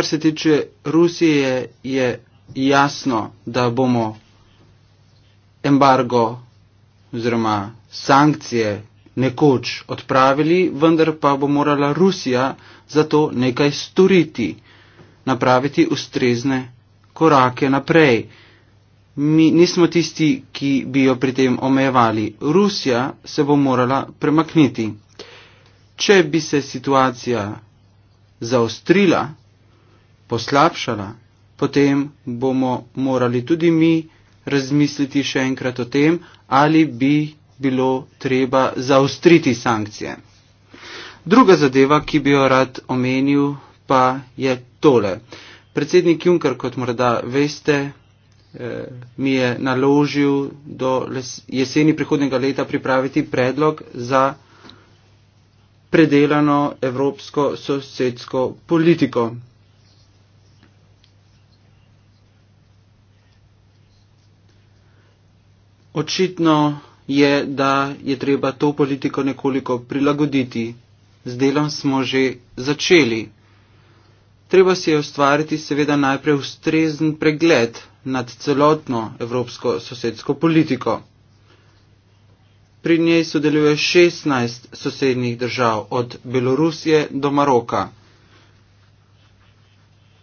kar se tiče Rusije, je jasno, da bomo embargo oziroma sankcije nekoč odpravili, vendar pa bo morala Rusija za to nekaj storiti, napraviti ustrezne korake naprej. Mi nismo tisti, ki bi jo pri tem omejevali. Rusija se bo morala premakniti. Če bi se situacija zaostrila, poslabšala, potem bomo morali tudi mi razmisliti še enkrat o tem, ali bi bilo treba zaustriti sankcije. Druga zadeva, ki bi jo rad omenil, pa je tole. Predsednik Juncker, kot morda veste, eh, mi je naložil do jeseni prihodnega leta pripraviti predlog za predelano evropsko sosedsko politiko. Očitno je, da je treba to politiko nekoliko prilagoditi. Z delom smo že začeli. Treba si je ustvariti seveda najprej ustrezen pregled nad celotno evropsko sosedsko politiko. Pri njej sodeluje 16 sosednjih držav od Belorusije do Maroka.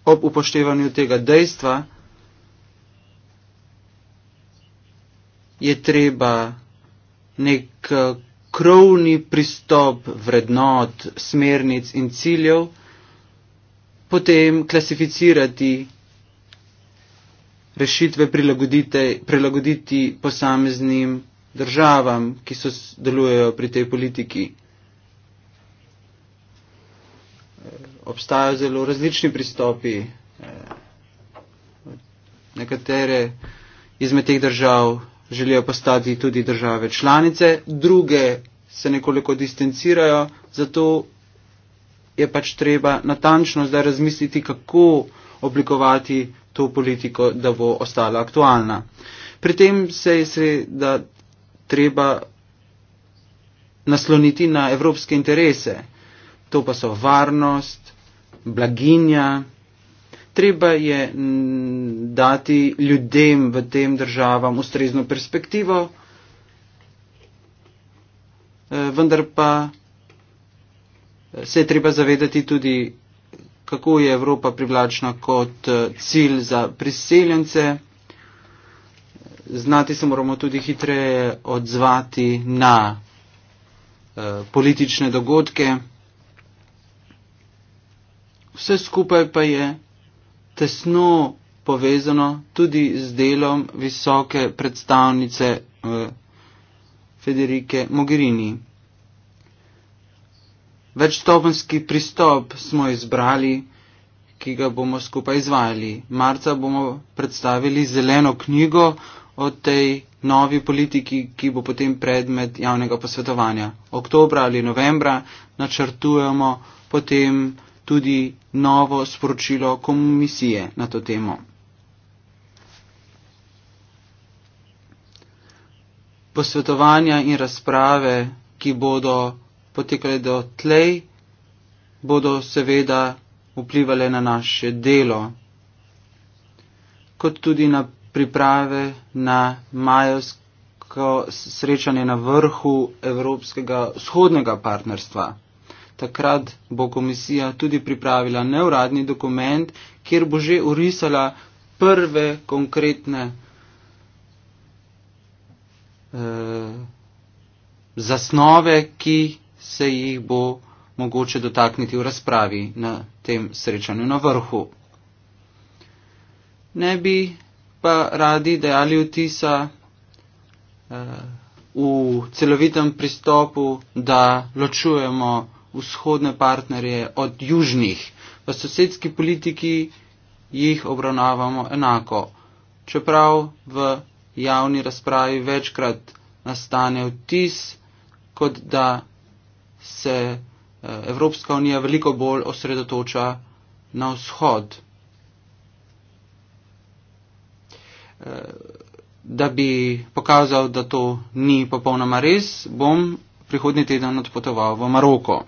Ob upoštevanju tega dejstva, je treba nek eh, krovni pristop vrednot, smernic in ciljev potem klasificirati, rešitve prilagoditi posameznim državam, ki so delujejo pri tej politiki. Eh, obstajajo zelo različni pristopi. Eh, nekatere izmed teh držav želijo postati tudi države članice, druge se nekoliko distancirajo, zato je pač treba natančno zdaj razmisliti, kako oblikovati to politiko, da bo ostala aktualna. Pri tem se je seveda treba nasloniti na evropske interese. To pa so varnost, blaginja, treba je dati ljudem v tem državam ustrezno perspektivo, eh, vendar pa se je treba zavedati tudi, kako je Evropa privlačna kot eh, cilj za priseljence. Znati se moramo tudi hitreje odzvati na eh, politične dogodke. Vse skupaj pa je tesno povezano tudi z delom visoke predstavnice eh, Federike Mogherini. Večstopenski pristop smo izbrali, ki ga bomo skupaj izvajali. Marca bomo predstavili zeleno knjigo o tej novi politiki, ki bo potem predmet javnega posvetovanja. Oktobra ali novembra načrtujemo potem tudi novo sporočilo komisije na to temo. Posvetovanja in razprave, ki bodo potekale do tlej, bodo seveda vplivali na naše delo, kot tudi na priprave na majovsko srečanje na vrhu Evropskega vzhodnega partnerstva takrat bo komisija tudi pripravila neuradni dokument, kjer bo že urisala prve konkretne eh, zasnove, ki se jih bo mogoče dotakniti v razpravi na tem srečanju na vrhu. Ne bi pa radi dejali vtisa eh, v celovitem pristopu, da ločujemo vzhodne partnerje od južnih. V sosedski politiki jih obravnavamo enako. Čeprav v javni razpravi večkrat nastane vtis, kot da se eh, Evropska unija veliko bolj osredotoča na vzhod. Eh, da bi pokazal, da to ni popolnoma res, bom prihodnji teden odpotoval v Maroko.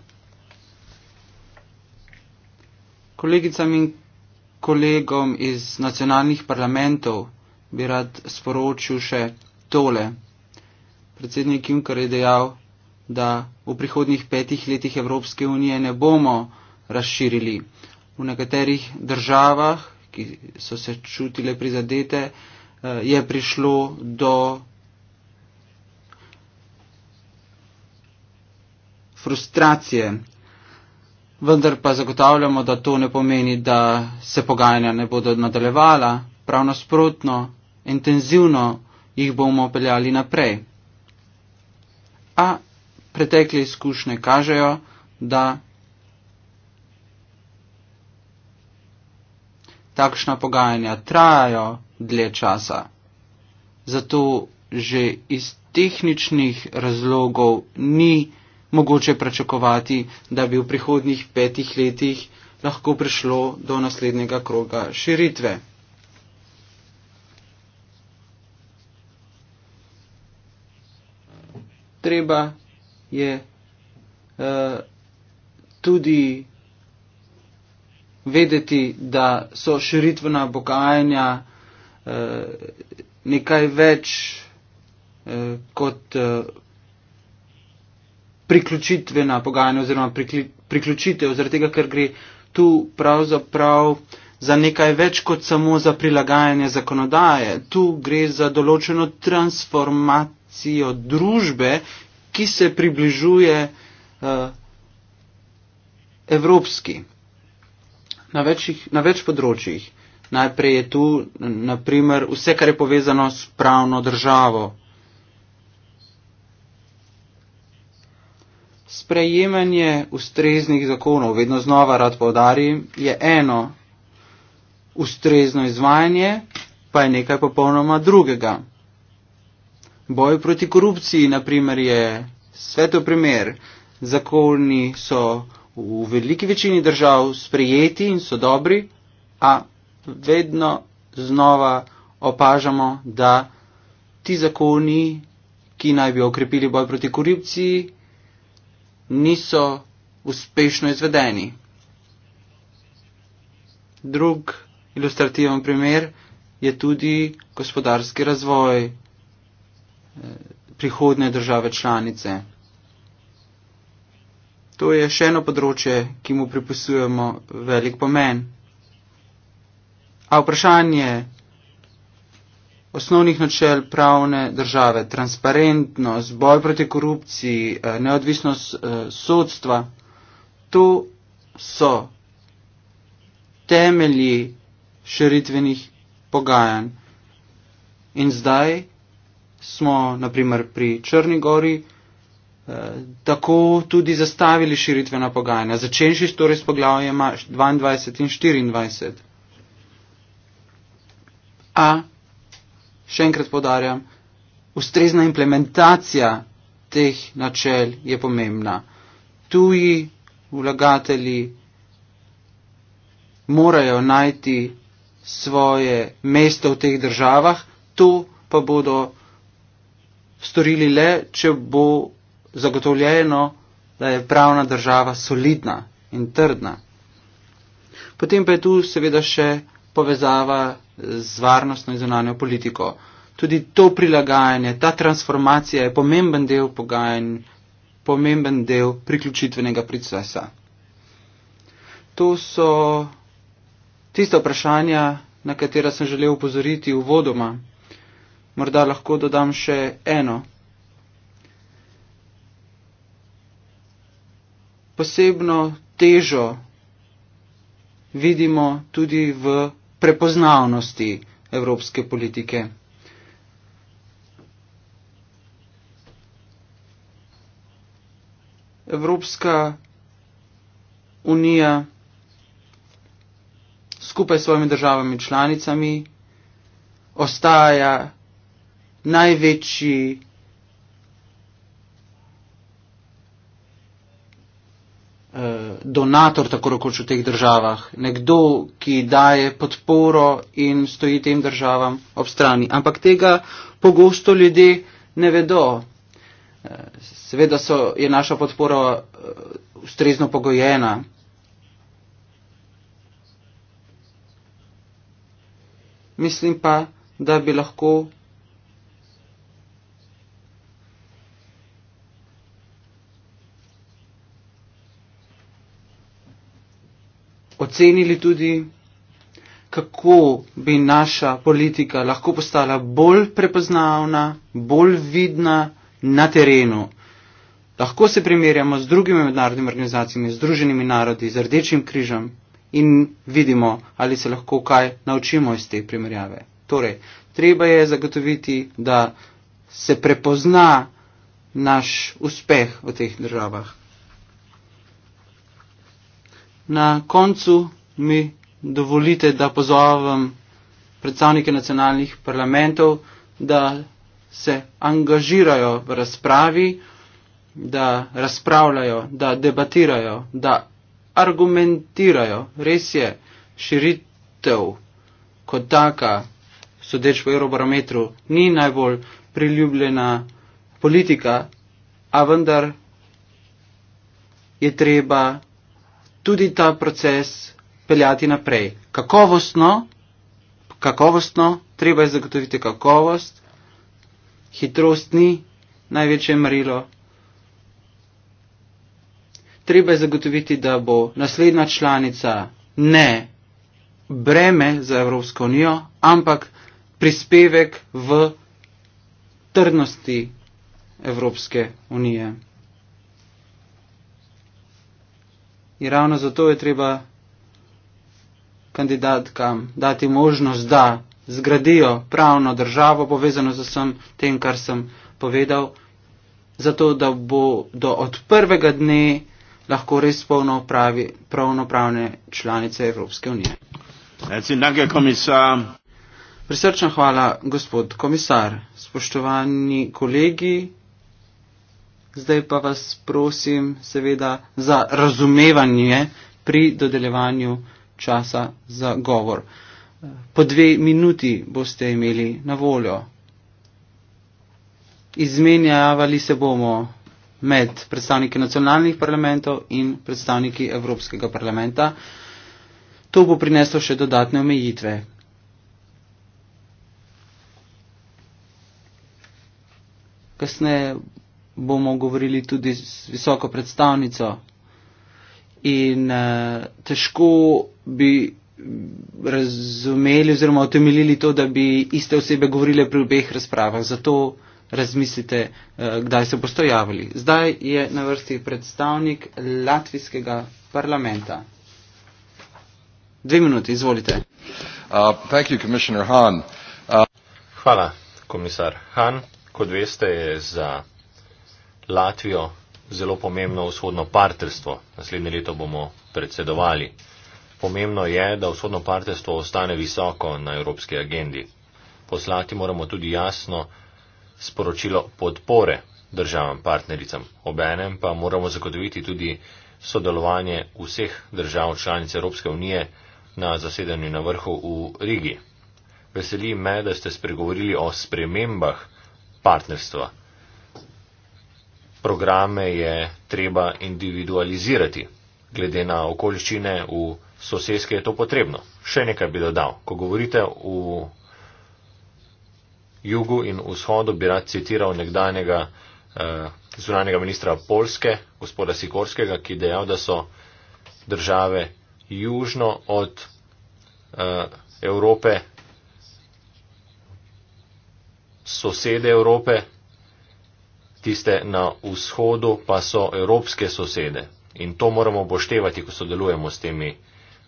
Kolegicam in kolegom iz nacionalnih parlamentov bi rad sporočil še tole. Predsednik Juncker je dejal, da v prihodnjih petih letih Evropske unije ne bomo razširili. V nekaterih državah, ki so se čutile prizadete, eh, je prišlo do frustracije vendar pa zagotavljamo, da to ne pomeni, da se pogajanja ne bodo nadaljevala, prav nasprotno, intenzivno jih bomo peljali naprej. A pretekle izkušnje kažejo, da takšna pogajanja trajajo dlje časa. Zato že iz tehničnih razlogov ni mogoče prečakovati, da bi v prihodnjih petih letih lahko prišlo do naslednjega kroga širitve. Treba je uh, tudi vedeti, da so širitvena pogajanja uh, nekaj več uh, kot uh, priključitvena pogajanja oziroma prikli, priključitev, zaradi tega, ker gre tu pravzaprav za nekaj več kot samo za prilagajanje zakonodaje. Tu gre za določeno transformacijo družbe, ki se približuje uh, evropski na, večjih, na več področjih. Najprej je tu, naprimer, vse, kar je povezano s pravno državo, Sprejemanje ustreznih zakonov, vedno znova rad povdarim, je eno, ustrezno izvajanje pa je nekaj popolnoma drugega. Boj proti korupciji, na primer, je sveto primer. Zakoni so v veliki večini držav sprejeti in so dobri, a vedno znova opažamo, da ti zakoni, ki naj bi okrepili boj proti korupciji, niso uspešno izvedeni. Drug ilustrativen primer je tudi gospodarski razvoj eh, prihodne države članice. To je še eno področje, ki mu pripisujemo velik pomen. A vprašanje, osnovnih načel pravne države, transparentnost, boj proti korupciji, eh, neodvisnost eh, sodstva, to so temelji širitvenih pogajanj. In zdaj smo, naprimer, pri Črni gori eh, tako tudi zastavili širitvena pogajanja, začenši torej s poglavjema 22 in 24. A še enkrat podarjam, ustrezna implementacija teh načel je pomembna. Tuji vlagatelji morajo najti svoje mesto v teh državah, to pa bodo storili le, če bo zagotovljeno, da je pravna država solidna in trdna. Potem pa je tu seveda še povezava z varnostno in zunanjo politiko. Tudi to prilagajanje, ta transformacija je pomemben del pogajanj, pomemben del priključitvenega procesa. To so tiste vprašanja, na katera sem želel upozoriti uvodoma. Morda lahko dodam še eno. Posebno težo vidimo tudi v prepoznavnosti evropske politike. Evropska unija skupaj s svojimi državami članicami ostaja največji Eh, donator, tako rekoč v teh državah, nekdo, ki daje podporo in stoji tem državam ob strani. Ampak tega pogosto ljudje ne vedo. Eh, seveda so, je naša podpora eh, ustrezno pogojena. Mislim pa, da bi lahko ocenili tudi, kako bi naša politika lahko postala bolj prepoznavna, bolj vidna na terenu. Lahko se primerjamo z drugimi mednarodnimi organizacijami, z druženimi narodi, z rdečim križem in vidimo, ali se lahko kaj naučimo iz te primerjave. Torej, treba je zagotoviti, da se prepozna naš uspeh v teh državah. Na koncu mi dovolite, da pozovem predstavnike nacionalnih parlamentov, da se angažirajo v razpravi, da razpravljajo, da debatirajo, da argumentirajo. Res je, širitev kot taka, sodeč po eurobarometru, ni najbolj priljubljena politika, a vendar je treba tudi ta proces peljati naprej. Kakovostno, kakovostno, treba je zagotoviti kakovost, hitrost ni največje merilo. Treba je zagotoviti, da bo naslednja članica ne breme za Evropsko unijo, ampak prispevek v trdnosti Evropske unije. In ravno zato je treba kandidatkam dati možnost, da zgradijo pravno državo povezano z vsem tem, kar sem povedal, zato da bodo od prvega dne lahko res polnopravne članice Evropske unije. Prisrčna hvala, gospod komisar. Spoštovani kolegi, Zdaj pa vas prosim seveda za razumevanje pri dodeljevanju časa za govor. Po dve minuti boste imeli na voljo. Izmenjavali se bomo med predstavniki nacionalnih parlamentov in predstavniki Evropskega parlamenta. To bo prineslo še dodatne omejitve. Kasneje bomo govorili tudi z visoko predstavnico. In uh, težko bi razumeli oziroma utemeljili to, da bi iste osebe govorile pri obeh razpravah. Zato razmislite, uh, kdaj se boste javili. Zdaj je na vrsti predstavnik Latvijskega parlamenta. Dve minuti, izvolite. Uh, thank you, Commissioner Han. Uh... Hvala, komisar Han. Kot veste, je za Latvijo zelo pomembno vzhodno partnerstvo. Naslednje leto bomo predsedovali. Pomembno je, da vzhodno partnerstvo ostane visoko na evropski agendi. Poslati moramo tudi jasno sporočilo podpore državam partnericam. Obenem pa moramo zagotoviti tudi sodelovanje vseh držav članic Evropske unije na zasedanju na vrhu v Rigi. Veseli me, da ste spregovorili o spremembah partnerstva programe je treba individualizirati. Glede na okoliščine v sosedske je to potrebno. Še nekaj bi dodal. Ko govorite v jugu in vzhodu, bi rad citiral nekdanjega eh, zunanega ministra Polske, gospoda Sikorskega, ki je dejal, da so države južno od eh, Evrope, sosede Evrope, tiste na vzhodu pa so evropske sosede. In to moramo poštevati, ko sodelujemo s temi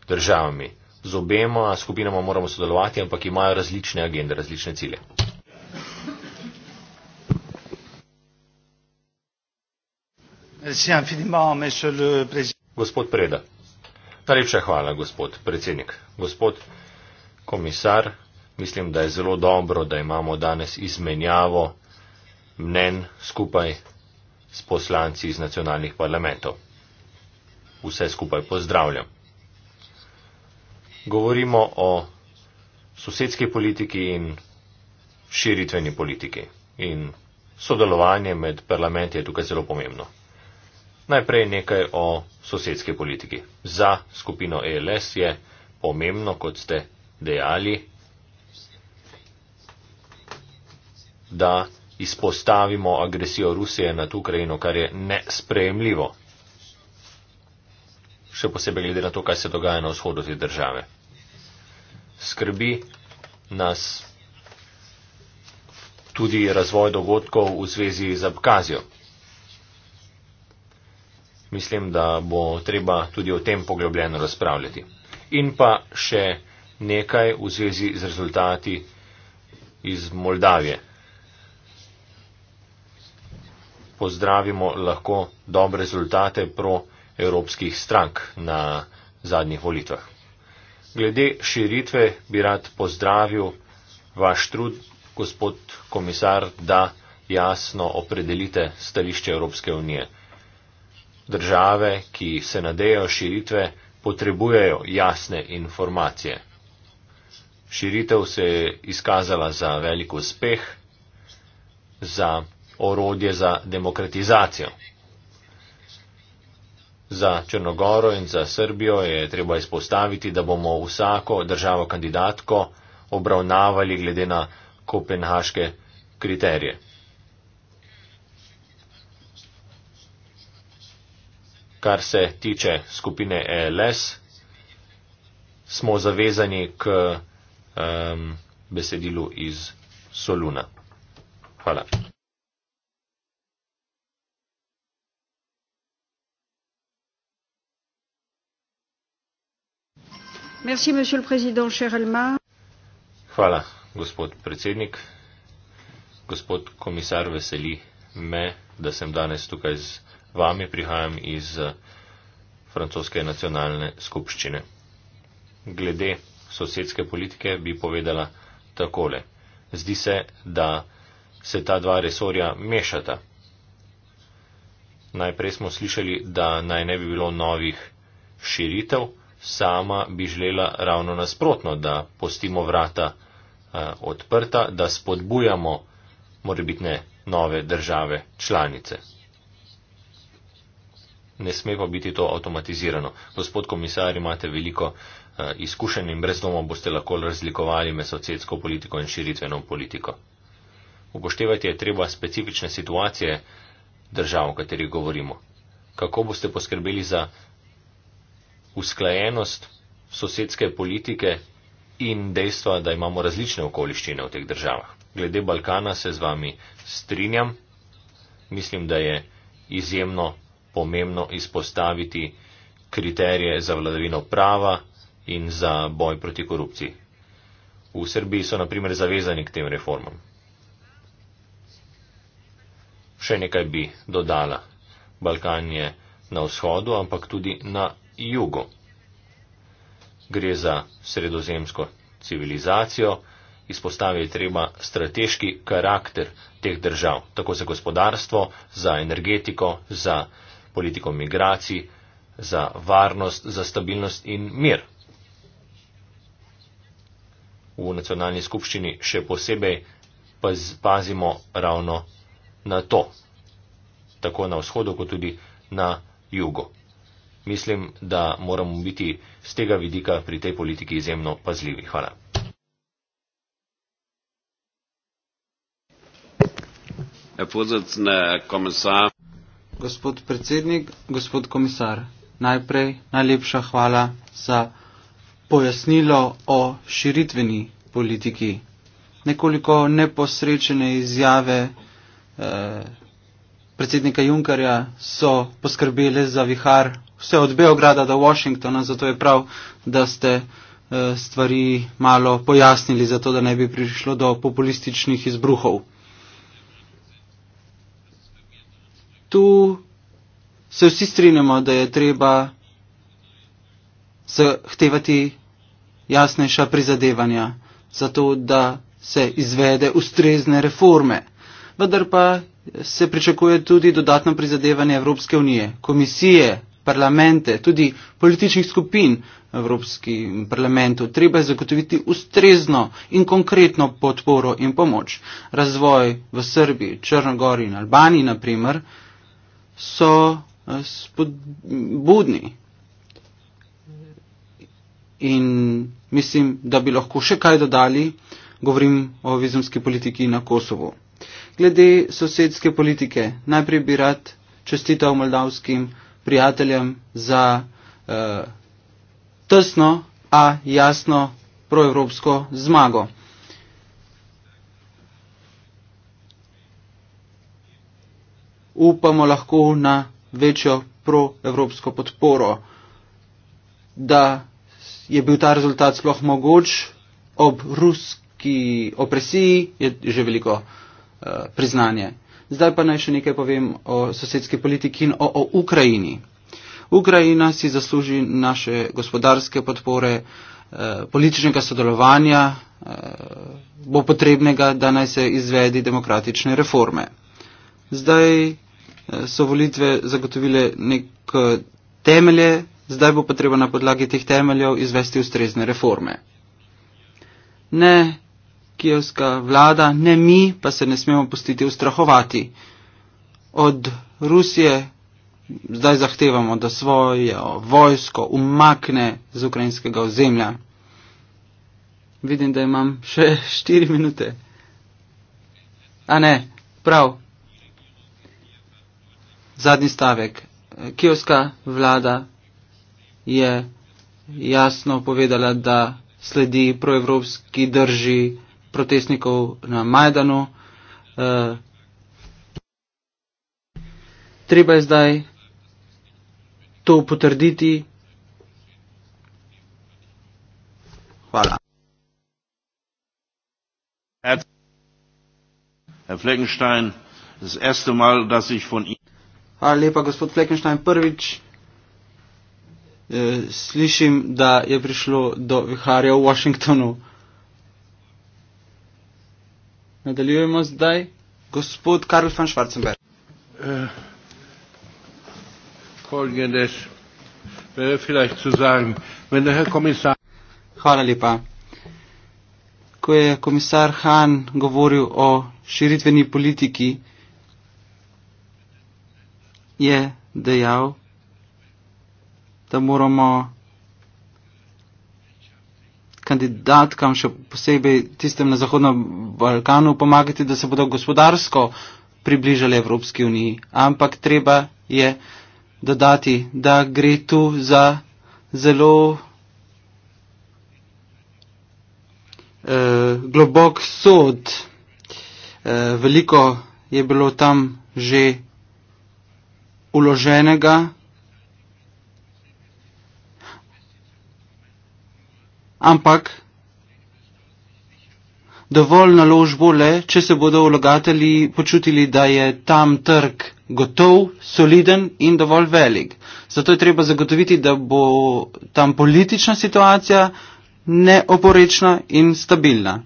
državami. Z obema skupinama moramo sodelovati, ampak imajo različne agende, različne cilje. Gospod Preda. Najlepša hvala, gospod predsednik. Gospod komisar, mislim, da je zelo dobro, da imamo danes izmenjavo mnen skupaj s poslanci iz nacionalnih parlamentov. Vse skupaj pozdravljam. Govorimo o sosedski politiki in širitveni politiki. In sodelovanje med parlamenti je tukaj zelo pomembno. Najprej nekaj o sosedski politiki. Za skupino ELS je pomembno, kot ste dejali, da izpostavimo agresijo Rusije nad Ukrajino, kar je nespremljivo. Še posebej glede na to, kaj se dogaja na vzhodu te države. Skrbi nas tudi razvoj dogodkov v zvezi z Abkazijo. Mislim, da bo treba tudi o tem poglobljeno razpravljati. In pa še nekaj v zvezi z rezultati iz Moldavije. pozdravimo lahko dobre rezultate proevropskih strank na zadnjih volitvah. Glede širitve bi rad pozdravil vaš trud, gospod komisar, da jasno opredelite stališče Evropske unije. Države, ki se nadejajo širitve, potrebujejo jasne informacije. Širitev se je izkazala za velik uspeh, za orodje za demokratizacijo. Za Črnogoro in za Srbijo je treba izpostaviti, da bomo vsako državo kandidatko obravnavali glede na kopenhaške kriterije. Kar se tiče skupine ELS, smo zavezani k um, besedilu iz Soluna. Hvala. Merci, monsieur le président, cher Elmar. Hvala, gospod predsednik. Gospod komisar, veseli me, da sem danes tukaj z vami, prihajam iz eh, francoske nacionalne skupščine. Glede sosedske politike bi povedala takole. Zdi se, da se ta dva resorja mešata. Najprej smo slišali, da naj ne bi bilo novih širitev, sama bi želela ravno nasprotno, da postimo vrata eh, odprta, da spodbujamo morebitne nove države članice. Ne sme pa biti to avtomatizirano. Gospod komisar, imate veliko eh, izkušenj in brez doma boste lahko razlikovali med socetsko politiko in širitveno politiko. Upoštevati je treba specifične situacije držav, o katerih govorimo. Kako boste poskrbeli za usklajenost sosedske politike in dejstva, da imamo različne okoliščine v teh državah. Glede Balkana se z vami strinjam. Mislim, da je izjemno pomembno izpostaviti kriterije za vladavino prava in za boj proti korupciji. V Srbiji so naprimer zavezani k tem reformam. Še nekaj bi dodala. Balkan je na vzhodu, ampak tudi na jugu. Gre za sredozemsko civilizacijo, izpostaviti treba strateški karakter teh držav, tako za gospodarstvo, za energetiko, za politiko migracij, za varnost, za stabilnost in mir. V nacionalni skupščini še posebej pazimo ravno na to, tako na vzhodu, kot tudi na jugu mislim, da moramo biti z tega vidika pri tej politiki izjemno pazljivi. Hvala. Gospod predsednik, gospod komisar, najprej najlepša hvala za pojasnilo o širitveni politiki. Nekoliko neposrečene izjave eh, predsednika Junkarja so poskrbele za vihar vse od Beograda do Washingtona, zato je prav, da ste eh, stvari malo pojasnili, zato da ne bi prišlo do populističnih izbruhov. Tu se vsi strinjamo, da je treba zahtevati jasnejša prizadevanja za to, da se izvede ustrezne reforme. Vendar pa se pričakuje tudi dodatno prizadevanje Evropske unije, komisije, parlamente, tudi političnih skupin v Evropskem parlamentu. Treba je zagotoviti ustrezno in konkretno podporo in pomoč. Razvoj v Srbiji, Črnogori in Albaniji, naprimer, so eh, spodbudni. In mislim, da bi lahko še kaj dodali, govorim o vizumski politiki na Kosovo. Glede sosedske politike, najprej bi rad čestital moldavskim prijateljem za eh, tesno, a jasno proevropsko zmago. Upamo lahko na večjo proevropsko podporo, da je bil ta rezultat sploh mogoč ob ruski opresiji, je že veliko eh, priznanje. Zdaj pa naj še nekaj povem o sosedski politiki in o, o Ukrajini. Ukrajina si zasluži naše gospodarske podpore, eh, političnega sodelovanja, eh, bo potrebnega, da naj se izvedi demokratične reforme. Zdaj eh, so volitve zagotovile nek eh, temelje, zdaj bo potrebno na podlagi teh temeljev izvesti ustrezne reforme. Ne kijevska vlada, ne mi, pa se ne smemo pustiti ustrahovati. Od Rusije zdaj zahtevamo, da svoje vojsko umakne z ukrajinskega ozemlja. Vidim, da imam še štiri minute. A ne, prav. Zadnji stavek. Kijevska vlada je jasno povedala, da sledi proevropski drži protestnikov na Majdanu. Eh, treba je zdaj to potrditi. Hvala. Hvala lepa, gospod Fleckenstein. Prvič eh, slišim, da je prišlo do viharja v Washingtonu. Nadaljujemo zdaj. Gospod Karl van Schwarzenberg. Eh, eh, Hvala lepa. Ko je komisar Han govoril o širitveni politiki, je dejal, da moramo kandidatkam, še posebej tistem na Zahodnem Balkanu, pomagati, da se bodo gospodarsko približali Evropski uniji. Ampak treba je dodati, da gre tu za zelo eh, globok sod. Eh, veliko je bilo tam že uloženega. ampak dovolj naložbo le, če se bodo vlagatelji počutili, da je tam trg gotov, soliden in dovolj velik. Zato je treba zagotoviti, da bo tam politična situacija neoporečna in stabilna.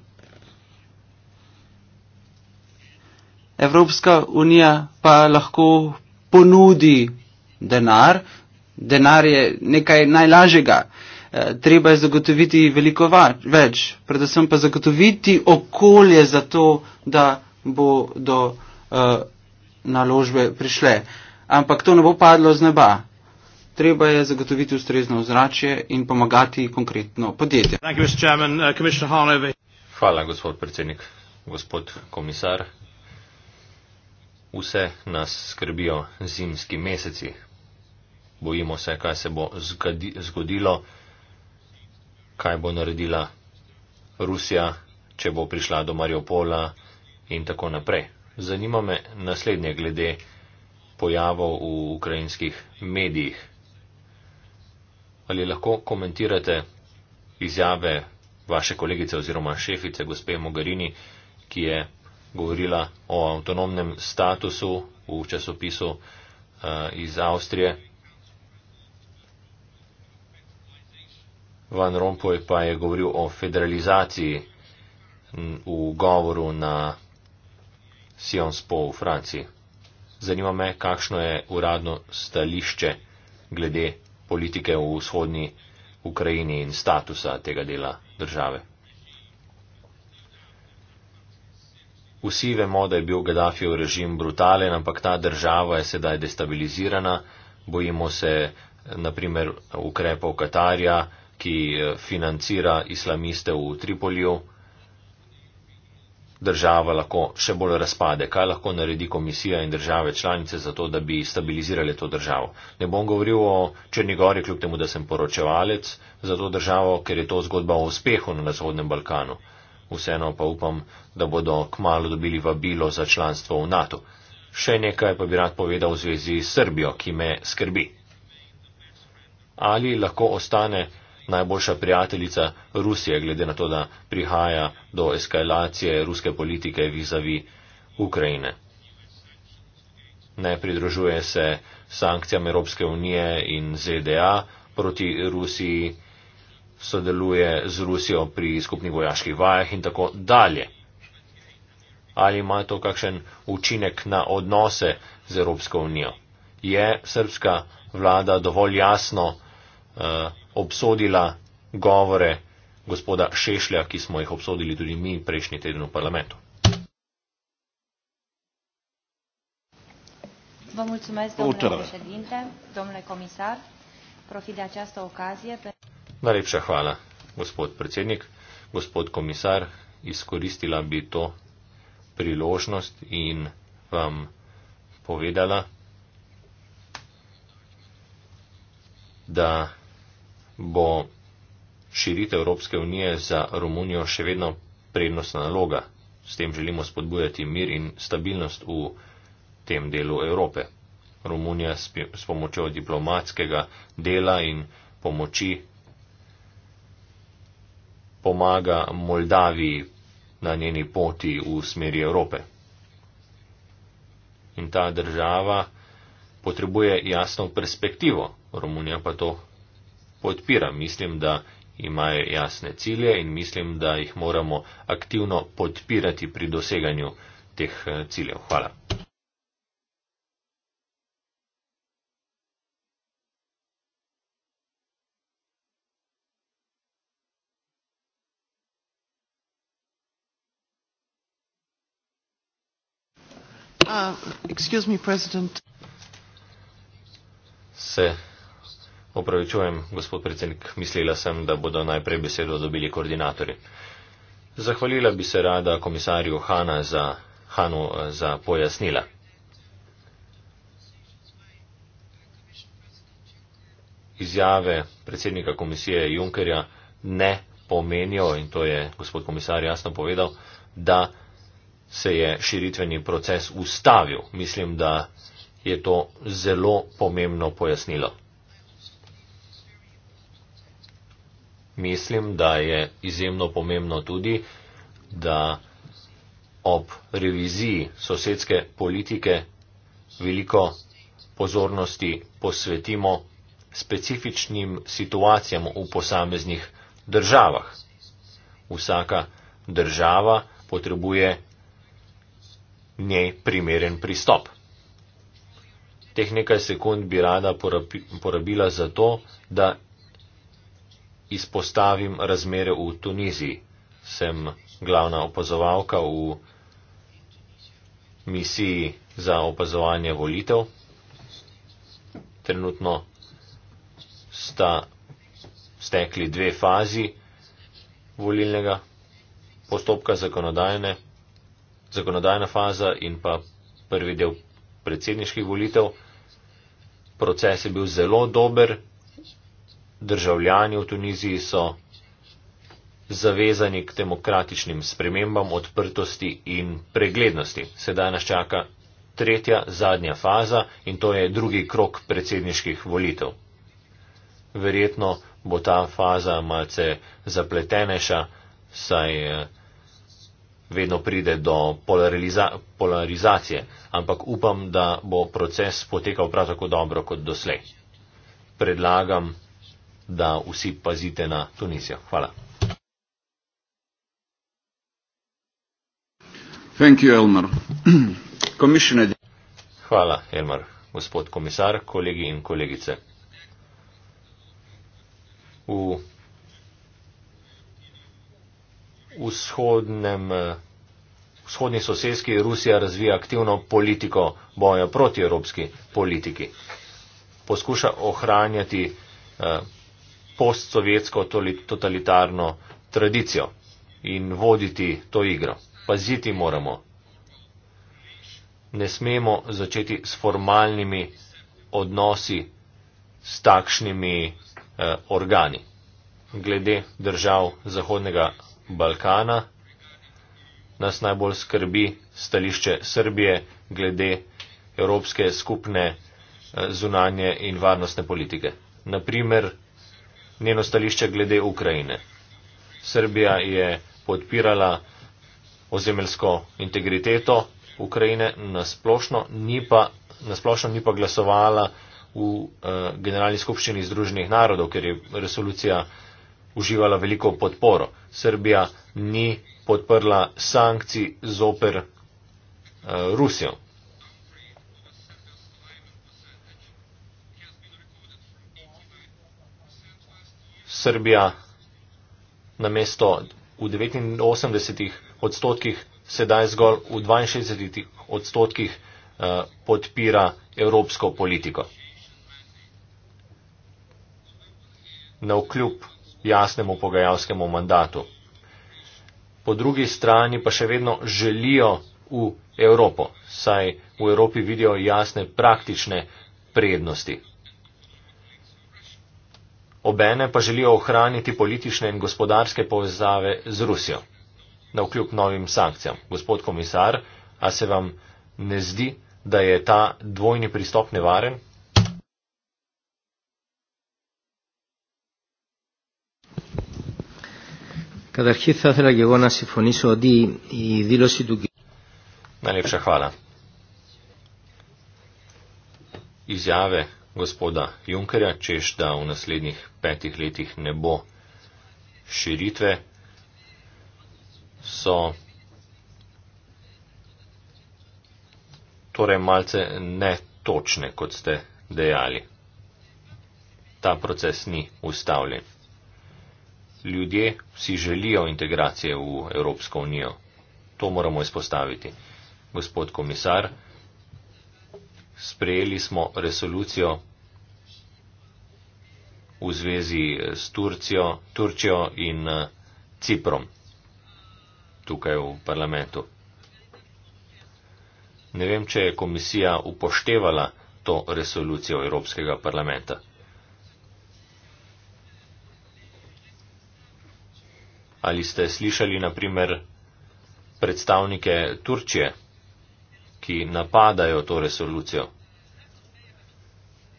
Evropska unija pa lahko ponudi denar, denar je nekaj najlažjega. Eh, treba je zagotoviti veliko več, predvsem pa zagotoviti okolje za to, da bo do eh, naložbe prišle. Ampak to ne bo padlo z neba. Treba je zagotoviti ustrezno vzračje in pomagati konkretno podjetje. Uh, Hvala, gospod predsednik, gospod komisar. Vse nas skrbijo zimski meseci. Bojimo se, kaj se bo zgodilo kaj bo naredila Rusija, če bo prišla do Mariupola in tako naprej. Zanima me naslednje glede pojavov v ukrajinskih medijih. Ali lahko komentirate izjave vaše kolegice oziroma šefice, gospe Mogarini, ki je govorila o avtonomnem statusu v časopisu uh, iz Avstrije, Van Rompuy pa je govoril o federalizaciji v govoru na Sions Po v Franciji. Zanima me, kakšno je uradno stališče glede politike v vzhodni Ukrajini in statusa tega dela države. Vsi vemo, da je bil Gaddafijev režim brutalen, ampak ta država je sedaj destabilizirana. Bojimo se, naprimer, ukrepov Katarja, ki eh, financira islamiste v Tripolju, država lahko še bolj razpade. Kaj lahko naredi komisija in države članice za to, da bi stabilizirali to državo? Ne bom govoril o Črnigori, kljub temu, da sem poročevalec za to državo, ker je to zgodba o uspehu na Zahodnem Balkanu. Vseeno pa upam, da bodo kmalo dobili vabilo za članstvo v NATO. Še nekaj pa bi rad povedal v zvezi s Srbijo, ki me skrbi. Ali lahko ostane najboljša prijateljica Rusije, glede na to, da prihaja do eskalacije ruske politike vizavi Ukrajine. Ne pridružuje se sankcijam Evropske unije in ZDA proti Rusiji, sodeluje z Rusijo pri skupnih vojaških vajah in tako dalje. Ali ima to kakšen učinek na odnose z Evropsko unijo? Je srpska vlada dovolj jasno uh, obsodila govore gospoda Šešlja, ki smo jih obsodili tudi mi prejšnji teden v parlamentu. Vă mulțumesc, domnule Utre. președinte, domnule comisar, profit de această ocazie. Pe... Najlepša hvala, gospod predsednik, gospod komisar, izkoristila bi to priložnost in vam povedala, da bo širitev Evropske unije za Romunijo še vedno prednostna naloga. S tem želimo spodbujati mir in stabilnost v tem delu Evrope. Romunija s pomočjo diplomatskega dela in pomoči pomaga Moldaviji na njeni poti v smeri Evrope. In ta država potrebuje jasno perspektivo, Romunija pa to podpiram. Mislim, da imajo jasne cilje in mislim, da jih moramo aktivno podpirati pri doseganju teh eh, ciljev. Hvala. Uh, excuse me, President. Se Opravičujem, gospod predsednik, mislila sem, da bodo najprej besedo dobili koordinatori. Zahvalila bi se rada komisarju Hanu za, Hanu eh, za pojasnila. Izjave predsednika komisije Junkerja ne pomenijo, in to je gospod komisar jasno povedal, da se je širitveni proces ustavil. Mislim, da je to zelo pomembno pojasnilo. mislim, da je izjemno pomembno tudi, da ob reviziji sosedske politike veliko pozornosti posvetimo specifičnim situacijam v posameznih državah. Vsaka država potrebuje njej primeren pristop. Teh nekaj sekund bi rada porabila za to, da izpostavim razmere v Tuniziji. Sem glavna opazovalka v misiji za opazovanje volitev. Trenutno sta stekli dve fazi volilnega postopka zakonodajne, zakonodajna faza in pa prvi del predsedniških volitev. Proces je bil zelo dober, državljani v Tuniziji so zavezani k demokratičnim spremembam, odprtosti in preglednosti. Sedaj nas čaka tretja, zadnja faza in to je drugi krok predsedniških volitev. Verjetno bo ta faza malce zapleteneša, saj eh, vedno pride do polariza polarizacije, ampak upam, da bo proces potekal prav tako dobro kot doslej. Predlagam da vsi pazite na Tunizijo. Hvala. You, Elmer. Hvala, Elmar, gospod komisar, kolegi in kolegice. V vzhodnem, vzhodni soseski Rusija razvija aktivno politiko boja proti evropski politiki. Poskuša ohranjati eh, postsovjetsko totalitarno tradicijo in voditi to igro. Paziti moramo. Ne smemo začeti s formalnimi odnosi s takšnimi eh, organi. Glede držav Zahodnega Balkana nas najbolj skrbi stališče Srbije glede Evropske skupne eh, zunanje in varnostne politike. Naprimer, njeno stališče glede Ukrajine. Srbija je podpirala ozemelsko integriteto Ukrajine nasplošno, ni pa, nasplošno ni pa glasovala v uh, Generalni skupščini Združenih narodov, ker je resolucija uživala veliko podporo. Srbija ni podprla sankcij zoper uh, Rusijo. Srbija na mesto v 89 odstotkih, sedaj zgolj v 62 odstotkih eh, podpira evropsko politiko. Na vkljub jasnemu pogajalskemu mandatu. Po drugi strani pa še vedno želijo v Evropo, saj v Evropi vidijo jasne praktične prednosti obene pa želijo ohraniti politične in gospodarske povezave z Rusijo, na vkljub novim sankcijam. Gospod komisar, a se vam ne zdi, da je ta dvojni pristop nevaren? Najlepša hvala. Izjave gospoda Junkerja, češ da v naslednjih petih letih ne bo širitve, so torej malce netočne, kot ste dejali. Ta proces ni ustavljen. Ljudje si želijo integracije v Evropsko unijo. To moramo izpostaviti. Gospod komisar, sprejeli smo resolucijo v zvezi s Turcijo, Turčjo in eh, Ciprom tukaj v parlamentu. Ne vem, če je komisija upoštevala to resolucijo Evropskega parlamenta. Ali ste slišali, na primer, predstavnike Turčije? ki napadajo to resolucijo.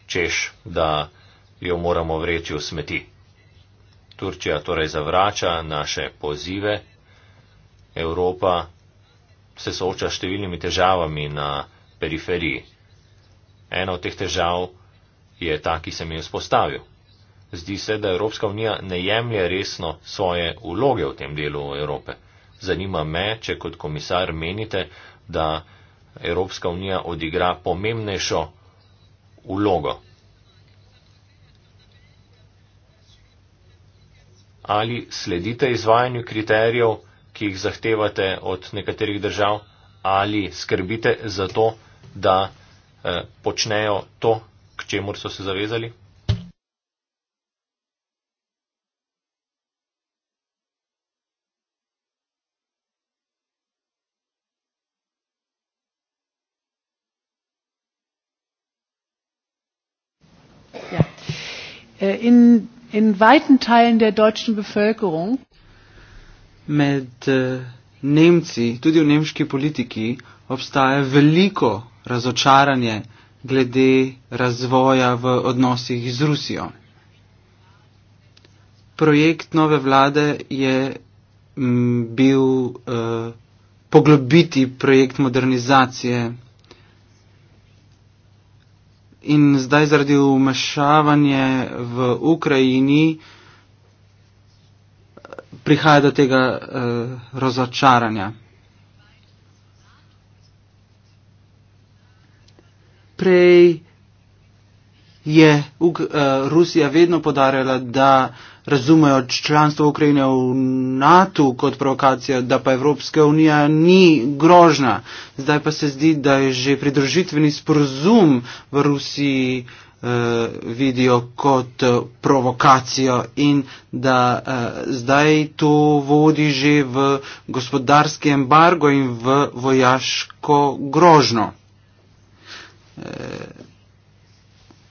Češ, da jo moramo vreči v smeti. Turčija torej zavrača naše pozive, Evropa se sooča s številnimi težavami na periferiji. Ena od teh težav je ta, ki sem jo spostavil. Zdi se, da Evropska unija ne jemlje resno svoje vloge v tem delu Evrope. Zanima me, če kot komisar menite, da. Evropska unija odigra pomembnejšo ulogo. Ali sledite izvajanju kriterijev, ki jih zahtevate od nekaterih držav, ali skrbite za to, da eh, počnejo to, k čemur so se zavezali? in, in weiten Teilen der deutschen Bevölkerung. Med eh, Nemci, tudi v nemški politiki, obstaja veliko razočaranje glede razvoja v odnosih z Rusijo. Projekt nove vlade je mm, bil uh, poglobiti projekt modernizacije in zdaj zaradi umešavanja v Ukrajini eh, prihaja do tega uh, razočaranja. Prej je uh, Rusija vedno podarjala, da uh, razumejo članstvo Ukrajine v NATO kot provokacijo, da pa Evropska unija ni grožna. Zdaj pa se zdi, da je že pridružitveni sporozum v Rusiji eh, vidijo kot eh, provokacijo in da eh, zdaj to vodi že v gospodarski embargo in v vojaško grožno. Eh,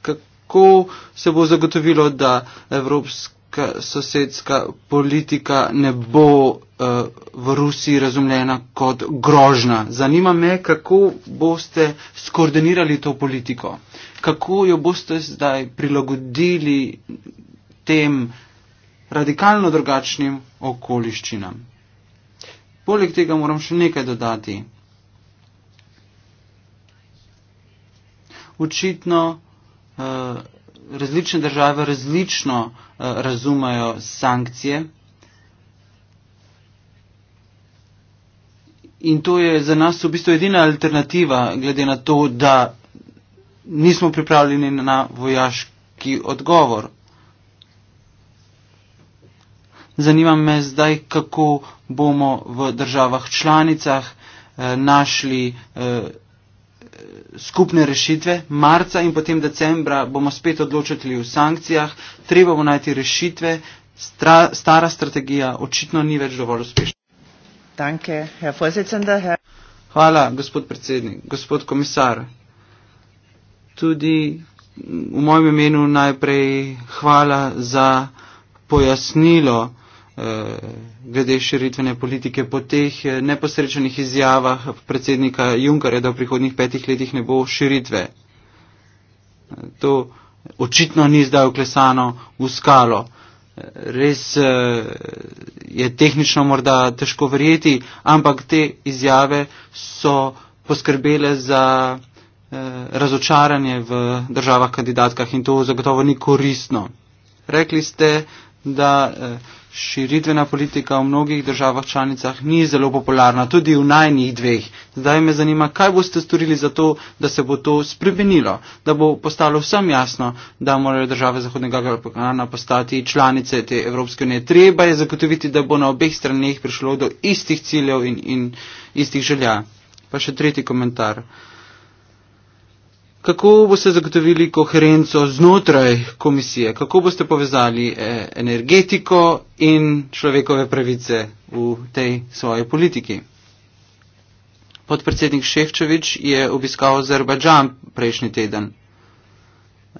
kako se bo zagotovilo, da Evropska ameriška sosedska politika ne bo uh, v Rusiji razumljena kot grožna. Zanima me, kako boste skoordinirali to politiko, kako jo boste zdaj prilagodili tem radikalno drugačnim okoliščinam. Poleg tega moram še nekaj dodati. Očitno uh, različne države različno eh, razumajo sankcije. In to je za nas v bistvu edina alternativa, glede na to, da nismo pripravljeni na vojaški odgovor. Zanima me zdaj, kako bomo v državah članicah eh, našli eh, skupne rešitve. Marca in potem decembra bomo spet odločili v sankcijah, treba bomo najti rešitve, Stra, stara strategija očitno ni več dovolj uspešna. Danke, Herr Hvala, gospod predsednik, gospod komisar. Tudi v mojem imenu najprej hvala za pojasnilo. Eh, glede širitvene politike po teh eh, neposrečenih izjavah predsednika Junkarja, da v prihodnjih petih letih ne bo širitve. Eh, to očitno ni zdaj uklesano v skalo. Res je tehnično morda težko verjeti, ampak te izjave so poskrbele za razočaranje v državah kandidatkah in to zagotovo ni koristno. Rekli ste, da Širitvena politika v mnogih državah članicah ni zelo popularna, tudi v najnjih dveh. Zdaj me zanima, kaj boste storili za to, da se bo to spremenilo, da bo postalo vsem jasno, da morajo države Zahodnega Galapagana postati članice te Evropske unije. Treba je zagotoviti, da bo na obeh stranih prišlo do istih ciljev in, in istih želja. Pa še tretji komentar. Uh, kako boste zagotovili koherenco znotraj komisije, kako boste povezali eh, energetiko in človekove pravice v tej svoji politiki. Podpredsednik Ševčevič je obiskal Azerbajdžan prejšnji teden.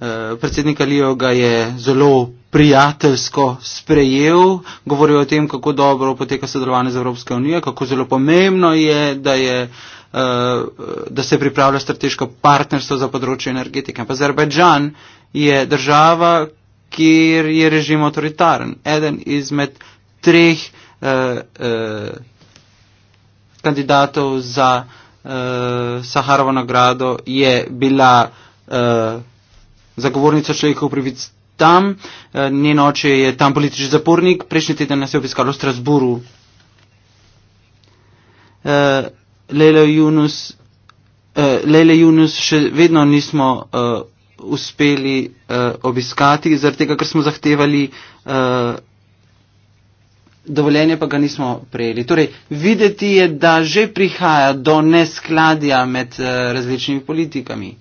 Eh, predsednik Alijo ga je zelo prijateljsko sprejel, govoril o tem, kako dobro poteka sodelovanje z Evropske unije, kako zelo pomembno je, da je uh, Eh, da se pripravlja strateško partnerstvo za področje energetike. Ampak Azerbajdžan je država, kjer je režim autoritaren. Eden izmed treh uh, uh, kandidatov za uh, Saharovo nagrado je bila uh, zagovornica človekov privic tam. Uh, njen oče je tam politični zapornik. Prejšnji teden nas je obiskal v Strasburu. Uh, Lele Junus, uh, eh, Lele Junus še vedno nismo uh, uspeli uh, obiskati, zaradi tega, ker smo zahtevali uh, dovoljenje, pa ga nismo prejeli. Torej, videti je, da že prihaja do neskladja med uh, različnimi politikami.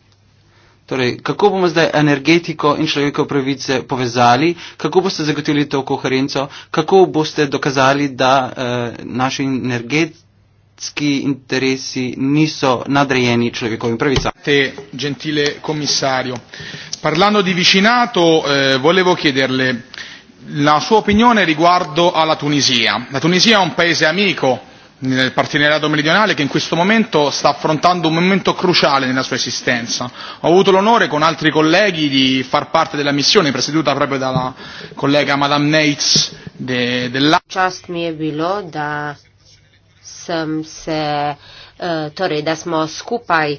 Torej, kako bomo zdaj energetiko in človekove pravice povezali, kako boste zagotovili to koherenco, kako boste dokazali, da uh, naši energeti ljudski interesi niso nadrejeni človekovim pravicam. gentile komisario. Parlando di vicinato, eh, volevo chiederle la sua opinione riguardo alla Tunisia. La Tunisia è un paese amico nel partenariato meridionale che in questo momento sta affrontando un momento cruciale nella sua esistenza. Ho avuto l'onore con altri colleghi di far parte della missione presieduta proprio dalla collega Madame Nates de, dell'Africa sem se, eh, torej, da smo skupaj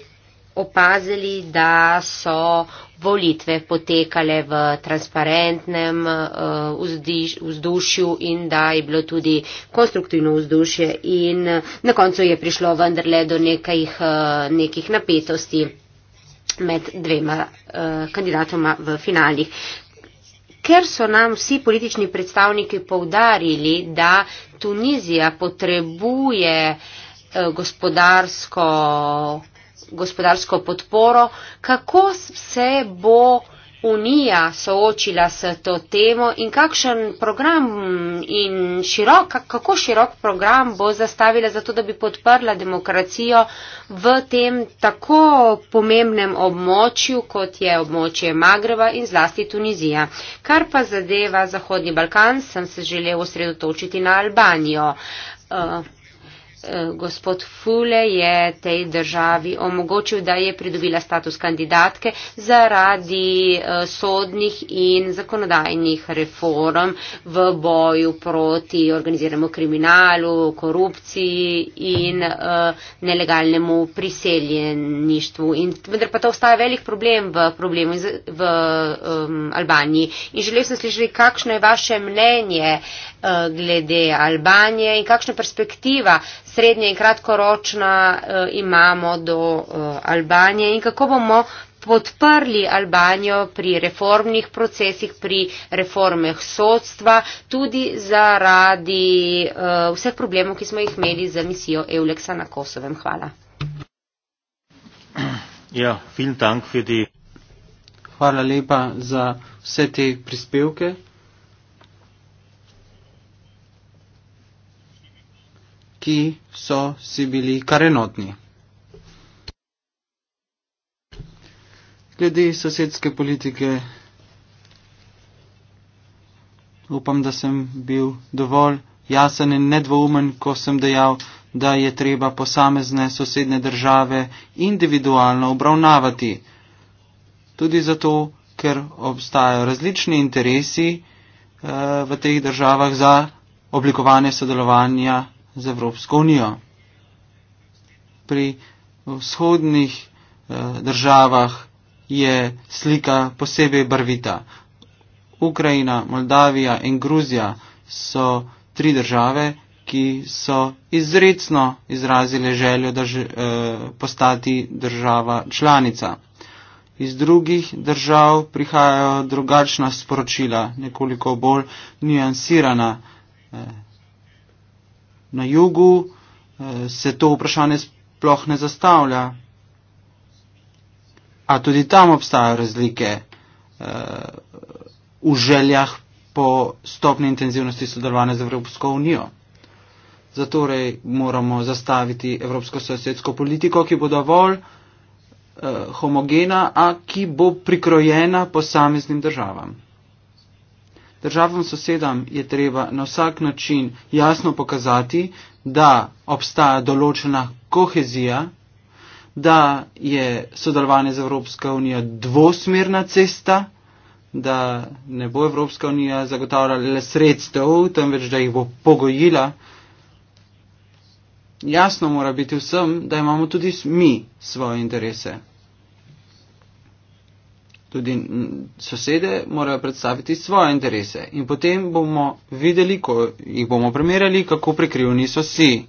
opazili, da so volitve potekale v transparentnem eh, vzdušju in da je bilo tudi konstruktivno vzdušje in eh, na koncu je prišlo vendarle do nekih, nekih napetosti med dvema uh, kandidatoma v finalih ker so nam vsi politični predstavniki povdarili, da Tunizija potrebuje eh, gospodarsko, gospodarsko podporo, kako se bo Unija soočila s to temo in kakšen program in širok, kako širok program bo zastavila za to, da bi podprla demokracijo v tem tako pomembnem območju, kot je območje Magreba in zlasti Tunizija. Kar pa zadeva Zahodni Balkan, sem se želel osredotočiti na Albanijo. Uh, Eh, gospod Fule je tej državi omogočil, da je pridobila status kandidatke zaradi eh, sodnih in zakonodajnih reform v boju proti organiziranemu kriminalu, korupciji in eh, nelegalnemu priseljeništvu. In, vendar pa to ostaja velik problem v, problemu v um, Albaniji. In želel sem slišati, kakšno je vaše mnenje Eh, glede Albanije in kakšna perspektiva srednje in kratkoročna eh, imamo do eh, Albanije in kako bomo podprli Albanijo pri reformnih procesih, pri reformeh sodstva, tudi zaradi vseh problemov, ki smo jih imeli za misijo Euleksa na Kosovem. Hvala. Ja, vielen Dank für die. Hvala lepa za vse te prispevke. ki so si bili kar enotni. Glede sosedske politike upam, da sem bil dovolj jasen in nedvoumen, ko sem dejal, da je treba posamezne sosedne države individualno obravnavati. Tudi zato, ker obstajajo različni interesi eh, v teh državah za oblikovanje sodelovanja z Evropsko unijo. Pri vzhodnih eh, državah je slika posebej barvita. Ukrajina, Moldavija in Gruzija so tri države, ki so izredno izrazile željo, da že eh, postati država članica. Iz drugih držav prihajajo drugačna sporočila, nekoliko bolj nuansirana. Eh, na jugu eh, se to vprašanje sploh ne zastavlja. A tudi tam obstajajo razlike eh, v željah po stopni intenzivnosti sodelovanja z Evropsko unijo. Zatorej moramo zastaviti Evropsko sosedsko politiko, ki bo dovolj eh, homogena, a ki bo prikrojena posameznim državam državam sosedam je treba na vsak način jasno pokazati, da obstaja določena kohezija, da je sodelovanje z Evropsko unijo dvosmerna cesta, da ne bo Evropska unija zagotavljala le sredstev, temveč da jih bo pogojila. Jasno mora biti vsem, da imamo tudi mi svoje interese tudi sosede morajo predstaviti svoje interese in potem bomo videli, ko jih bomo primerjali, kako prikrivni so si.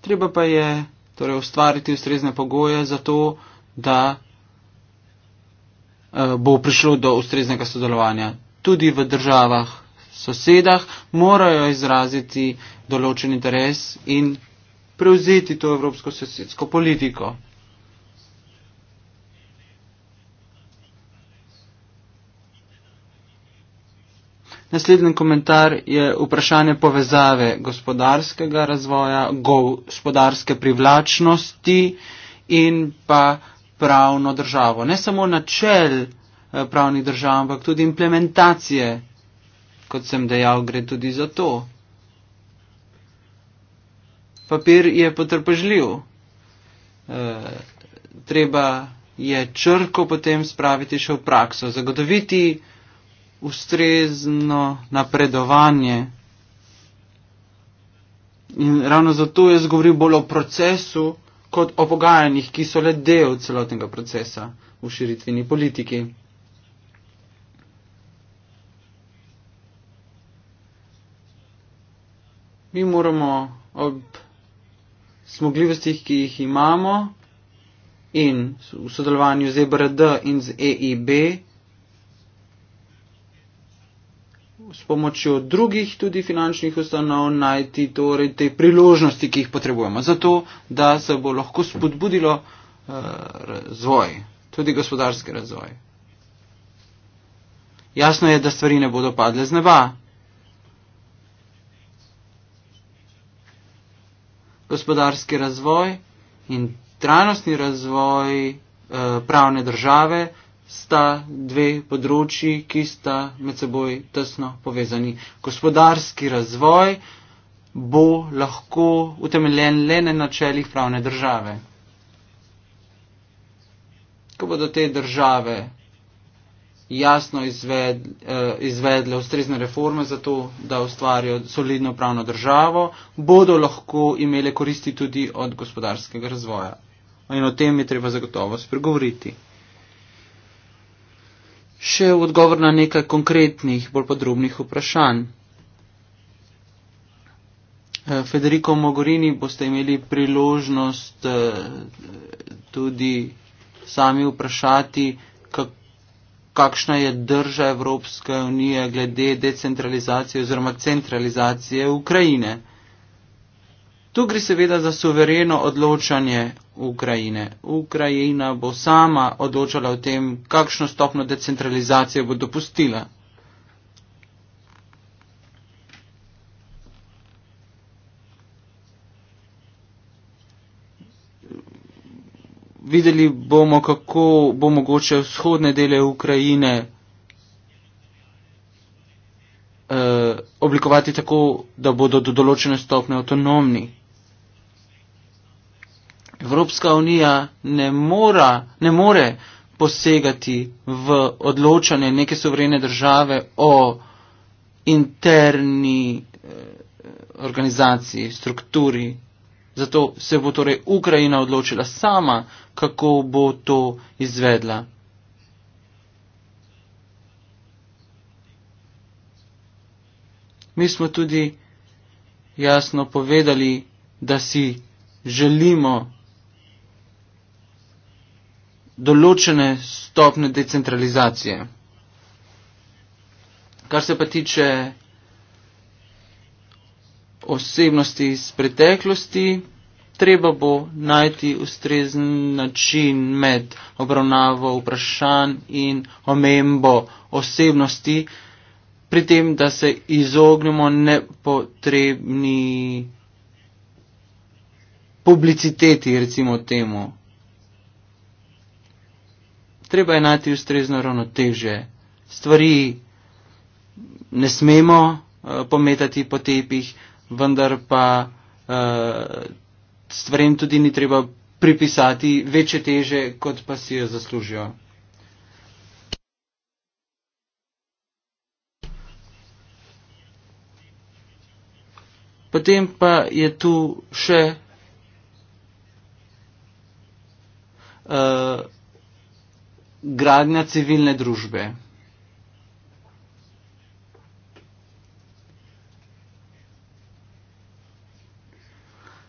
Treba pa je torej, ustvariti ustrezne pogoje za to, da eh, bo prišlo do ustreznega sodelovanja. Tudi v državah, sosedah morajo izraziti določen interes in prevzeti to evropsko sosedsko politiko. Naslednji komentar je vprašanje povezave gospodarskega razvoja, gospodarske privlačnosti in pa pravno državo. Ne samo načel eh, pravnih držav, ampak tudi implementacije, kot sem dejal, gre tudi za to papir je potrpežljiv. E, treba je črko potem spraviti še v prakso, zagotoviti ustrezno napredovanje. In ravno zato jaz govorim bolj o procesu kot o pogajanjih, ki so le del celotnega procesa v širitveni politiki. Mi moramo ob zmogljivostih, ki jih imamo in v sodelovanju z EBRD in z EIB, s pomočjo drugih tudi finančnih ustanov najti torej te priložnosti, ki jih potrebujemo, zato da se bo lahko spodbudilo uh, razvoj, tudi gospodarski razvoj. Jasno je, da stvari ne bodo padle z neba. gospodarski razvoj in trajnostni razvoj eh, pravne države sta dve področji, ki sta med seboj tesno povezani. Gospodarski razvoj bo lahko utemeljen le na načelih pravne države. Ko bodo te države jasno izved, eh, izvedle ustrezne reforme za to, da ustvarijo solidno pravno državo, bodo lahko imele koristi tudi od gospodarskega razvoja. In o tem je treba zagotovo spregovoriti. Še odgovor na nekaj konkretnih, bolj podrobnih vprašanj. Eh, Federico Mogorini boste imeli priložnost eh, tudi sami vprašati, kako kakšna je drža Evropske unije glede decentralizacije oziroma centralizacije Ukrajine. Tu gre seveda za suvereno odločanje Ukrajine. Ukrajina bo sama odločala o tem, kakšno stopno decentralizacije bo dopustila. videli bomo, kako bo mogoče vzhodne dele Ukrajine eh, oblikovati tako, da bodo do določene stopne avtonomni. Evropska unija ne, mora, ne more posegati v odločanje neke sovrene države o interni eh, organizaciji, strukturi. Zato se bo torej Ukrajina odločila sama, kako bo to izvedla. Mi smo tudi jasno povedali, da si želimo določene stopne decentralizacije. Kar se pa tiče osebnosti iz preteklosti, treba bo najti ustrezen način med obravnavo vprašanj in omembo osebnosti, pri tem, da se izognemo nepotrebni publiciteti, recimo temu. Treba je najti ustrezno ravnoteže. Stvari ne smemo uh, pometati po tepih, vendar pa uh, stvarem tudi ni treba pripisati večje teže, kot pa si jo zaslužijo. Potem pa je tu še uh, gradnja civilne družbe.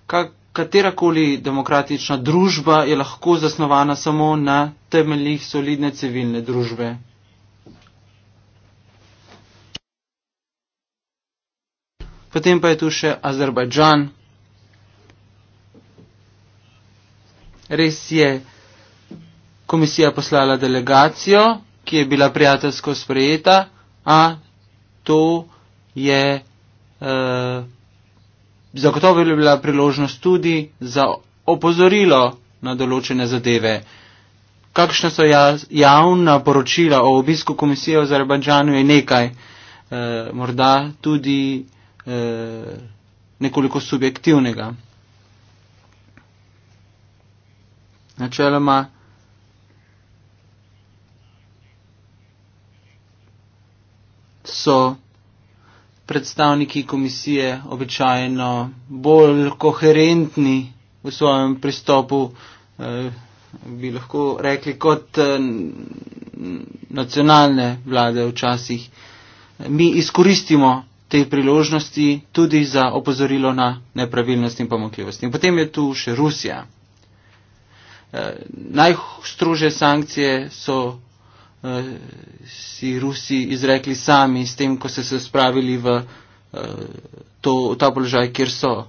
Kako Katerakoli demokratična družba je lahko zasnovana samo na temeljih solidne civilne družbe. Potem pa je tu še Azerbajdžan. Res je komisija poslala delegacijo, ki je bila prijateljsko sprejeta, a to je uh, zagotovo bi bila priložnost tudi za opozorilo na določene zadeve. Kakšna so ja, javna poročila o obisku komisije v Azerbajdžanu je nekaj, e, morda tudi e, nekoliko subjektivnega. Načeloma so predstavniki komisije običajno bolj koherentni v svojem pristopu, eh, bi lahko rekli, kot eh, nacionalne vlade včasih. Mi izkoristimo te priložnosti tudi za opozorilo na nepravilnosti in pomakljivosti. Potem je tu še Rusija. Eh, Najstrože sankcije so Eh, si Rusi izrekli sami s tem, ko so se spravili v, eh, to, v ta položaj, kjer so.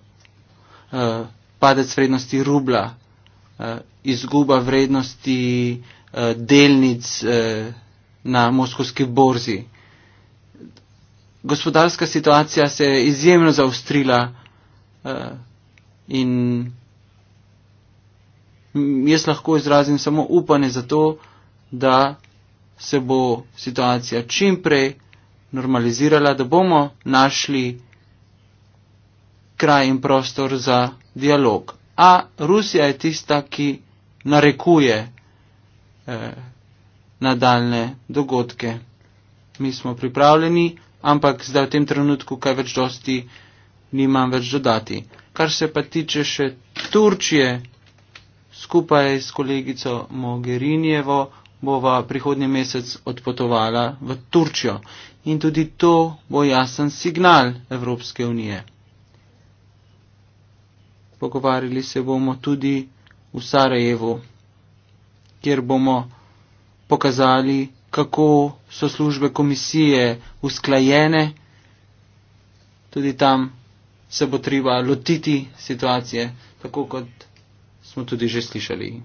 Eh, padec vrednosti rubla, izguba vrednosti delnic na moskovski borzi. Gospodarska situacija se je izjemno zaostrila in jaz lahko izrazim samo upanje za to, da se bo situacija čim prej normalizirala, da bomo našli kraj in prostor za dialog. A Rusija je tista, ki narekuje eh, nadaljne dogodke. Mi smo pripravljeni, ampak zdaj v tem trenutku kaj več dosti nimam več dodati. Kar se pa tiče še Turčije, skupaj s kolegico Mogherinjevo bova prihodnji mesec odpotovala v Turčjo in tudi to bo jasen signal Evropske unije. Pogovarjali se bomo tudi v Sarajevu, kjer bomo pokazali, kako so službe komisije usklajene. Tudi tam se bo treba lotiti situacije, tako kot smo tudi že slišali.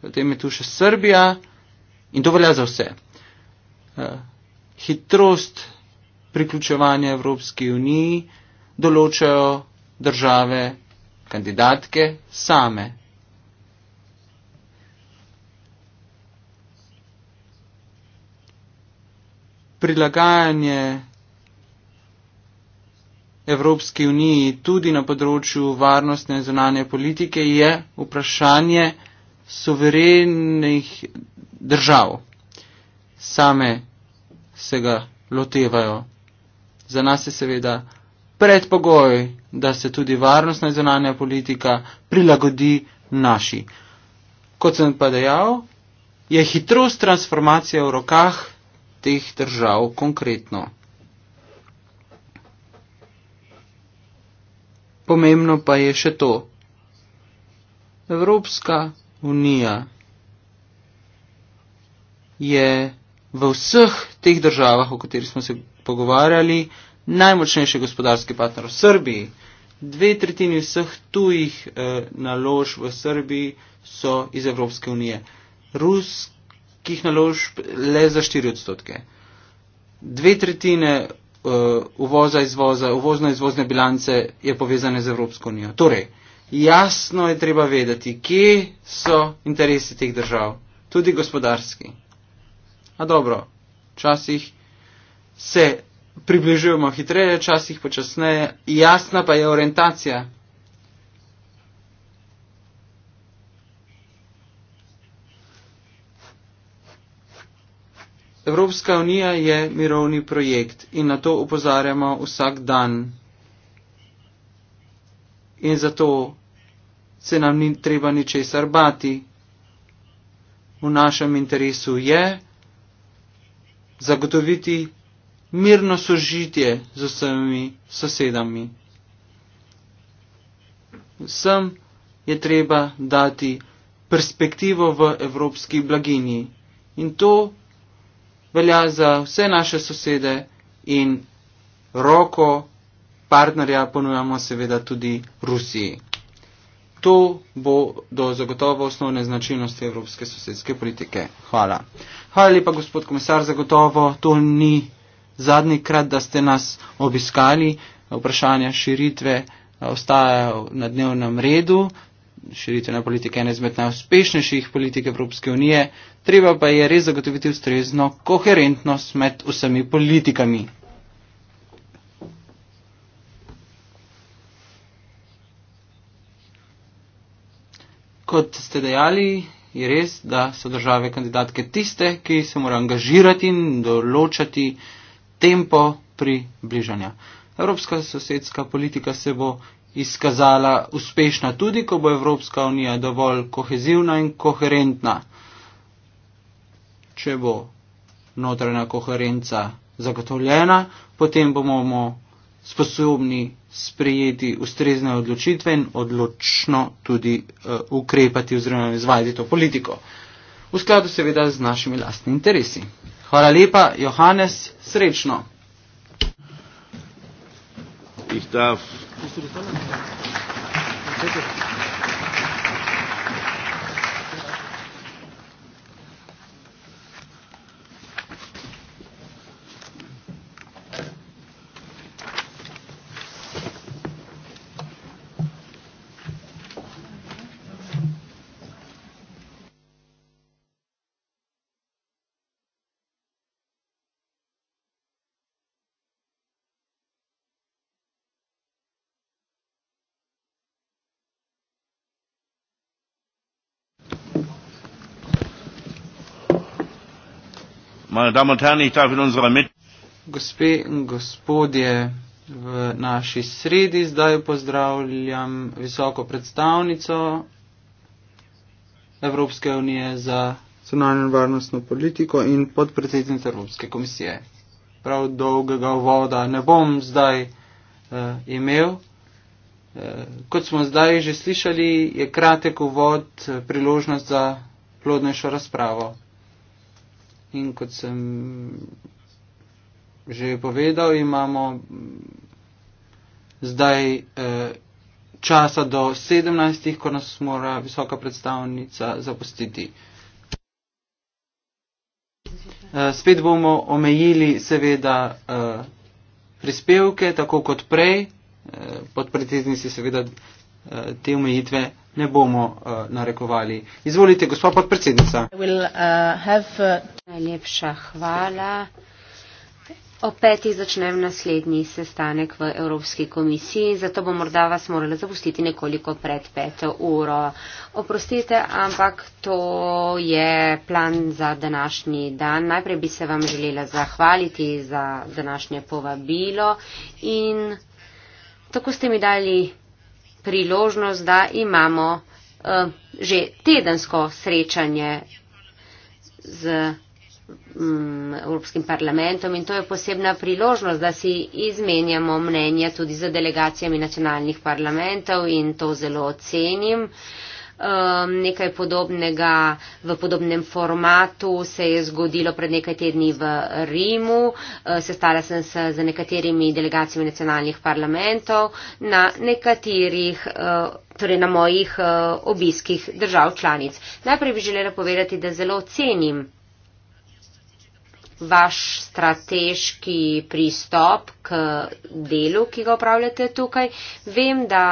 Potem je tu še Srbija. In to velja za vse. Eh, hitrost priključevanja Evropski uniji določajo države, kandidatke same. Prilagajanje Evropski uniji tudi na področju varnostne zunanje politike je vprašanje soverenih držav. Same se ga lotevajo. Za nas je seveda predpogoj, da se tudi varnostna in zonanja politika prilagodi naši. Kot sem pa dejal, je hitrost transformacije v rokah teh držav konkretno. Pomembno pa je še to. Evropska unija je v vseh teh državah, o kateri smo se pogovarjali, najmočnejši gospodarski partner v Srbiji. Dve tretjini vseh tujih eh, nalož v Srbiji so iz Evropske unije. Ruskih nalož le za 4 odstotke. Dve tretjine eh, uvoza izvoza, uvozno-izvozne bilance je povezane z Evropsko unijo. Torej, jasno je treba vedeti, kje so interesi teh držav, tudi gospodarski. A dobro, včasih se približujemo hitreje, včasih počasneje, jasna pa je orientacija. Evropska unija je mirovni projekt in na to upozarjamo vsak dan. In zato se nam ni treba ničesar bati. V našem interesu je, zagotoviti mirno sožitje z vsemi sosedami. Vsem je treba dati perspektivo v evropski blaginji in to velja za vse naše sosede in roko partnerja ponujamo seveda tudi Rusiji. To bo do zagotovo osnovne značilnosti evropske sosedske politike. Hvala. Hvala lepa, gospod komisar, zagotovo to ni zadnji krat, da ste nas obiskali. Vprašanja širitve eh, ostajajo na dnevnem redu. Širitvena politika je ena izmed najuspešnejših politik Evropske unije, treba pa je res zagotoviti ustrezno koherentnost med vsemi politikami. kot ste dejali, je res, da so države kandidatke tiste, ki se morajo angažirati in določati tempo pri bližanja. Evropska sosedska politika se bo izkazala uspešna tudi, ko bo Evropska unija dovolj kohezivna in koherentna. Če bo notranja koherenca zagotovljena, potem bomo sposobni sprejeti ustrezne odločitve in odločno tudi uh, ukrepati oziroma izvajati to politiko. V skladu seveda z našimi lastni interesi. Hvala lepa, Johannes, srečno. Ich darf. Ich darf. meine Damen und Herren, ich darf in unserer Mitte. Gospe in gospodje, v naši sredi zdaj pozdravljam visoko predstavnico Evropske unije za nacionalno varnostno politiko in podpredsednico Evropske komisije. Prav dolgega voda ne bom zdaj eh, imel. Eh, kot smo zdaj že slišali, je kratek uvod eh, priložnost za plodnejšo razpravo. In kot sem že povedal, imamo zdaj eh, časa do 17, ko nas mora visoka predstavnica zapustiti. Eh, spet bomo omejili seveda eh, prispevke, tako kot prej. Podpredsednici seveda te omejitve ne bomo uh, narekovali. Izvolite, gospa podpredsednica. Eh, eh, Najlepša hvala. O petih začnem naslednji sestanek v Evropski komisiji, zato bo morda vas morala zapustiti nekoliko pred peto uro. Oprostite, ampak to je plan za današnji dan. Najprej bi se vam želela zahvaliti za današnje povabilo in tako ste mi dali priložnost, da imamo uh, že tedensko srečanje z um, Evropskim parlamentom in to je posebna priložnost, da si izmenjamo mnenja tudi z delegacijami nacionalnih parlamentov in to zelo ocenim. Uh, Um, nekaj podobnega v podobnem formatu se je zgodilo pred nekaj tedni v Rimu. Uh, sestala sem se z nekaterimi delegacijami nacionalnih parlamentov na nekaterih uh, torej na mojih uh, obiskih držav članic. Najprej bi želela povedati, da zelo cenim vaš strateški pristop k delu, ki ga upravljate tukaj. Vem, da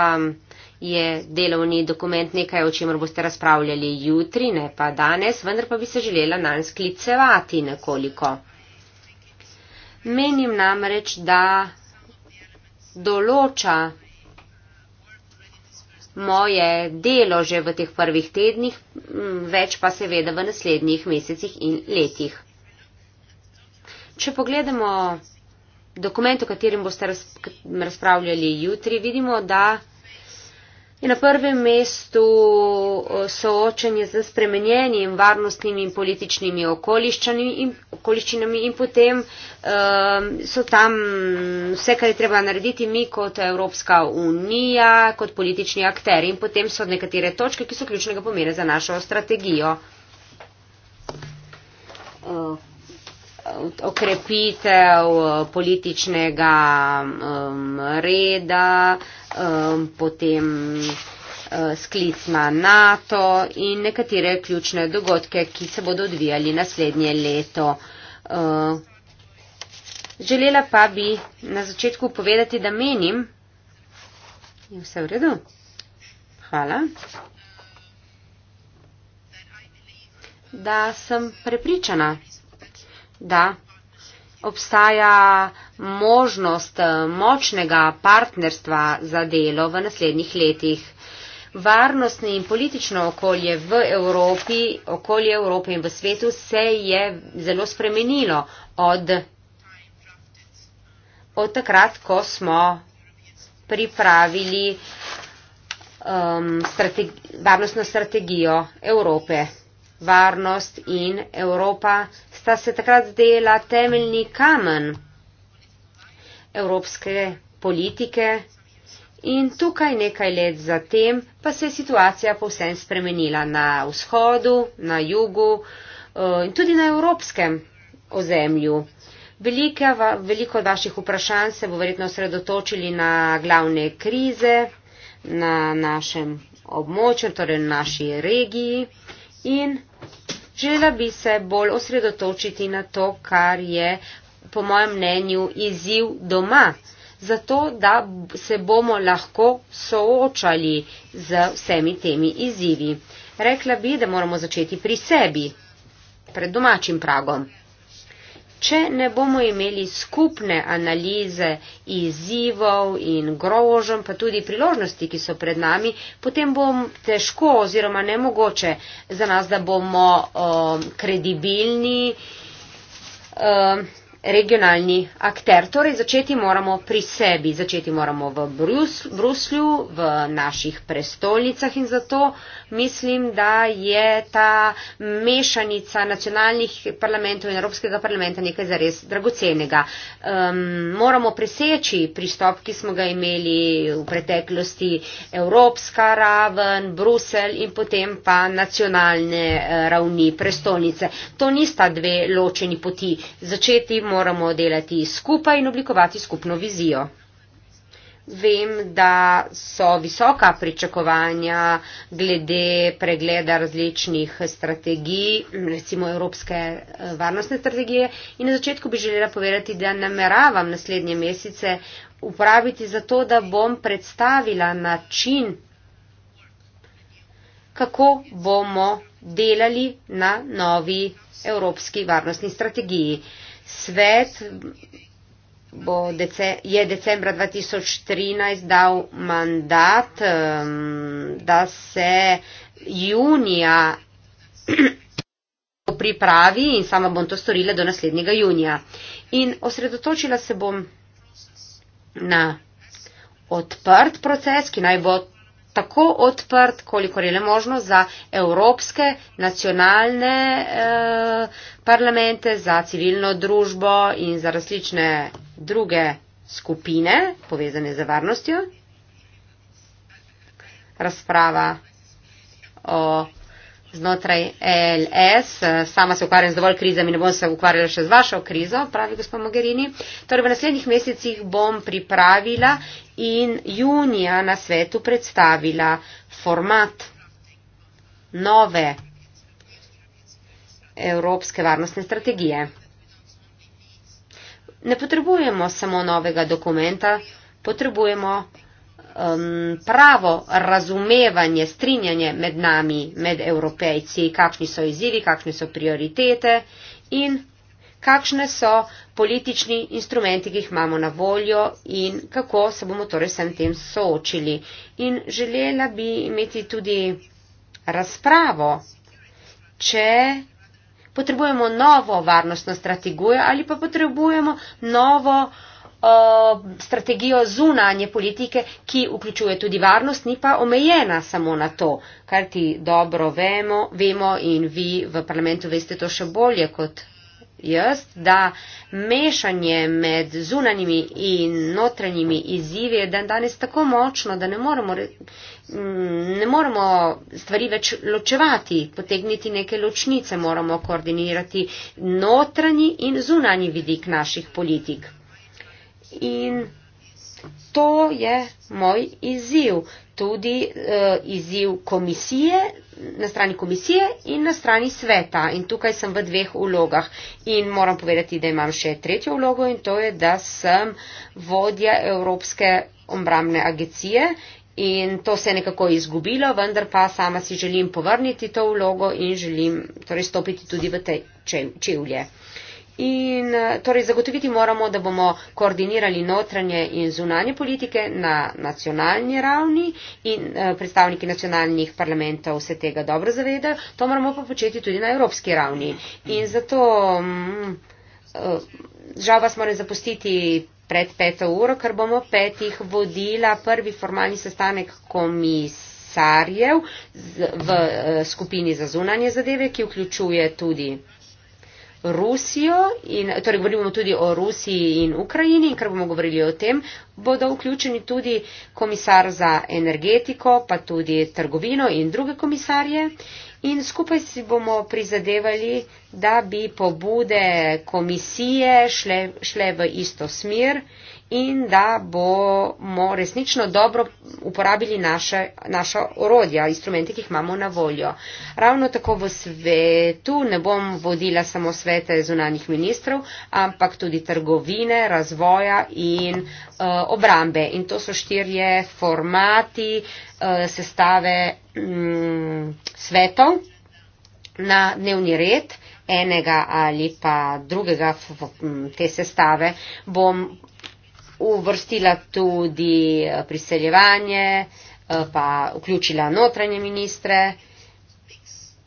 je delovni dokument nekaj, o čemer boste razpravljali jutri, ne pa danes, vendar pa bi se želela nanj sklicevati nekoliko. Menim namreč, da določa moje delo že v teh prvih tednih, več pa seveda v naslednjih mesecih in letih. Če pogledamo dokument, o katerem boste razpravljali jutri, vidimo, da je na prvem mestu soočanje z spremenjenim varnostnimi in političnimi okoliščinami in potem um, so tam vse, kar je treba narediti mi kot Evropska unija, kot politični akter in potem so nekatere točke, ki so ključnega pomena za našo strategijo. Okrepitev političnega um, reda, um, potem uh, sklic na NATO in nekatere ključne dogodke, ki se bodo odvijali naslednje leto. Uh, želela pa bi na začetku povedati, da menim, je vse v redu? Hvala. Da sem prepričana, da obstaja možnost eh, močnega partnerstva za delo v naslednjih letih. Varnostno in politično okolje v Evropi, okolje Evrope in v svetu se je zelo spremenilo od, od takrat, ko smo pripravili um, strategi, varnostno strategijo Evrope. Varnost in Evropa sta se takrat zdela temeljni kamen evropske politike in tukaj nekaj let zatem pa se je situacija povsem spremenila na vzhodu, na jugu eh, in tudi na evropskem ozemlju. Velike, veliko od vaših vprašanj se bo verjetno osredotočili na glavne krize na našem območju, torej na naši regiji in želela bi se bolj osredotočiti na to, kar je po mojem mnenju, izziv doma, zato da se bomo lahko soočali z vsemi temi izzivi. Rekla bi, da moramo začeti pri sebi, pred domačim pragom. Če ne bomo imeli skupne analize izzivov in grožen, pa tudi priložnosti, ki so pred nami, potem bo težko oziroma nemogoče za nas, da bomo o, eh, kredibilni, o, eh, regionalni akter. Torej, začeti moramo pri sebi, začeti moramo v Bruslju, v naših prestolnicah in zato mislim, da je ta mešanica nacionalnih parlamentov in Evropskega parlamenta nekaj zares dragocenega. Um, moramo preseči pristop, ki smo ga imeli v preteklosti, Evropska raven, Brusel in potem pa nacionalne eh, ravni prestolnice. To nista dve ločeni poti. Začeti moramo moramo delati skupaj in oblikovati skupno vizijo. Vem, da so visoka pričakovanja glede pregleda različnih strategij, recimo Evropske eh, varnostne strategije in na začetku bi želela povedati, da nameravam naslednje mesece upraviti za to, da bom predstavila način, kako bomo delali na novi evropski varnostni strategiji. Uh, Svet bo dece, je decembra 2013 dal mandat, da se junija pripravi in sama bom to storila do naslednjega junija. In osredotočila se bom na odprt proces, ki naj bo tako odprt, kolikor je le možno za evropske nacionalne eh, parlamente, za civilno družbo in za različne druge skupine povezane z varnostjo. Razprava o znotraj ELS. Sama se ukvarjam z dovolj krizami, ne bom se ukvarjala še z vašo krizo, pravi gospod Mogherini. Torej, v naslednjih mesecih bom pripravila in junija na svetu predstavila format nove evropske varnostne strategije. Ne potrebujemo samo novega dokumenta, potrebujemo um, pravo razumevanje, strinjanje med nami, med evropejci, kakšni so izzivi, kakšne so prioritete in kakšne so politični instrumenti, ki jih imamo na voljo in kako se bomo torej sem tem soočili. In želela bi imeti tudi razpravo, če potrebujemo novo varnostno strategijo ali pa potrebujemo novo o, strategijo zunanje politike, ki vključuje tudi varnost, ni pa omejena samo na to, kar ti dobro vemo, vemo in vi v parlamentu veste to še bolje kot jaz, da mešanje med zunanjimi in notranjimi izzivi je dan danes tako močno, da ne moremo, mm, ne moremo stvari več ločevati, potegniti neke ločnice, moramo koordinirati notranji in zunanji vidik naših politik. In to je moj izziv, tudi uh, izziv komisije, na strani komisije in na strani sveta. In tukaj sem v dveh ulogah. In moram povedati, da imam še tretjo ulogo in to je, da sem vodja Evropske obrambne agencije. In to se je nekako izgubilo, vendar pa sama si želim povrniti to vlogo in želim torej stopiti tudi v te čevlje. Če In eh, torej zagotoviti moramo, da bomo koordinirali notranje in zunanje politike na nacionalni ravni in eh, predstavniki nacionalnih parlamentov se tega dobro zavedajo. To moramo pa početi tudi na evropski ravni. In zato mm, eh, žal vas moram zapustiti pred peto uro, ker bomo petih vodila prvi formalni sestanek komisije v skupini za zunanje zadeve, ki vključuje tudi Rusijo in, torej govorimo tudi o Rusiji in Ukrajini in ker bomo govorili o tem, bodo vključeni tudi komisar za energetiko, pa tudi trgovino in druge komisarje. In skupaj si bomo prizadevali, da bi pobude komisije šle, šle v isto smer in da bomo resnično dobro uporabili naše, naša orodja, instrumente, ki jih imamo na voljo. Ravno tako v svetu ne bom vodila samo svete zunanih ministrov, ampak tudi trgovine, razvoja in uh, obrambe. In to so štirje formati uh, sestave um, svetov na dnevni red enega ali pa drugega te sestave bom uvrstila tudi eh, priseljevanje, eh, pa vključila notranje ministre.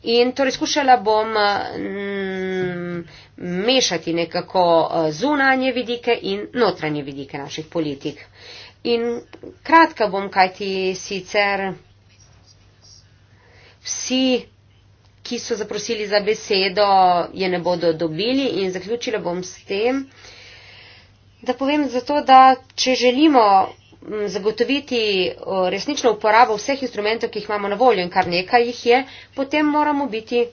In torej skušala bom m, mm, mešati nekako eh, zunanje vidike in notranje vidike naših politik. In kratka bom, kaj ti sicer vsi, ki so zaprosili za besedo, je ne bodo dobili in zaključila bom s tem, Da povem zato, da če želimo zagotoviti resnično uporabo vseh instrumentov, ki jih imamo na voljo in kar nekaj jih je, potem moramo biti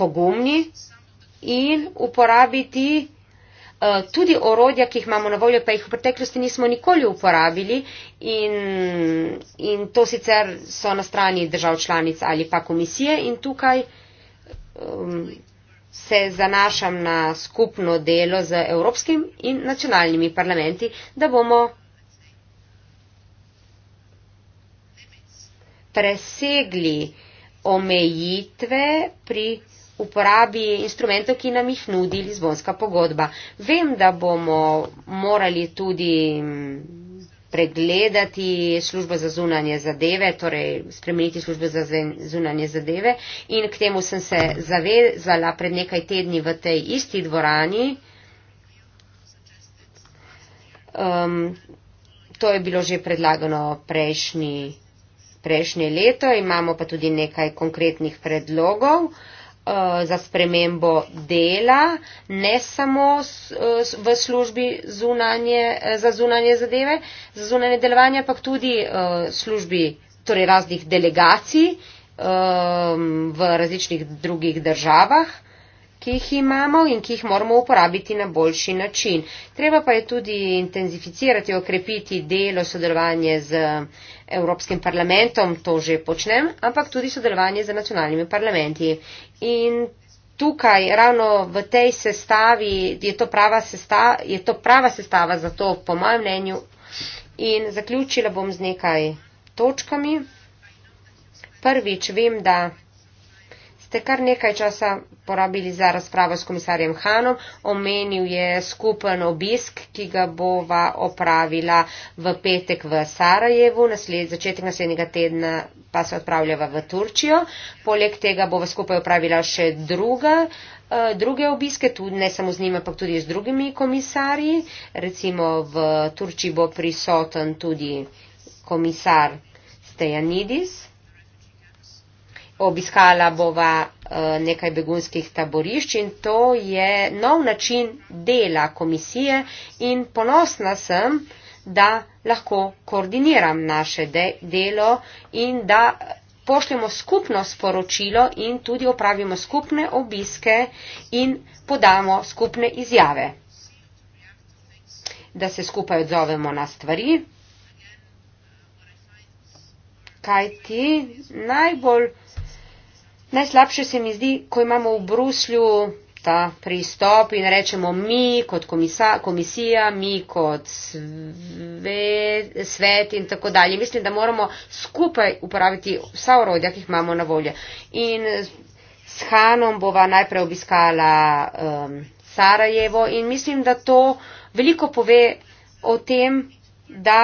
pogumni in uporabiti e, tudi orodja, ki jih imamo na voljo, pa jih v preteklosti nismo nikoli uporabili in, in to sicer so na strani držav članic ali pa komisije in tukaj um, se zanašam na skupno delo z evropskim in nacionalnimi parlamenti, da bomo presegli omejitve pri uporabi instrumentov, ki nam jih nudi Lizbonska pogodba. Vem, da bomo morali tudi pregledati službo za zunanje zadeve, torej spremeniti službo za zunanje zadeve. In k temu sem se zavezala pred nekaj tedni v tej isti dvorani. Um, to je bilo že predlagano prejšnje leto, imamo pa tudi nekaj konkretnih predlogov. Uh, Eh, za spremembo dela, ne samo v službi zunanje, eh, za zunanje zadeve, za zunanje delovanje, ampak tudi eh, službi torej raznih delegacij v različnih drugih državah ki jih imamo in ki jih moramo uporabiti na boljši način. Treba pa je tudi intenzificirati, okrepiti delo, sodelovanje z Evropskim parlamentom, to že počnem, ampak tudi sodelovanje z nacionalnimi parlamenti. In tukaj, ravno v tej sestavi, je to prava, sesta, je to prava sestava za to, po mojem mnenju. In zaključila bom z nekaj točkami. Prvič vem, da ste kar nekaj časa porabili za razpravo s komisarjem Hanom. Omenil je skupen obisk, ki ga bova opravila v petek v Sarajevu, nasled, začetek naslednjega tedna pa se odpravljava v Turčijo. Poleg tega bova skupaj opravila še druga, eh, druge obiske, tudi ne samo z njima, ampak tudi z drugimi komisarji. Recimo v Turčiji bo prisoten tudi komisar Stejanidis obiskala bova eh, nekaj begunskih taborišč in to je nov način dela komisije in ponosna sem, da lahko koordiniram naše de delo in da pošljemo skupno sporočilo in tudi opravimo skupne obiske in podamo skupne izjave, da se skupaj odzovemo na stvari. Kaj ti najbolj Najslabše se mi zdi, ko imamo v Bruslju ta pristop in rečemo mi kot komisa, komisija, mi kot svet, svet in tako dalje. Mislim, da moramo skupaj uporabiti vsa orodja, ki jih imamo na voljo. In s Hanom bova najprej obiskala um, Sarajevo in mislim, da to veliko pove o tem, da.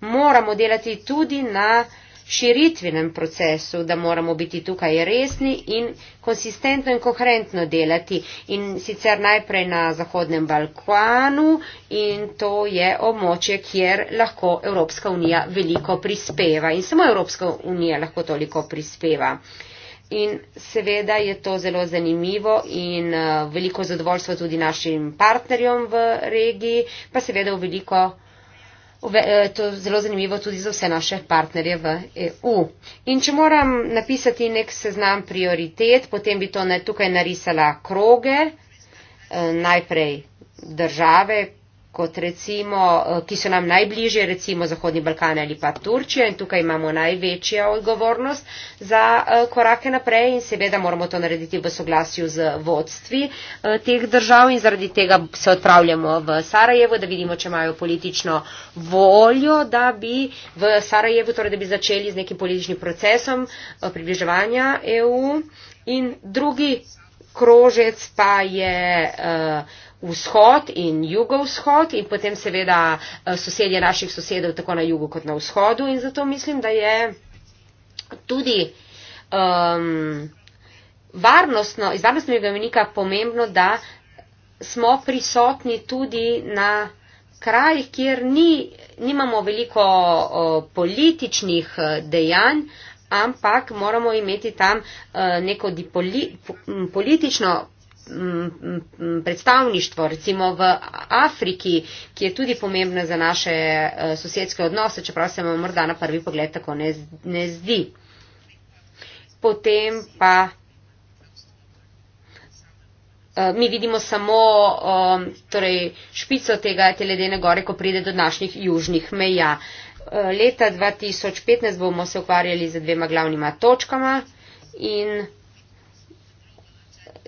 Moramo delati tudi na širitvenem procesu, da moramo biti tukaj resni in konsistentno in koherentno delati. In sicer najprej na Zahodnem Balkanu in to je območje, kjer lahko Evropska unija veliko prispeva in samo Evropska unija lahko toliko prispeva. In seveda je to zelo zanimivo in eh, veliko zadovoljstvo tudi našim partnerjem v regiji, pa seveda v veliko. Eh, to zelo zanimivo tudi za vse naše partnerje v EU. In če moram napisati nek seznam prioritet, potem bi to ne, tukaj narisala kroge, eh, najprej države, kot recimo, eh, ki so nam najbližje, recimo Zahodni Balkan ali pa Turčija in tukaj imamo največjo odgovornost za eh, korake naprej in seveda moramo to narediti v soglasju z vodstvi eh, teh držav in zaradi tega se odpravljamo v Sarajevo, da vidimo, če imajo politično voljo, da bi v Sarajevu, torej da bi začeli z nekim političnim procesom približevanja EU in drugi krožec pa je uh, vzhod in jugovzhod in potem seveda eh, sosedje naših sosedov tako na jugu kot na vzhodu in zato mislim, da je tudi um, varnostno, iz varnostnega menika pomembno, da smo prisotni tudi na krajih, kjer ni, nimamo veliko uh, političnih uh, dejanj, ampak moramo imeti tam uh, neko dipoli, po, politično Mm, predstavništvo, recimo v Afriki, ki je tudi pomembna za naše eh, sosedske odnose, čeprav se vam morda na prvi pogled tako ne, ne zdi. Potem pa. Eh, mi vidimo samo um, torej špico tega teledene gore, ko pride do naših južnih meja. Leta 2015 bomo se ukvarjali z dvema glavnima točkama in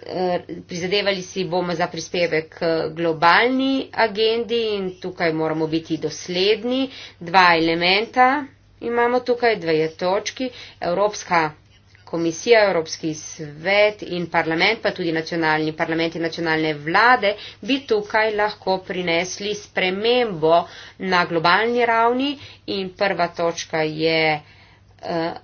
Eh, prizadevali si bomo za prispevek k eh, globalni agendi in tukaj moramo biti dosledni. Dva elementa imamo tukaj, dve točki. Evropska komisija, Evropski svet in parlament, pa tudi nacionalni parlament in nacionalne vlade bi tukaj lahko prinesli spremembo na globalni ravni in prva točka je. Eh,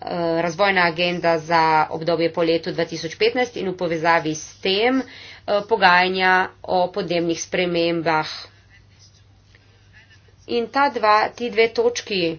razvojna agenda za obdobje po letu 2015 in v povezavi s tem eh, pogajanja o podnebnih spremembah. In ta dva, ti dve točki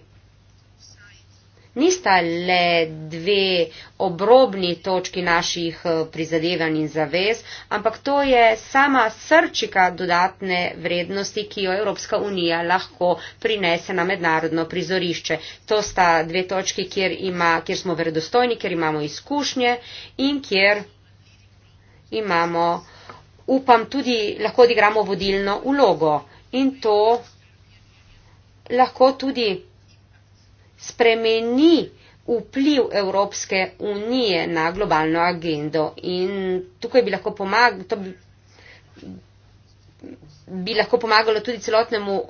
nista le dve obrobni točki naših eh, prizadevanj in zavez, ampak to je sama srčika dodatne vrednosti, ki jo Evropska unija lahko prinese na mednarodno prizorišče. To sta dve točki, kjer, ima, kjer smo verodostojni, kjer imamo izkušnje in kjer imamo, upam, tudi lahko odigramo vodilno ulogo. In to lahko tudi spremeni vpliv Evropske unije na globalno agendo. In tukaj bi lahko, pomag, to bi, bi lahko pomagalo tudi celotnemu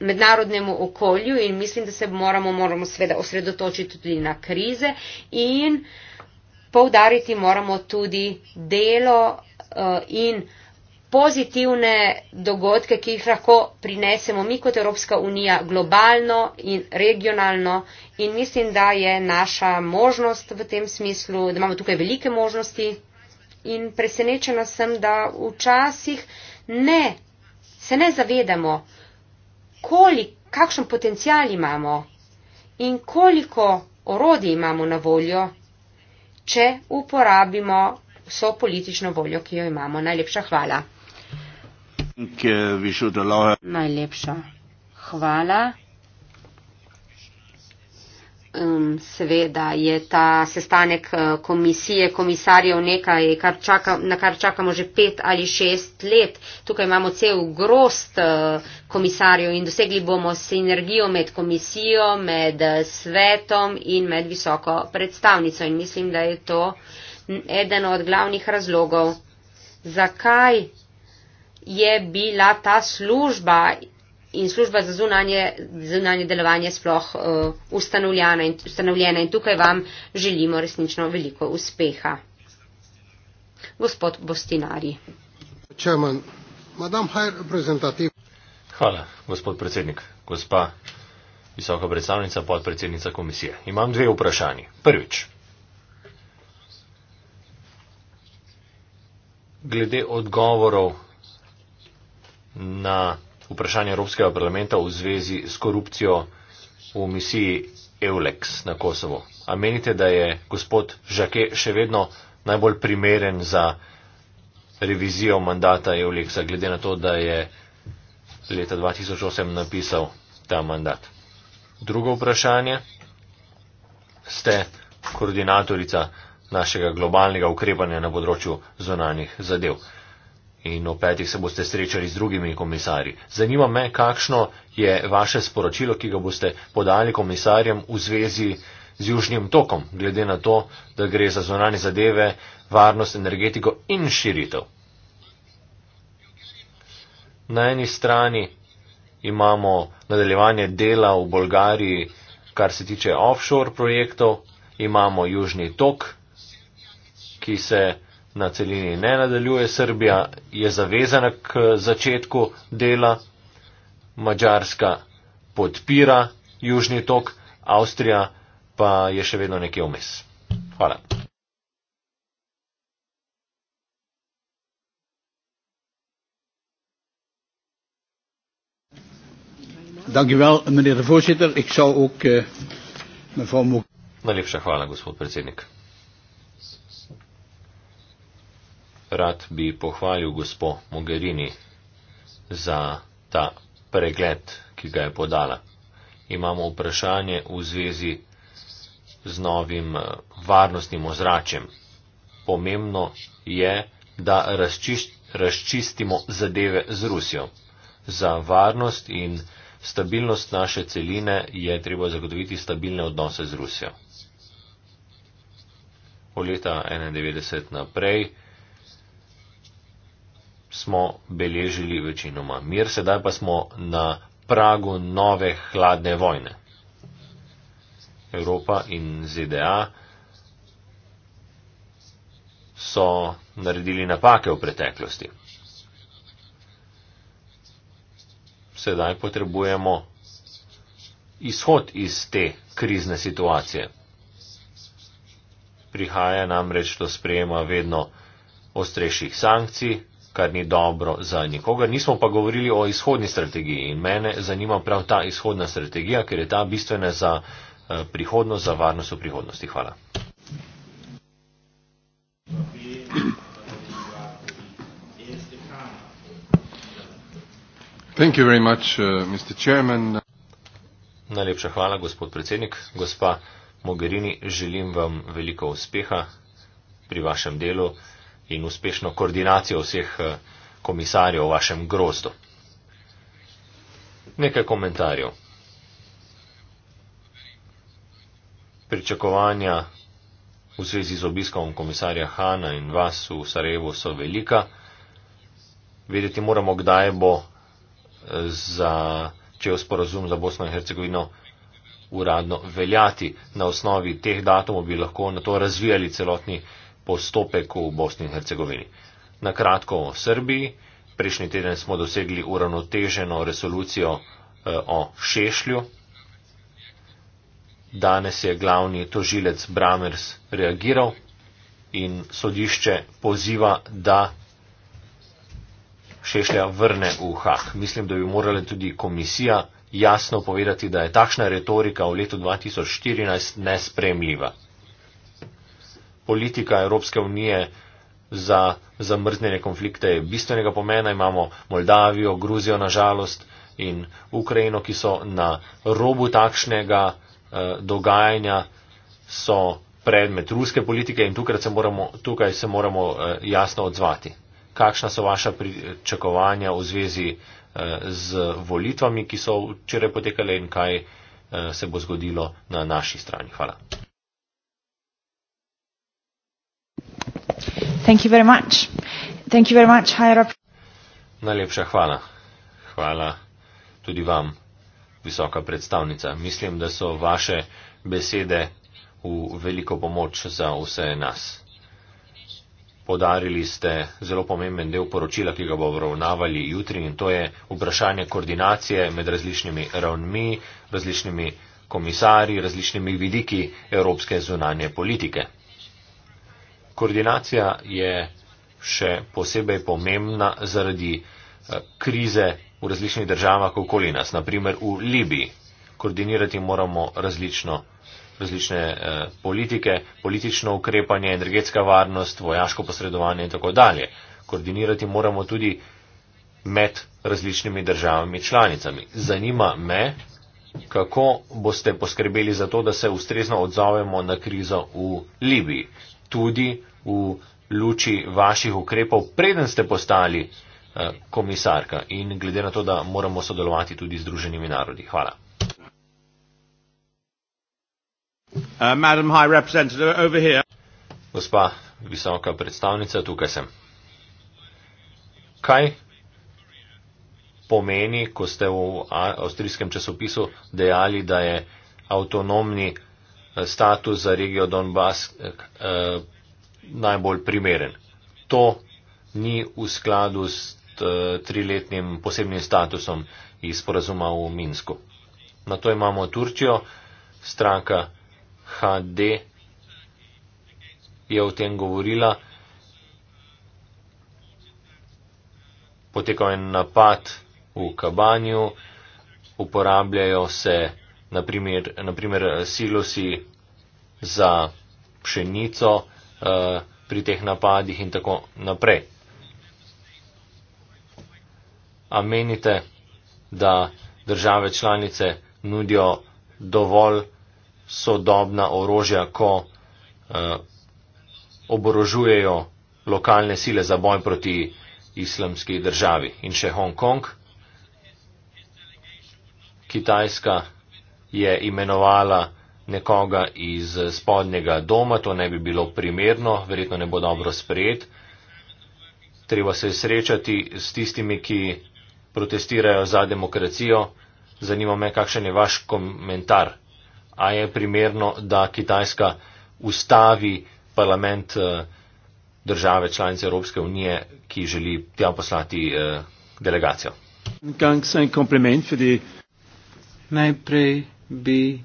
mednarodnemu okolju in mislim, da se moramo, moramo seveda osredotočiti tudi na krize in poudariti moramo tudi delo uh, in pozitivne dogodke, ki jih lahko prinesemo mi kot Evropska unija globalno in regionalno. In mislim, da je naša možnost v tem smislu, da imamo tukaj velike možnosti. In presenečena sem, da včasih ne, se ne zavedamo, koli, kakšen potencial imamo in koliko orodij imamo na voljo, če uporabimo so politično voljo, ki jo imamo. Najlepša hvala. Najlepša hvala. Um, seveda je ta sestanek uh, komisije komisarjev nekaj, kar čaka, na kar čakamo že pet ali šest let. Tukaj imamo cel grost uh, komisarjev in dosegli bomo sinergijo med komisijo, med uh, svetom in med visoko predstavnico. In mislim, da je to eden od glavnih razlogov, zakaj je bila ta služba in služba za zunanje, zunanje delovanje sploh uh, eh, ustanovljena, in, ustanovljena in tukaj vam želimo resnično veliko uspeha. Gospod Bostinari. Hvala, gospod predsednik. Gospa visoka predstavnica, podpredsednica komisije. Imam dve vprašanje. Prvič. Glede odgovorov na vprašanje Evropskega parlamenta v zvezi s korupcijo v misiji Eulex na Kosovo. A menite, da je gospod Žake še vedno najbolj primeren za revizijo mandata Eulexa, glede na to, da je leta 2008 napisal ta mandat? Drugo vprašanje. Ste koordinatorica našega globalnega ukrepanja na področju zonanih zadev in o petih se boste srečali z drugimi komisarji. Zanima me, kakšno je vaše sporočilo, ki ga boste podali komisarjem v zvezi z Južnim tokom, glede na to, da gre za zonanje zadeve, varnost, energetiko in širitev. Na eni strani imamo nadaljevanje dela v Bolgariji, kar se tiče offshore projektov, imamo Južni tok, ki se na celini ne nadaljuje. Srbija je zavezana k začetku dela, Mačarska podpira južni tok, Avstrija pa je še vedno nekje vmes. Hvala. Dankjewel, meneer de voorzitter. Ik zou ook eh, mevrouw Moek. Najlepša hvala, gospod predsednik. rad bi pohvalil gospo Mogherini za ta pregled, ki ga je podala. Imamo vprašanje v zvezi z novim eh, varnostnim ozračjem. Pomembno je, da razčistimo zadeve z Rusijo. Za varnost in stabilnost naše celine je treba zagotoviti stabilne odnose z Rusijo. Od leta 1991 naprej smo beležili večinoma mir, sedaj pa smo na pragu nove hladne vojne. Evropa in ZDA so naredili napake v preteklosti. Sedaj potrebujemo izhod iz te krizne situacije. Prihaja namreč do sprejema vedno ostrejših sankcij, kar ni dobro za nikogar. Nismo pa govorili o izhodni strategiji in mene zanima prav ta izhodna strategija, ker je ta bistvena za eh, prihodnost, za varnost v prihodnosti. Hvala. Thank you very much, uh, Mr. Chairman. Najlepša hvala, gospod predsednik. Gospa Mogherini, želim vam veliko uspeha pri vašem delu in uspešno koordinacijo vseh eh, komisarjev v vašem grozdu. Nekaj komentarjev. Pričakovanja v zvezi z obiskom komisarja Hana in vas v Sarajevu so velika. Vedeti moramo, kdaj bo eh, za, če je sporozum za Bosno in Hercegovino uradno veljati. Na osnovi teh datumov bi lahko na to razvijali celotni postopek v Bosni in Hercegovini. Na kratko o Srbiji. Prejšnji teden smo dosegli uravnoteženo resolucijo eh, o Šešlju. Danes je glavni tožilec Bramers reagiral in sodišče poziva, da Šešlja vrne v Hah. Mislim, da bi morala tudi komisija jasno povedati, da je takšna retorika v letu 2014 nespremljiva politika Evropske unije za zamrznjene konflikte je bistvenega pomena. Imamo Moldavijo, Gruzijo nažalost in Ukrajino, ki so na robu takšnega eh, dogajanja, so predmet ruske politike in tukaj se moramo, tukaj se moramo eh, jasno odzvati. Kakšna so vaša pričakovanja v zvezi eh, z volitvami, ki so včeraj potekale in kaj eh, se bo zgodilo na naši strani? Hvala. Thank you very much. Thank you very much, Najlepša hvala. Hvala tudi vam, visoka predstavnica. Mislim, da so vaše besede v veliko pomoč za vse nas. Podarili ste zelo pomemben del poročila, ki ga bomo obravnavali jutri in to je vprašanje koordinacije med različnimi ravnmi, različnimi komisarji, različnimi vidiki evropske zunanje politike. Koordinacija je še posebej pomembna zaradi eh, krize v različnih državah okoli nas, naprimer v Libiji. Koordinirati moramo različno, različne eh, politike, politično ukrepanje, energetska varnost, vojaško posredovanje in tako dalje. Koordinirati moramo tudi med različnimi državami članicami. Zanima me, kako boste poskrbeli za to, da se ustrezno odzovemo na krizo v Libiji tudi v luči vaših ukrepov, preden ste postali eh, komisarka in glede na to, da moramo sodelovati tudi z druženimi narodi. Hvala. Uh, Gospa visoka predstavnica, tukaj sem. Kaj pomeni, ko ste v avstrijskem časopisu dejali, da je avtonomni status za regijo Donbass eh, najbolj primeren. To ni v skladu s eh, triletnim posebnim statusom iz porazuma v Minsku. Na to imamo Turčijo, stranka HD je o tem govorila. Potekal je napad v Kabanju, uporabljajo se naprimer, naprimer eh, silosi za pšenico eh, pri teh napadih in tako naprej. A menite, da države članice nudijo dovolj sodobna orožja, ko eh, oborožujejo lokalne sile za boj proti islamski državi in še Hongkong, Kitajska je imenovala nekoga iz spodnjega doma, to ne bi bilo primerno, verjetno ne bo dobro sprejet. Treba se srečati s tistimi, ki protestirajo za demokracijo. Zanima me, kakšen je vaš komentar. A je primerno, da Kitajska ustavi parlament eh, države članice Evropske unije, ki želi tja poslati eh, delegacijo? Najprej bi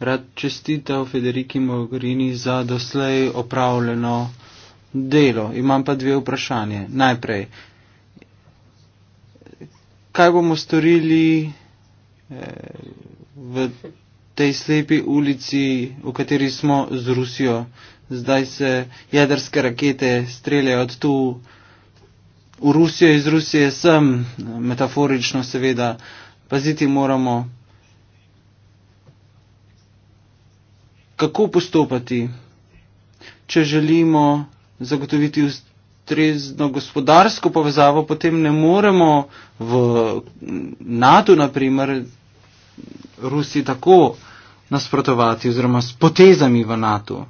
rad čestital Federiki Mogherini za doslej opravljeno delo. Imam pa dve vprašanje. Najprej, kaj bomo storili eh, v tej slepi ulici, v kateri smo z Rusijo? Zdaj se jedrske rakete streljajo od tu v Rusijo, iz Rusije sem, metaforično seveda. Paziti moramo, kako postopati, če želimo zagotoviti ustrezno gospodarsko povezavo, potem ne moremo v NATO, naprimer, Rusi tako nasprotovati oziroma s potezami v NATO.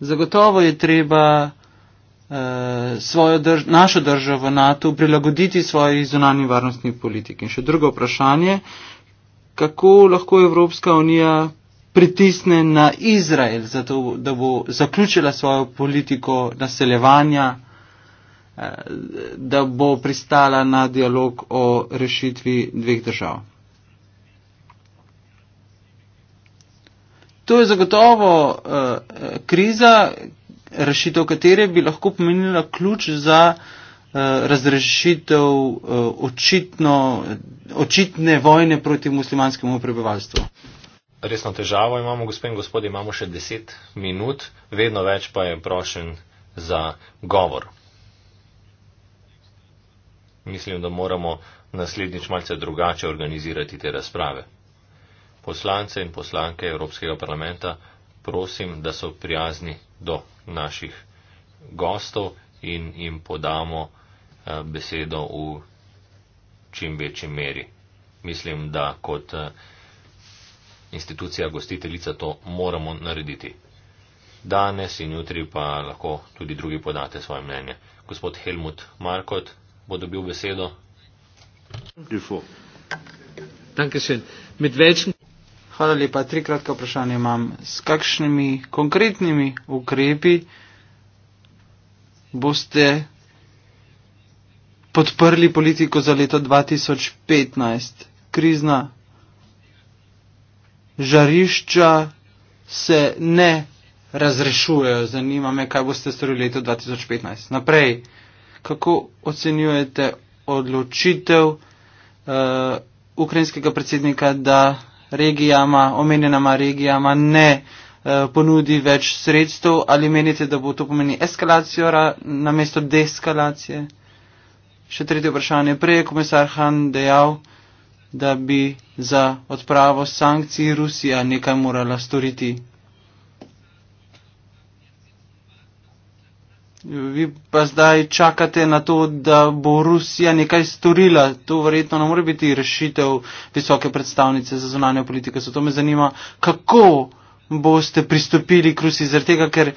Zagotovo je treba eh, svojo drž našo državo NATO prilagoditi svoji zunanji varnostni politiki. In še drugo vprašanje kako lahko Evropska unija pritisne na Izrael, zato, da bo zaključila svojo politiko naseljevanja, eh, da bo pristala na dialog o rešitvi dveh držav. To je zagotovo uh, kriza, rešitev katere bi lahko pomenila ključ za uh, Eh, razrešitev eh, očitno, očitne vojne proti muslimanskemu prebivalstvu. Resno težavo imamo, gospod in gospod, imamo še deset minut, vedno več pa je prošen za govor. Mislim, da moramo naslednjič malce drugače organizirati te razprave. Poslance in poslanke Evropskega parlamenta prosim, da so prijazni do naših gostov in jim podamo Eh, besedo v čim večji meri. Mislim, da kot eh, institucija gostiteljica to moramo narediti. Danes in jutri pa lahko tudi drugi podate svoje mnenje. Gospod Helmut Markot bo dobil besedo. Hvala lepa. Tri kratka vprašanja imam. S kakšnimi konkretnimi ukrepi boste podprli politiko za leto 2015. Krizna žarišča se ne razrešujejo. Zanima me, kaj boste storili leto 2015. Naprej, kako ocenjujete odločitev uh, ukrajinskega predsednika, da regijama, omenjenama regijama ne eh, ponudi več sredstev ali menite, da bo to pomeni eskalacijo na mesto deskalacije? De Še tretje vprašanje. Prej je komisar Han dejal, da bi za odpravo sankcij Rusija nekaj morala storiti. Vi pa zdaj čakate na to, da bo Rusija nekaj storila. To verjetno ne more biti rešitev visoke predstavnice za zunanjo politiko. Zato me zanima, kako boste pristopili k Rusiji, zaradi tega, ker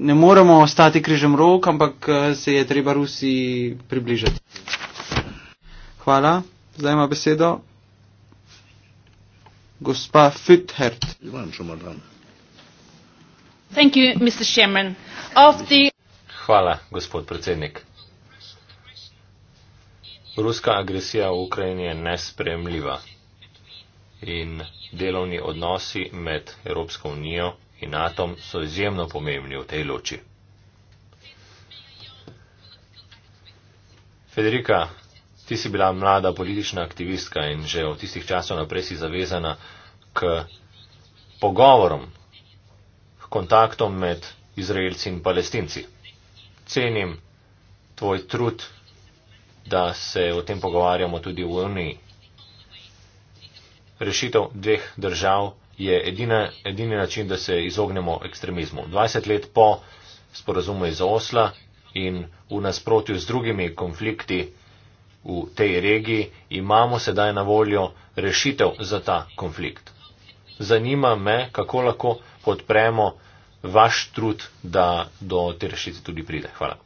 ne moremo ostati križem rok, ampak eh, se je treba Rusi približati. Hvala. Zdaj ima besedo gospa Fithert. Hvala, gospod predsednik. Ruska agresija v Ukrajini je nespremljiva in delovni odnosi med Evropsko unijo in atom so izjemno pomembni v tej loči. Federika, ti si bila mlada politična aktivistka in že od tistih časov naprej si zavezana k pogovorom, k kontaktom med Izraelci in Palestinci. Cenim tvoj trud, da se o tem pogovarjamo tudi v Uniji. Rešitev dveh držav je edine, edini način, da se izognemo ekstremizmu. 20 let po sporazumu iz Osla in v nasprotju z drugimi konflikti v tej regiji imamo sedaj na voljo rešitev za ta konflikt. Zanima me, kako lahko podpremo vaš trud, da do te rešitve tudi pride. Hvala.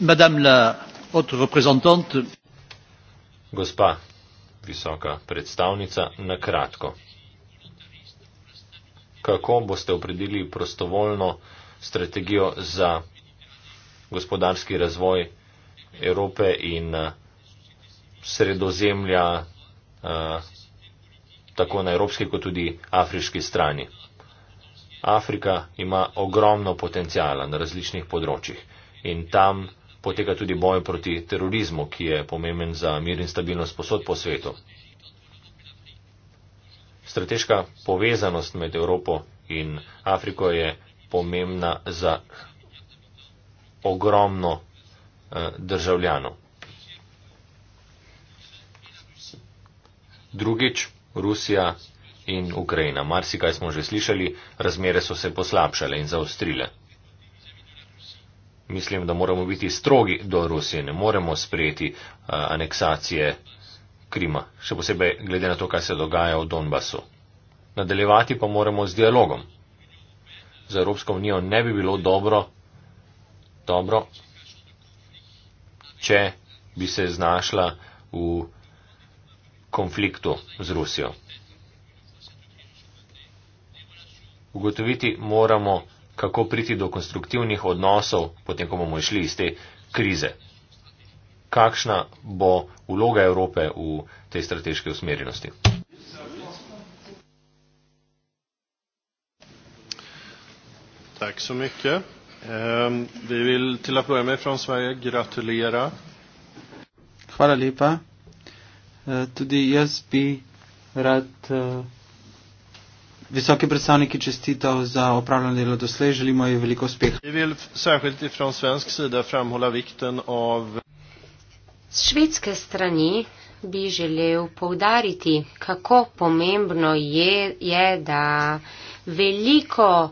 Madame la haute représentante. Gospa, visoka predstavnica, na kratko. Kako boste opredelili prostovoljno strategijo za gospodarski razvoj Evrope in eh, sredozemlja eh, tako na evropski kot tudi afriški strani? Afrika ima ogromno potencijala na različnih področjih in tam poteka tudi boj proti terorizmu, ki je pomemben za mir in stabilnost posod po svetu. Strateška povezanost med Evropo in Afriko je pomembna za ogromno eh, državljanov. Drugič, Rusija in Ukrajina. Marsikaj smo že slišali, razmere so se poslabšale in zaostrile. Mislim, da moramo biti strogi do Rusije, ne moremo sprejeti uh, aneksacije Krima, še posebej glede na to, kaj se dogaja v Donbasu. Nadaljevati pa moramo z dialogom. Za Evropsko unijo ne bi bilo dobro, dobro, če bi se znašla v konfliktu z Rusijo. Ugotoviti moramo, kako priti do konstruktivnih odnosov, potem, ko bomo išli iz te krize. Kakšna bo vloga Evrope v tej strateški usmerjenosti? Tak so mykje. Ehm, vi vil til at med fra Sverige gratulere. Hvala lepa. Eh, tudi jaz bi rad uh, Visoki predstavniki čestitov za opravljeno delo doslej, želimo ji veliko uspeha. Švedske strani bi želel povdariti, kako pomembno je, je da veliko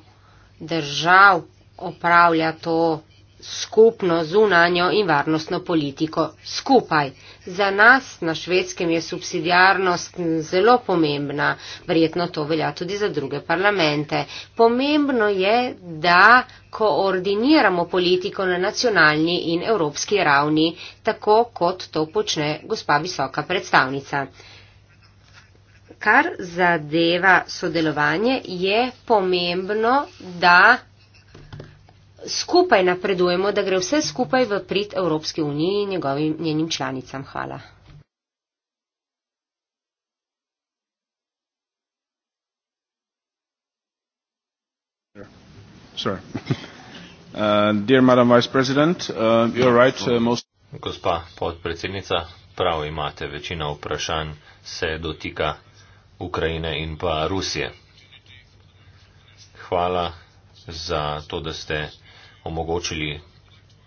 držav opravlja to skupno zunanjo in varnostno politiko. Skupaj. Za nas na švedskem je subsidiarnost zelo pomembna. Verjetno to velja tudi za druge parlamente. Pomembno je, da koordiniramo politiko na nacionalni in evropski ravni, tako kot to počne gospa visoka predstavnica. Kar zadeva sodelovanje, je pomembno, da skupaj napredujemo, da gre vse skupaj v prid Evropske unije in njegovim njenim članicam. Hvala. Sir. Uh, dear Madam Vice President, uh, you are right. Uh, most... Gospa podpredsednica, prav imate, večina vprašanj se dotika Ukrajine in pa Rusije. Hvala za to, da ste omogočili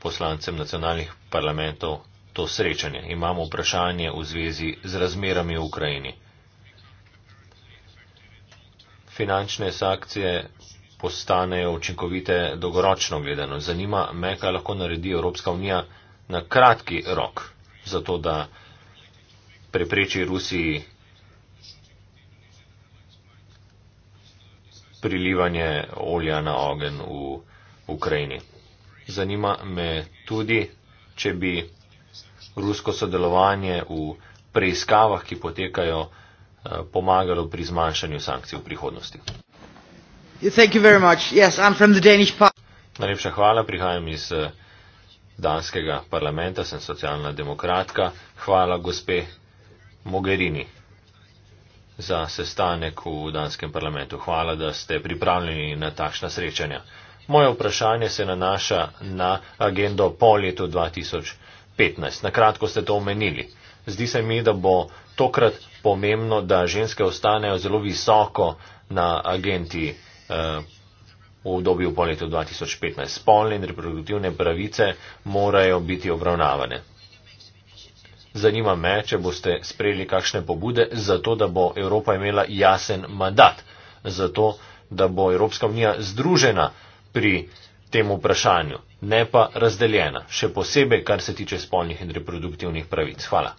poslancem nacionalnih parlamentov to srečanje. Imamo vprašanje v zvezi z razmerami v Ukrajini. Finančne sankcije postanejo učinkovite dolgoročno gledano. Zanima me, kaj lahko naredi Evropska unija na kratki rok, zato da prepreči Rusiji prilivanje olja na ogen v Ukrajini. Ukrajini. Zanima me tudi, če bi rusko sodelovanje v preiskavah, ki potekajo, eh, pomagalo pri zmanjšanju sankcij v prihodnosti. Yes, Najlepša hvala, prihajam iz eh, Danskega parlamenta, sem socialna demokratka. Hvala gospe Mogherini za sestanek v Danskem parlamentu. Hvala, da ste pripravljeni na takšna srečanja. Moje vprašanje se nanaša na agendo po letu 2015. Na kratko ste to omenili. Zdi se mi, da bo tokrat pomembno, da ženske ostanejo zelo visoko na agenti eh, v obdobju po letu 2015. Spolne in reproduktivne pravice morajo biti obravnavane. Zanima me, če boste sprejeli kakšne pobude za to, da bo Evropa imela jasen mandat, za to, da bo Evropska unija združena pri tem vprašanju, ne pa razdeljena, še posebej, kar se tiče spolnih in reproduktivnih pravic. Hvala.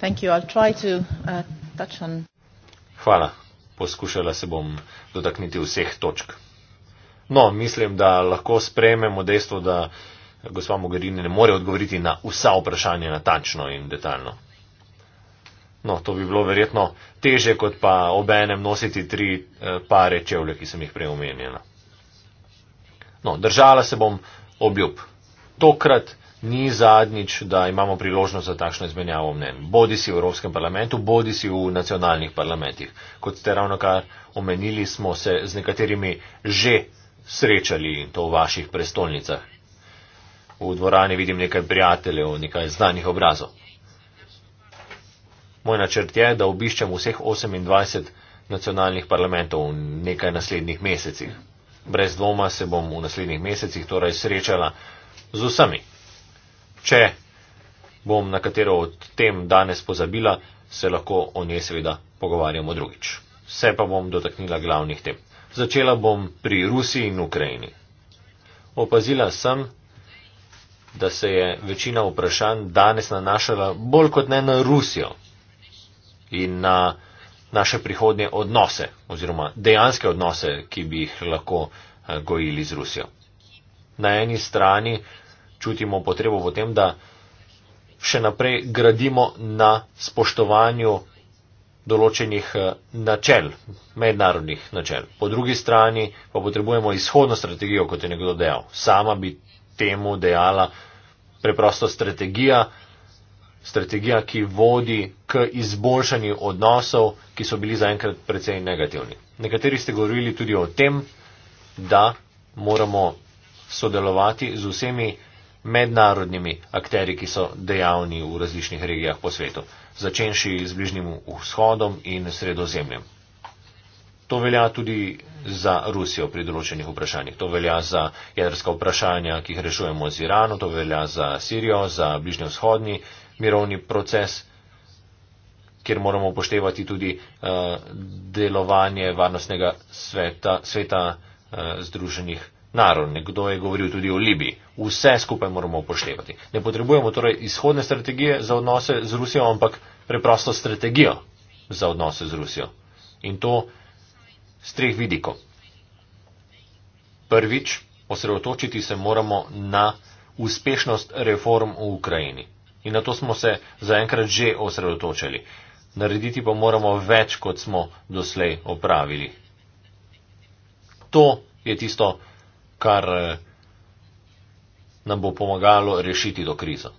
To, uh, on... Hvala. Poskušala se bom dotakniti vseh točk. No, mislim, da lahko sprejmemo dejstvo, da gospa Mogherini ne more odgovoriti na vsa vprašanja natančno in detaljno. No, to bi bilo verjetno teže, kot pa obenem nositi tri eh, pare čevlje, ki sem jih prej omenjena. No, držala se bom obljub. Tokrat ni zadnjič, da imamo priložnost za takšno izmenjavo mnen. Bodi si v Evropskem parlamentu, bodi si v nacionalnih parlamentih. Kot ste ravno kar omenili, smo se z nekaterimi že srečali in to v vaših prestolnicah. V dvorani vidim nekaj prijateljev, nekaj znanih obrazov. Moj načrt je, da obiščem vseh 28 nacionalnih parlamentov v nekaj naslednjih mesecih. Brez dvoma se bom v naslednjih mesecih torej srečala z vsemi. Če bom na katero od tem danes pozabila, se lahko o njej seveda pogovarjamo drugič. Vse pa bom dotaknila glavnih tem. Začela bom pri Rusiji in Ukrajini. Opazila sem, da se je večina vprašanj danes nanašala bolj kot ne na Rusijo, in na naše prihodnje odnose oziroma dejanske odnose, ki bi jih lahko eh, gojili z Rusijo. Na eni strani čutimo potrebo v tem, da še naprej gradimo na spoštovanju določenih eh, načel, mednarodnih načel. Po drugi strani pa potrebujemo izhodno strategijo, kot je nekdo dejal. Sama bi temu dejala preprosto strategija, strategija, ki vodi k izboljšanju odnosov, ki so bili zaenkrat precej negativni. Nekateri ste govorili tudi o tem, da moramo sodelovati z vsemi mednarodnimi akteri, ki so dejavni v različnih regijah po svetu, začenši z bližnjim vzhodom in sredozemljem. To velja tudi za Rusijo pri določenih vprašanjih, to velja za jedrska vprašanja, ki jih rešujemo z Iranom, to velja za Sirijo, za bližnjo vzhodni mirovni proces, kjer moramo upoštevati tudi uh, delovanje varnostnega sveta, sveta uh, združenih narodov. Nekdo je govoril tudi o Libiji. Vse skupaj moramo upoštevati. Ne potrebujemo torej izhodne strategije za odnose z Rusijo, ampak preprosto strategijo za odnose z Rusijo. In to z treh vidikov. Prvič, osredotočiti se moramo na uspešnost reform v Ukrajini. In na to smo se zaenkrat že osredotočili. Narediti pa moramo več, kot smo doslej opravili. To je tisto, kar eh, nam bo pomagalo rešiti to krizo.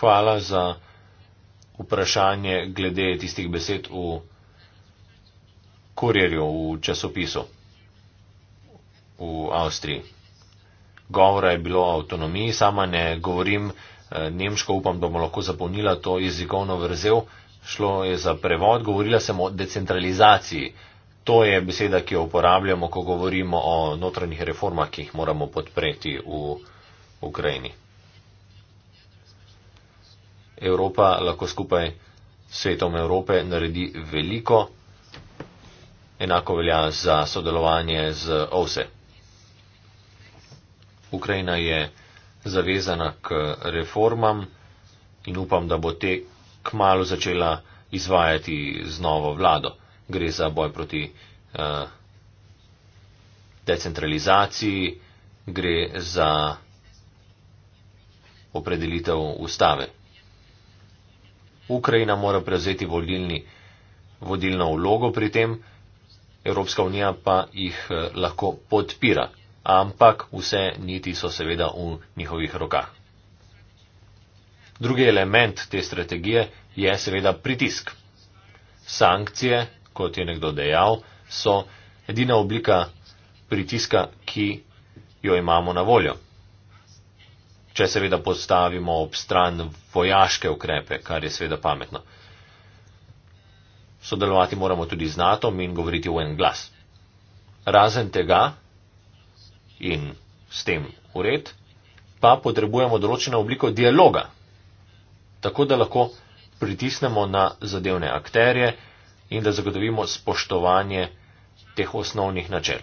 Hvala za vprašanje glede tistih besed v kurjerju, v časopisu v Avstriji govora je bilo o avtonomiji, sama ne govorim eh, nemško, upam, da bomo lahko zapolnila to jezikovno vrzel, šlo je za prevod, govorila sem o decentralizaciji. To je beseda, ki jo uporabljamo, ko govorimo o notranjih reformah, ki jih moramo podpreti v Ukrajini. Evropa lahko skupaj s svetom Evrope naredi veliko, enako velja za sodelovanje z OSE. Ukrajina je zavezana k reformam in upam, da bo te kmalo začela izvajati z novo vlado. Gre za boj proti uh, decentralizaciji, gre za opredelitev ustave. Ukrajina mora prevzeti vodilni, vodilno vlogo pri tem, Evropska unija pa jih eh, lahko podpira ampak vse niti so seveda v njihovih rokah. Drugi element te strategije je seveda pritisk. Sankcije, kot je nekdo dejal, so edina oblika pritiska, ki jo imamo na voljo. Če seveda postavimo ob stran vojaške ukrepe, kar je seveda pametno. Sodelovati moramo tudi z NATO in govoriti v en glas. Razen tega, in s tem ured, pa potrebujemo določeno obliko dialoga, tako da lahko pritisnemo na zadevne akterje in da zagotovimo spoštovanje teh osnovnih načel.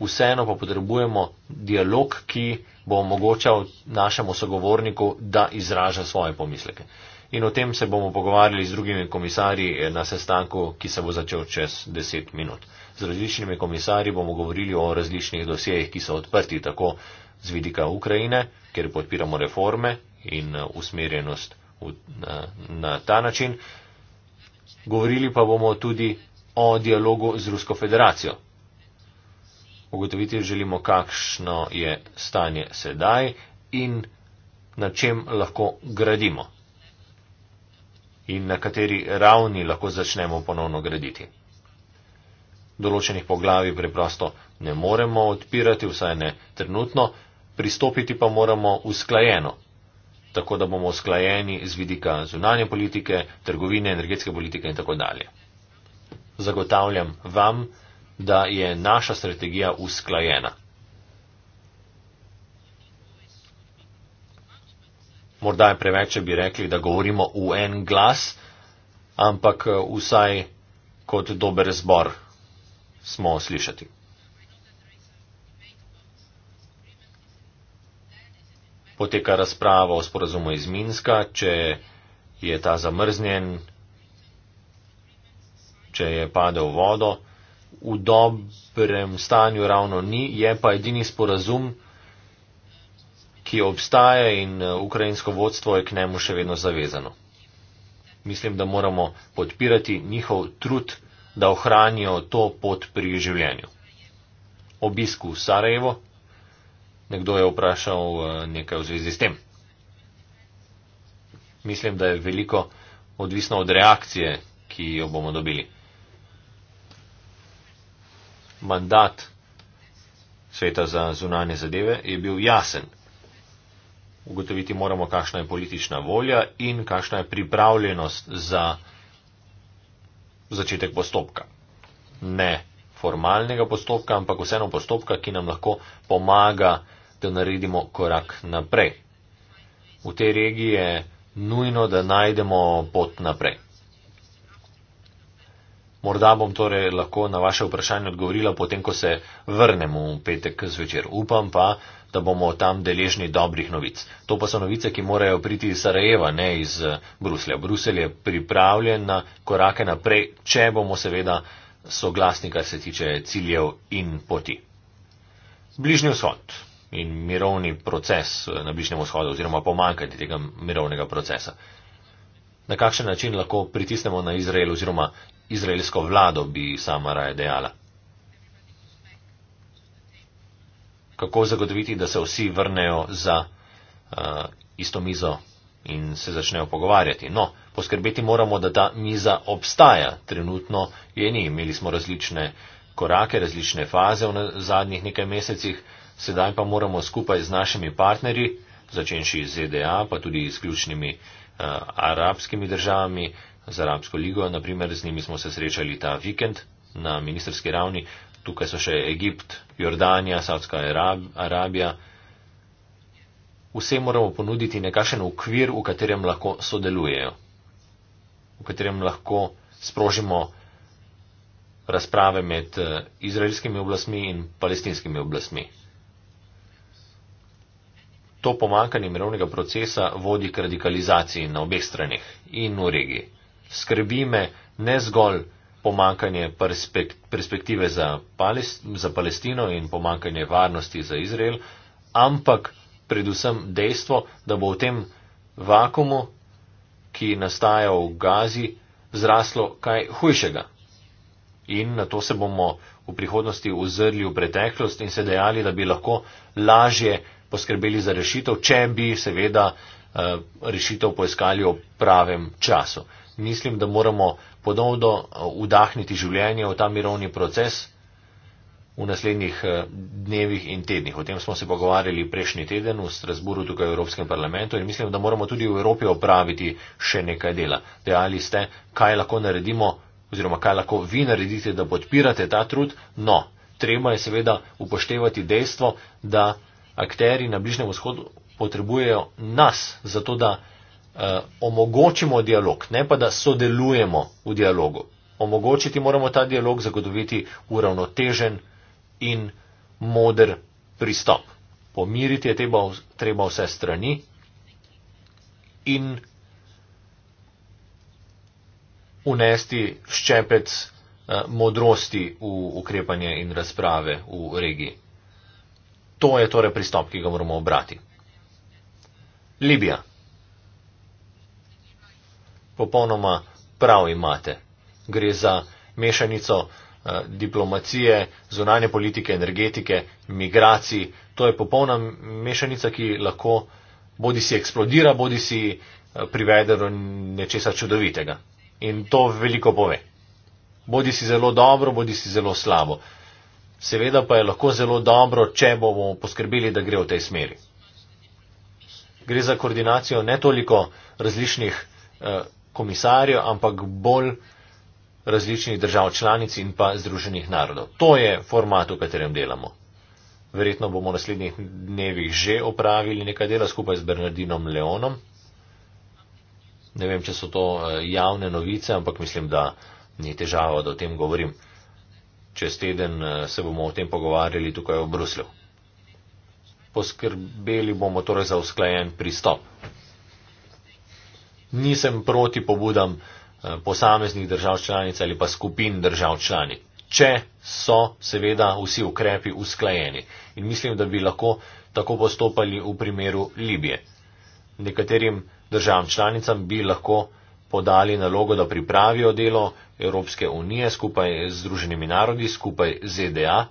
Vseeno pa potrebujemo dialog, ki bo omogočal našemu sogovorniku, da izraža svoje pomisleke in o tem se bomo pogovarjali z drugimi komisarji eh, na sestanku, ki se bo začel čez 10 minut. Z različnimi komisarji bomo govorili o različnih dosejih, ki so odprti tako z vidika Ukrajine, kjer podpiramo reforme in eh, usmerjenost v, na, na ta način. Govorili pa bomo tudi o dialogu z Rusko federacijo. Ugotoviti želimo, kakšno je stanje sedaj in na čem lahko gradimo in na kateri ravni lahko začnemo ponovno graditi. Določenih poglavi preprosto ne moremo odpirati, vsaj ne trenutno, pristopiti pa moramo usklajeno, tako da bomo usklajeni z vidika zunanje politike, trgovine, energetske politike in tako dalje. Zagotavljam vam, da je naša strategija usklajena. morda je preveč, če bi rekli, da govorimo v en glas, ampak eh, vsaj kot dober zbor smo slišati. Poteka razprava o sporazumu iz Minska, če je ta zamrznjen, če je padel vodo, v dobrem stanju ravno ni, je pa edini sporazum, ki obstaja in eh, ukrajinsko vodstvo je k njemu še vedno zavezano. Mislim, da moramo podpirati njihov trud, da ohranijo to pot pri življenju. Obisku v Sarajevo. Nekdo je vprašal eh, nekaj v zvezi s tem. Mislim, da je veliko odvisno od reakcije, ki jo bomo dobili. Mandat sveta za zunanje zadeve je bil jasen ugotoviti moramo, kakšna je politična volja in kakšna je pripravljenost za začetek postopka. Ne formalnega postopka, ampak vseeno postopka, ki nam lahko pomaga, da naredimo korak naprej. V tej regiji je nujno, da najdemo pot naprej. Morda bom torej lahko na vaše vprašanje odgovorila potem, ko se vrnemo v petek zvečer. Upam pa, da bomo tam deležni dobrih novic. To pa so novice, ki morajo priti iz Sarajeva, ne iz eh, Bruslja. Brusel je pripravljen na korake naprej, če bomo seveda soglasni, kar se tiče ciljev in poti. Bližnji vzhod in mirovni proces eh, na Bližnjem vzhodu oziroma pomankanje tega mirovnega procesa. Na kakšen način lahko pritisnemo na Izrael oziroma izraelsko vlado, bi sama raje dejala. kako zagotoviti, da se vsi vrnejo za uh, isto mizo in se začnejo pogovarjati. No, poskrbeti moramo, da ta miza obstaja. Trenutno je ni. Imeli smo različne korake, različne faze v zadnjih nekaj mesecih, sedaj pa moramo skupaj z našimi partnerji, začenši z ZDA, pa tudi s ključnimi uh, arabskimi državami, z Arabsko ligo, naprimer z njimi smo se srečali ta vikend na ministerski ravni, tukaj so še Egipt, Jordanija, Saudska Arabija. Vse moramo ponuditi nekakšen okvir, v katerem lahko sodelujejo, v katerem lahko sprožimo razprave med eh, izraelskimi oblastmi in palestinskimi oblastmi. To pomankanje mirovnega procesa vodi k radikalizaciji na obeh stranih in v regiji. Skrbi me ne zgolj pomankanje perspektive za Palestino in pomankanje varnosti za Izrael, ampak predvsem dejstvo, da bo v tem vakumu, ki nastaja v Gazi, zraslo kaj hujšega. In na to se bomo v prihodnosti ozrli v preteklost in se dejali, da bi lahko lažje poskrbeli za rešitev, če bi seveda eh, rešitev poiskali v pravem času. Mislim, da moramo ponovno vdahniti eh, življenje v ta mirovni proces v naslednjih eh, dnevih in tednih. O tem smo se pogovarjali prejšnji teden v Strasburu tukaj v Evropskem parlamentu in mislim, da moramo tudi v Evropi opraviti še nekaj dela. Dejali ste, kaj lahko naredimo oziroma kaj lahko vi naredite, da podpirate ta trud. No, treba je seveda upoštevati dejstvo, da akteri na Bližnem vzhodu potrebujejo nas, zato da uh, omogočimo dialog, ne pa da sodelujemo v dialogu. Omogočiti moramo ta dialog, zagotoviti uravnotežen in modr pristop. Pomiriti je teba, treba vse strani in unesti ščepec uh, modrosti v ukrepanje in razprave v regiji. To je torej pristop, ki ga moramo obrati. Libija popolnoma prav imate. Gre za mešanico eh, diplomacije, zunanje politike, energetike, migracij. To je popolna mešanica, ki lahko bodi si eksplodira, bodi si eh, privede do nečesa čudovitega. In to veliko pove. Bodi si zelo dobro, bodi si zelo slabo. Seveda pa je lahko zelo dobro, če bomo poskrbeli, da gre v tej smeri. Gre za koordinacijo ne toliko različnih eh, komisarjev, ampak bolj različnih držav članic in pa Združenih narodov. To je format, v katerem delamo. Verjetno bomo v naslednjih dnevih že opravili nekaj dela skupaj z Bernardinom Leonom. Ne vem, če so to eh, javne novice, ampak mislim, da ni težava, da o tem govorim. Čez teden eh, se bomo o tem pogovarjali tukaj v Bruslju. Poskrbeli bomo torej za usklajen pristop nisem proti pobudam eh, posameznih držav članic ali pa skupin držav članic, če so seveda vsi ukrepi usklajeni. In mislim, da bi lahko tako postopali v primeru Libije. Nekaterim državam članicam bi lahko podali nalogo, da pripravijo delo Evropske unije skupaj z Združenimi narodi, skupaj z ZDA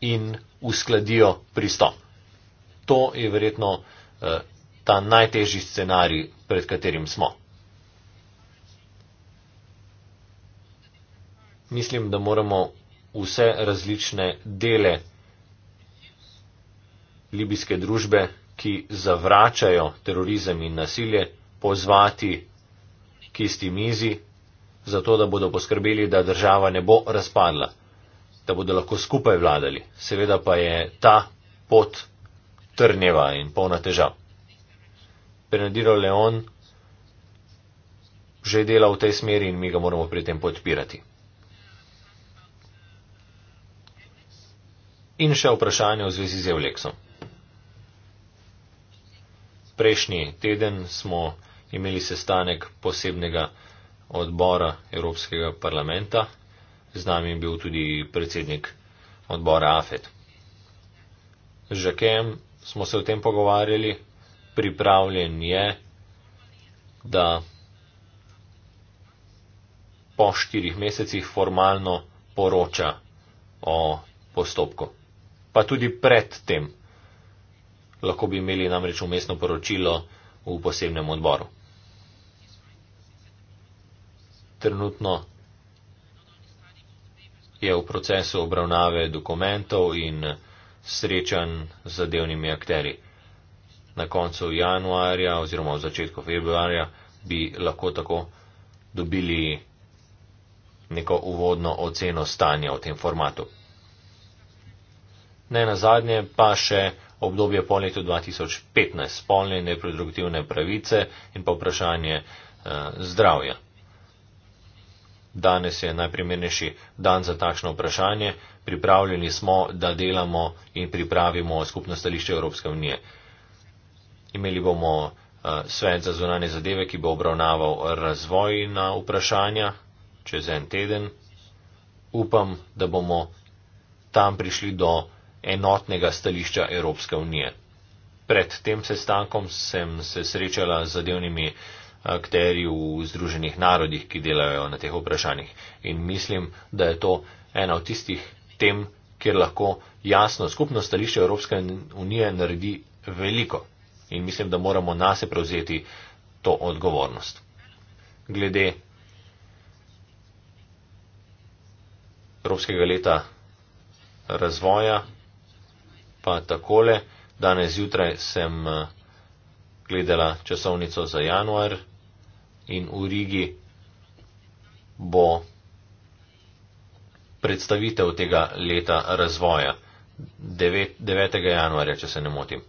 in uskladijo pristop. To je verjetno eh, ta najtežji scenarij, pred katerim smo. Mislim, da moramo vse različne dele libijske družbe, ki zavračajo terorizem in nasilje, pozvati k isti mizi, zato da bodo poskrbeli, da država ne bo razpadla, da bodo lahko skupaj vladali. Seveda pa je ta pot trnjeva in polna težav. Bernardino Leon že dela v tej smeri in mi ga moramo pri tem podpirati. In še vprašanje v zvezi z Evleksom. Prejšnji teden smo imeli sestanek posebnega odbora Evropskega parlamenta, z nami je bil tudi predsednik odbora AFED. Z Žakem smo se o tem pogovarjali, pripravljen je, da po štirih mesecih formalno poroča o postopku. Pa tudi pred tem. Lahko bi imeli namreč umestno poročilo v posebnem odboru. Trenutno je v procesu obravnave dokumentov in srečan z zadevnimi akteri na koncu januarja oziroma v začetku februarja bi lahko tako dobili neko uvodno oceno stanja v tem formatu. Ne na zadnje pa še obdobje po letu 2015, spolne in reproduktivne pravice in pa vprašanje eh, zdravja. Danes je najprimernejši dan za takšno vprašanje. Pripravljeni smo, da delamo in pripravimo skupno stališče Evropske unije. Imeli bomo eh, svet za zunanje zadeve, ki bo obravnaval razvojna vprašanja čez en teden. Upam, da bomo tam prišli do enotnega stališča Evropske unije. Pred tem sestankom sem se srečala z zadevnimi akterji v Združenih narodih, ki delajo na teh vprašanjih. In mislim, da je to ena od tistih tem, kjer lahko jasno skupno stališče Evropske unije naredi veliko in mislim, da moramo nase prevzeti to odgovornost. Glede Evropskega leta razvoja pa takole. Danes zjutraj sem eh, gledala časovnico za januar in v Rigi bo predstavitev tega leta razvoja 9. januarja, če se ne motim.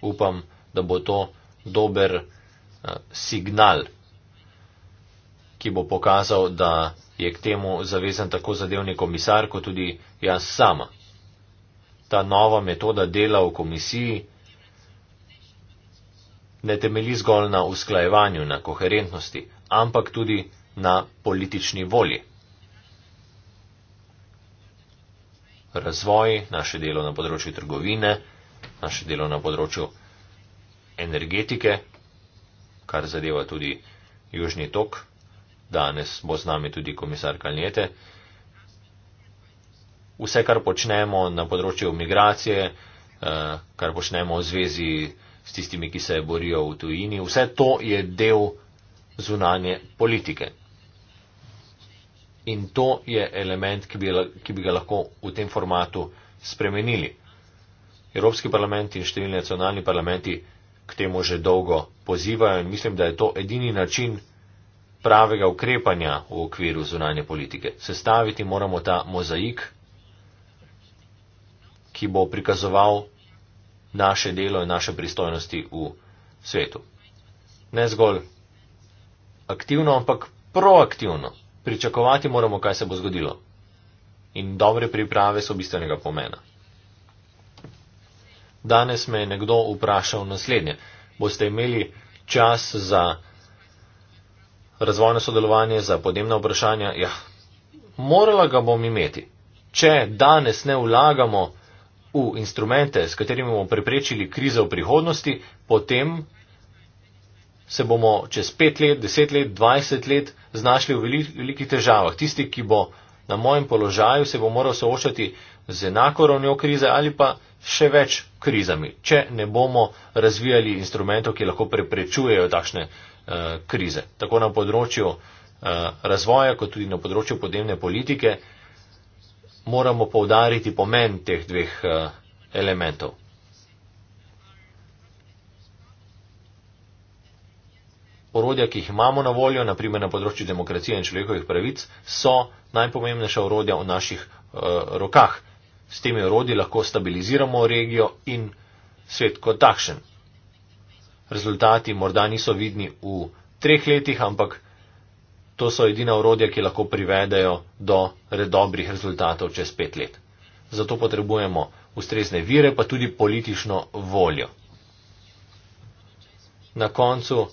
Upam, da da bo to dober eh, signal, ki bo pokazal, da je k temu zavezan tako zadevni komisar, kot tudi jaz sama. Ta nova metoda dela v komisiji ne temeli zgolj na usklajevanju, na koherentnosti, ampak tudi na politični volji. Razvoj, naše delo na področju trgovine, naše delo na področju energetike, kar zadeva tudi južni tok, danes bo z nami tudi komisar Kaljete. Vse, kar počnemo na področju migracije, eh, kar počnemo v zvezi s tistimi, ki se borijo v tujini, vse to je del zunanje politike. In to je element, ki bi, ki bi ga lahko v tem formatu spremenili. Evropski parlament in številni nacionalni parlamenti k temu že dolgo pozivajo in mislim, da je to edini način pravega ukrepanja v okviru zunanje politike. Sestaviti moramo ta mozaik, ki bo prikazoval naše delo in naše pristojnosti v svetu. Ne zgolj aktivno, ampak proaktivno. Pričakovati moramo, kaj se bo zgodilo. In dobre priprave so bistvenega pomena. Danes me je nekdo vprašal naslednje. Boste imeli čas za razvojno sodelovanje, za podnebna vprašanja? Ja, morala ga bom imeti. Če danes ne vlagamo v instrumente, s katerimi bomo preprečili krizo v prihodnosti, potem se bomo čez pet let, deset let, dvajset let znašli v velikih težavah. Tisti, ki bo na mojem položaju, se bo moral soočati z enako ravnjo krize ali pa še več krizami, če ne bomo razvijali instrumentov, ki lahko preprečujejo takšne eh, krize. Tako na področju eh, razvoja, kot tudi na področju podnebne politike moramo povdariti pomen teh dveh eh, elementov. Orodja, ki jih imamo na voljo, naprimer na področju demokracije in človekovih pravic, so najpomembnejša orodja v naših eh, rokah. S temi orodji lahko stabiliziramo regijo in svet kot takšen. Rezultati morda niso vidni v treh letih, ampak to so edina orodja, ki lahko privedejo do redobrih rezultatov čez pet let. Zato potrebujemo ustrezne vire, pa tudi politično voljo. Na koncu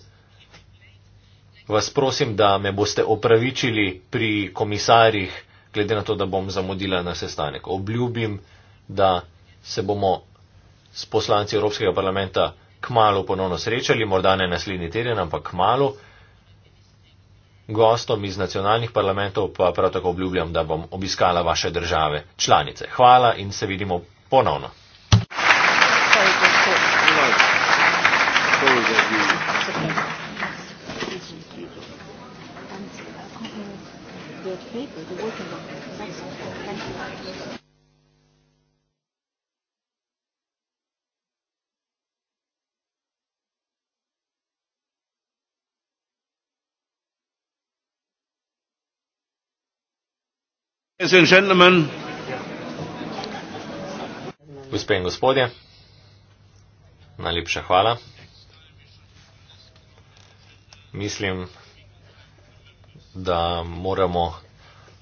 vas prosim, da me boste opravičili pri komisarjih, glede na to, da bom zamudila na sestanek. Obljubim, da se bomo s poslanci Evropskega parlamenta kmalo ponovno srečali, morda ne naslednji teden, ampak kmalo. Gostom iz nacionalnih parlamentov pa prav tako obljubljam, da bom obiskala vaše države članice. Hvala in se vidimo ponovno. Thank you. Gospe in gospodje, najlepša hvala. Mislim, da moramo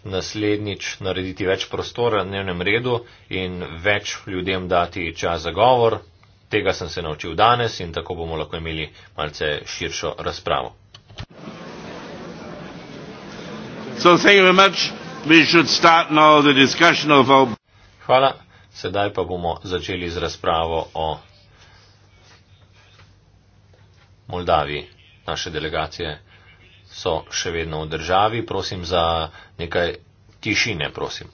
naslednjič narediti več prostora na dnevnem redu in več ljudem dati čas za govor. Tega sem se naučil danes in tako bomo lahko imeli malce širšo razpravo. So thank you very much. Hvala. Sedaj pa bomo začeli z razpravo o Moldaviji. Naše delegacije so še vedno v državi. Prosim za nekaj tišine, prosim.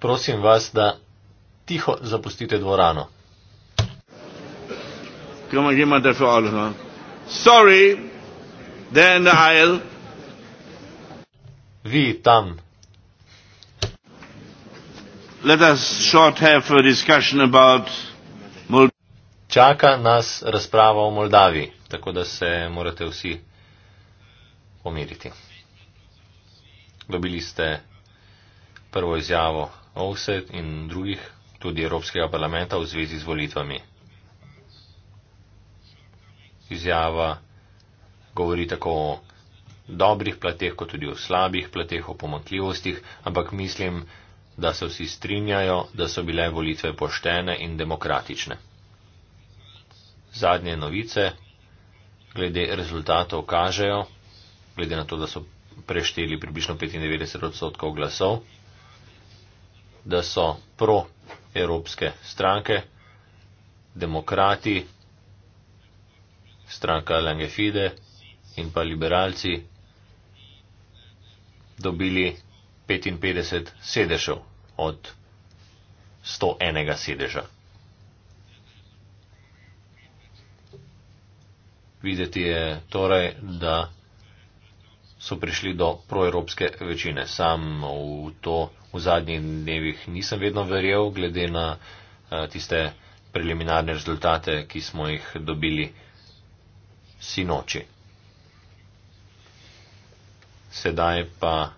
Prosim vas, da tiho zapustite dvorano. Vi tam. Čaka nas razprava o Moldaviji, tako da se morate vsi pomiriti. Dobili ste prvo izjavo Ovset in drugih tudi Evropskega parlamenta v zvezi z volitvami. Izjava govori tako o dobrih plateh, kot tudi o slabih plateh, o pomakljivostih, ampak mislim, da se vsi strinjajo, da so bile volitve poštene in demokratične. Zadnje novice glede rezultatov kažejo, glede na to, da so prešteli približno 95 odstotkov glasov, da so pro evropske stranke, demokrati, stranka Lange Fide in pa liberalci dobili 55 sedežev od 101 sedeža. Videti je torej, da so prišli do proevropske večine. Sam v to v zadnjih dnevih nisem vedno verjel, glede na eh, tiste preliminarne rezultate, ki smo jih dobili sinoči. Sedaj pa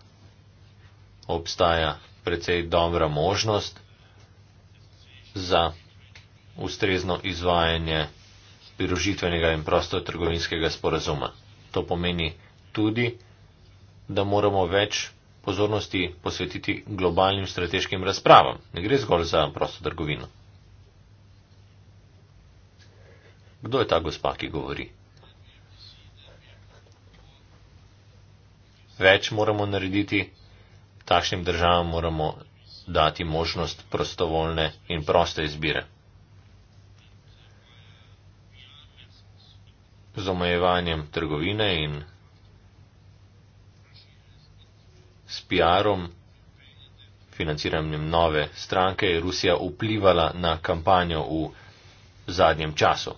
obstaja precej dobra možnost za ustrezno izvajanje pirožitvenega in prostotrgovinskega sporazuma. To pomeni tudi, da moramo več pozornosti posvetiti globalnim strateškim razpravam. Ne gre zgolj za prosto trgovino. Kdo je ta gospa, ki govori? Več moramo narediti, takšnim državam moramo dati možnost prostovoljne in proste izbire. Z omejevanjem trgovine in s PR-om, financiranjem nove stranke, je Rusija vplivala na kampanjo v zadnjem času.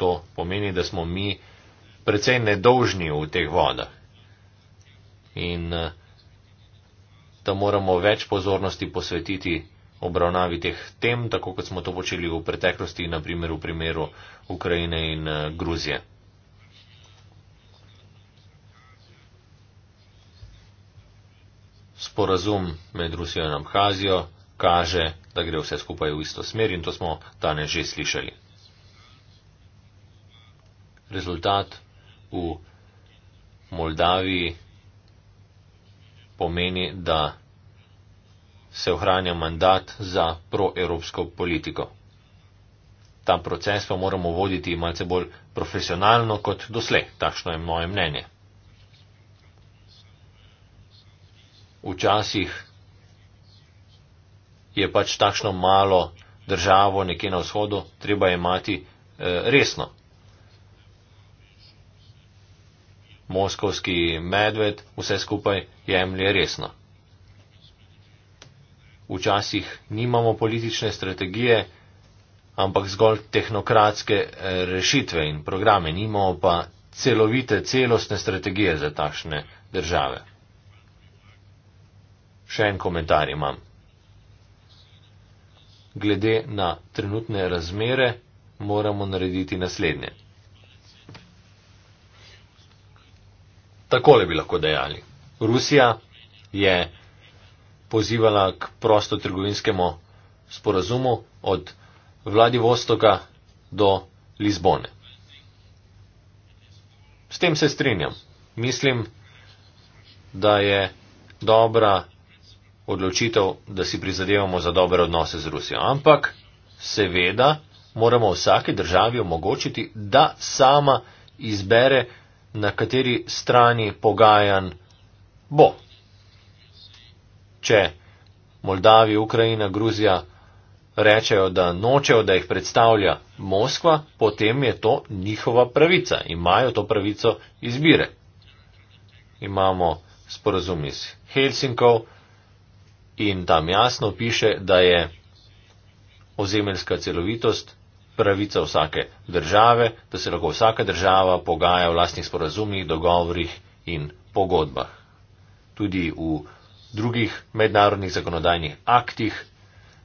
To pomeni, da smo mi precej nedolžni v teh vodah in eh, da moramo več pozornosti posvetiti obravnavi teh tem, tako kot smo to počeli v preteklosti, naprimer v primeru Ukrajine in eh, Gruzije. sporazum med Rusijo in Abhazijo kaže, da gre vse skupaj v isto smer in to smo danes že slišali. Rezultat v Moldaviji pomeni, da se ohranja mandat za proevropsko politiko. Ta proces pa moramo voditi malce bolj profesionalno kot doslej, takšno je moje mnenje. včasih je pač takšno malo državo nekje na vzhodu, treba je imati eh, resno. Moskovski medved vse skupaj jemlje resno. Včasih nimamo politične strategije, ampak zgolj tehnokratske eh, rešitve in programe, nimamo pa celovite, celostne strategije za takšne države. Še en komentar imam. Glede na trenutne razmere moramo narediti naslednje. Takole bi lahko dejali. Rusija je pozivala k prostotrgovinskemu sporazumu od Vladivostoka do Lizbone. S tem se strinjam. Mislim, da je dobra odločitev, da si prizadevamo za dobre odnose z Rusijo. Ampak seveda moramo vsaki državi omogočiti, da sama izbere, na kateri strani pogajan bo. Če Moldavija, Ukrajina, Gruzija rečejo, da nočejo, da jih predstavlja Moskva, potem je to njihova pravica. Imajo to pravico izbire. Imamo sporazum iz Helsinkov, in tam jasno piše, da je ozemeljska celovitost pravica vsake države, da se lahko vsaka država pogaja v lastnih sporazumih, dogovorih in pogodbah. Tudi v drugih mednarodnih zakonodajnih aktih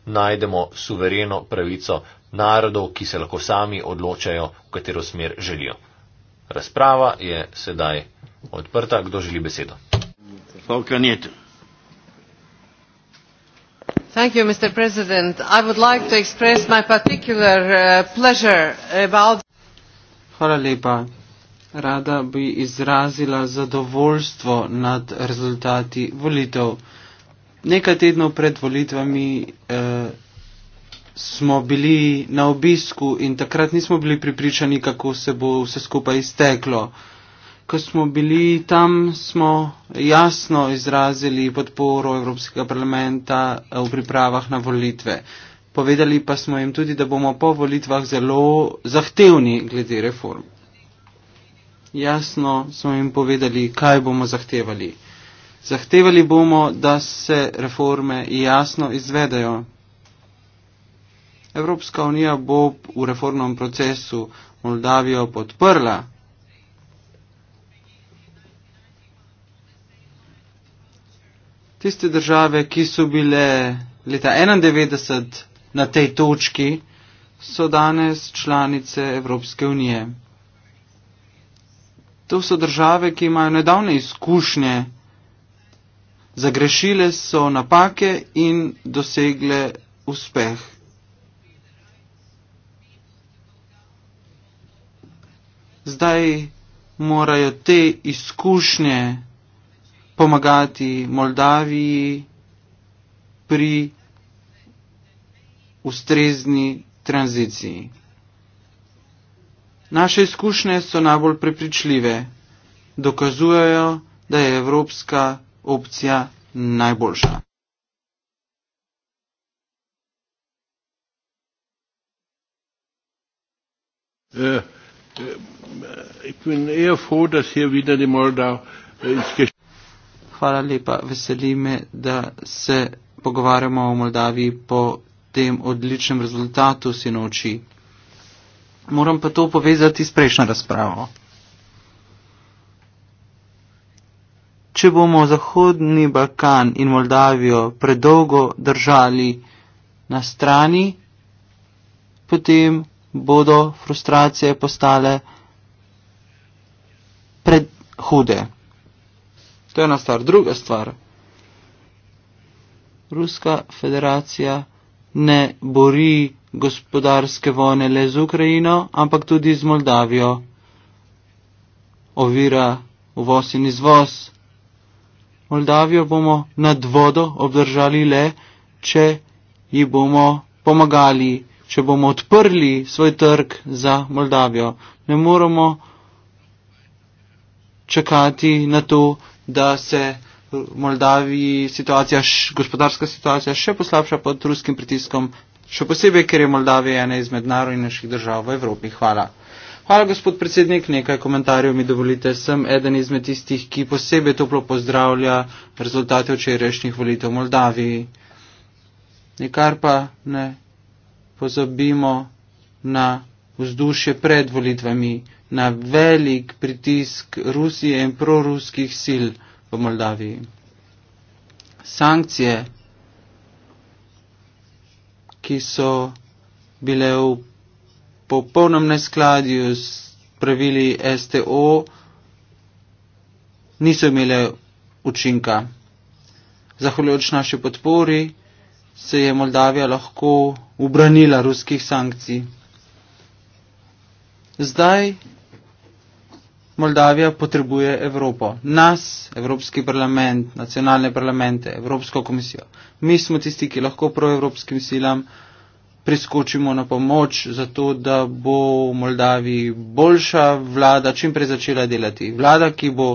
najdemo suvereno pravico narodov, ki se lahko sami odločajo, v katero smer želijo. Razprava je sedaj odprta. Kdo želi besedo? Polkanjeto mr president i would like to express my particular uh, pleasure about. rada bi izrazila zadovoljstvo nad rezultati volitev nekaj tednov pred volitvami. Eh, smo bili na obisku in takrat nismo bili pripričani, kako se bo vse skupaj izteklo. Uh, ko smo bili tam, smo jasno izrazili podporo Evropskega parlamenta eh, v pripravah na volitve. Povedali pa smo jim tudi, da bomo po volitvah zelo zahtevni glede reform. Jasno smo jim povedali, kaj bomo zahtevali. Zahtevali bomo, da se reforme jasno izvedajo. Evropska unija bo v reformnem procesu Moldavijo podprla, tiste države, ki so bile leta 1991 na tej točki, so danes članice Evropske unije. To so države, ki imajo nedavne izkušnje, zagrešile so napake in dosegle uspeh. Zdaj morajo te izkušnje pomagati Moldaviji pri ustrezni tranziciji. Naše izkušnje so najbolj prepričljive, dokazujejo, da je evropska opcija najboljša. Uh, eh, uh, eh, eh, ich bin eher froh, dass hier wieder die Moldau uh, ins Geschäft. Hvala lepa. Veseli me, da se pogovarjamo o Moldaviji po tem odličnem rezultatu sinoči. Moram pa to povezati s prejšnjo razpravo. Če bomo Zahodni Balkan in Moldavijo predolgo držali na strani, potem bodo frustracije postale predhude. To je ena stvar. Druga stvar. Ruska federacija ne bori gospodarske vojne le z Ukrajino, ampak tudi z Moldavijo. Ovira uvoz in izvoz. Moldavijo bomo nad vodo obdržali le, če ji bomo pomagali, če bomo odprli svoj trg za Moldavijo. Ne moramo čakati na to, da se v Moldaviji situacija, gospodarska situacija še poslabša pod ruskim pritiskom, še posebej, ker je Moldavija ena izmed narodnejših držav v Evropi. Hvala. Hvala, gospod predsednik. Nekaj komentarjev mi dovolite. Sem eden izmed tistih, ki posebej toplo pozdravlja rezultate včerajšnjih volitev v Moldaviji. Nikar pa ne pozabimo na vzdušje pred volitvami na velik pritisk Rusije in proruskih sil v Moldaviji. Sankcije, ki so bile v popolnem neskladju s pravili STO, niso imele učinka. Zahvaljujoč naši podpori se je Moldavija lahko ubranila ruskih sankcij. Zdaj Moldavija potrebuje Evropo. Nas, Evropski parlament, nacionalne parlamente, Evropsko komisijo. Mi smo tisti, ki lahko proevropskim silam priskočimo na pomoč, zato da bo v Moldaviji boljša vlada, čim prej začela delati. Vlada, ki bo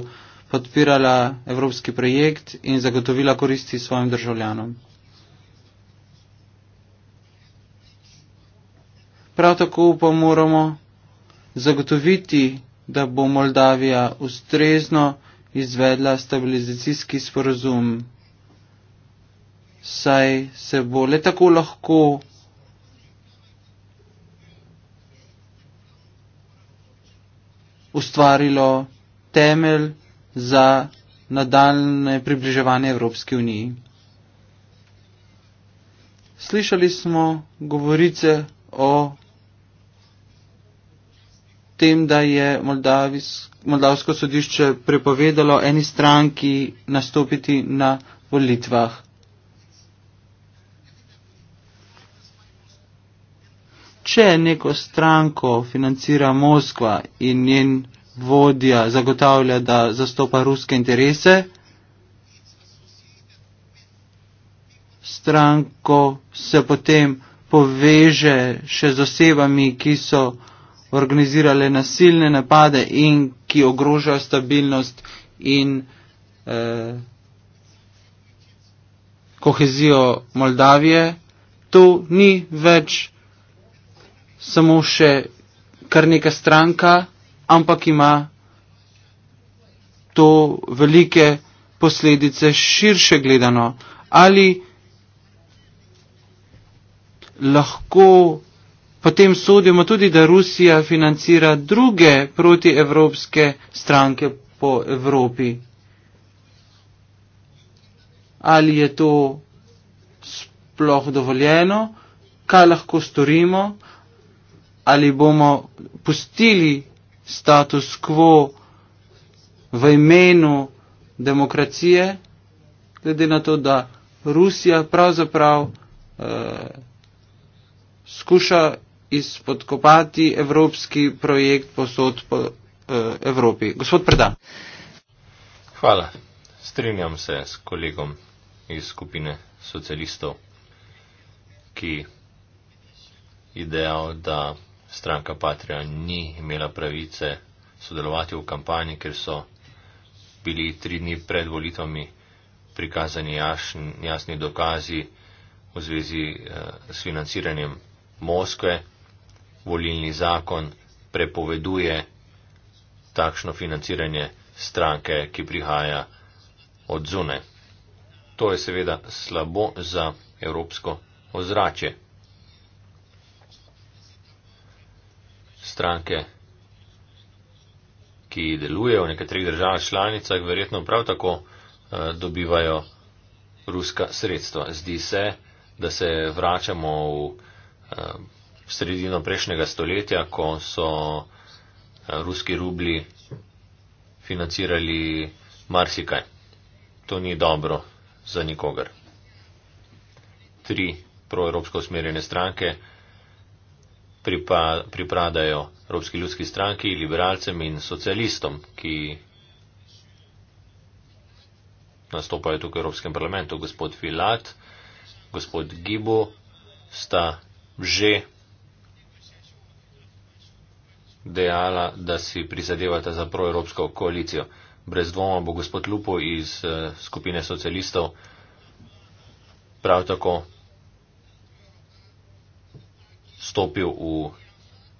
podpirala evropski projekt in zagotovila koristi svojim državljanom. Prav tako pa moramo zagotoviti da bo Moldavija ustrezno izvedla stabilizacijski sporozum, saj se bo le tako lahko ustvarilo temelj za nadaljne približevanje Evropski uniji. Slišali smo govorice o tem, da je Moldavsko sodišče prepovedalo eni stranki nastopiti na volitvah. Če neko stranko financira Moskva in njen vodja zagotavlja, da zastopa ruske interese, stranko se potem poveže še z osebami, ki so organizirale nasilne napade in ki ogrožajo stabilnost in eh, kohezijo Moldavije. To ni več samo še kar neka stranka, ampak ima to velike posledice širše gledano. Ali lahko Potem sodimo tudi, da Rusija financira druge protievropske stranke po Evropi. Ali je to sploh dovoljeno, kaj lahko storimo, ali bomo pustili status quo v imenu demokracije, glede na to, da Rusija pravzaprav eh, skuša izpodkopati evropski projekt posod po eh, Evropi. Gospod Preda. Hvala. Strinjam se s kolegom iz skupine socialistov, ki je dejal, da stranka Patria ni imela pravice sodelovati v kampanji, ker so bili tri dni pred volitvami prikazani jasni, jasni dokazi v zvezi eh, s financiranjem Moskve volilni zakon prepoveduje takšno financiranje stranke, ki prihaja od zune. To je seveda slabo za evropsko ozračje. Stranke, ki delujejo v nekaterih državah članicah, verjetno prav tako eh, dobivajo ruska sredstva. Zdi se, da se vračamo v eh, v sredino prejšnjega stoletja, ko so eh, ruski rubli financirali marsikaj. To ni dobro za nikogar. Tri proevropsko usmerjene stranke pripadajo Evropski ljudski stranki, liberalcem in socialistom, ki nastopajo tukaj v Evropskem parlamentu. Gospod Filat, gospod Gibo sta že dejala, da si prizadevate za proevropsko koalicijo. Brez dvoma bo gospod Lupo iz eh, skupine socialistov prav tako stopil v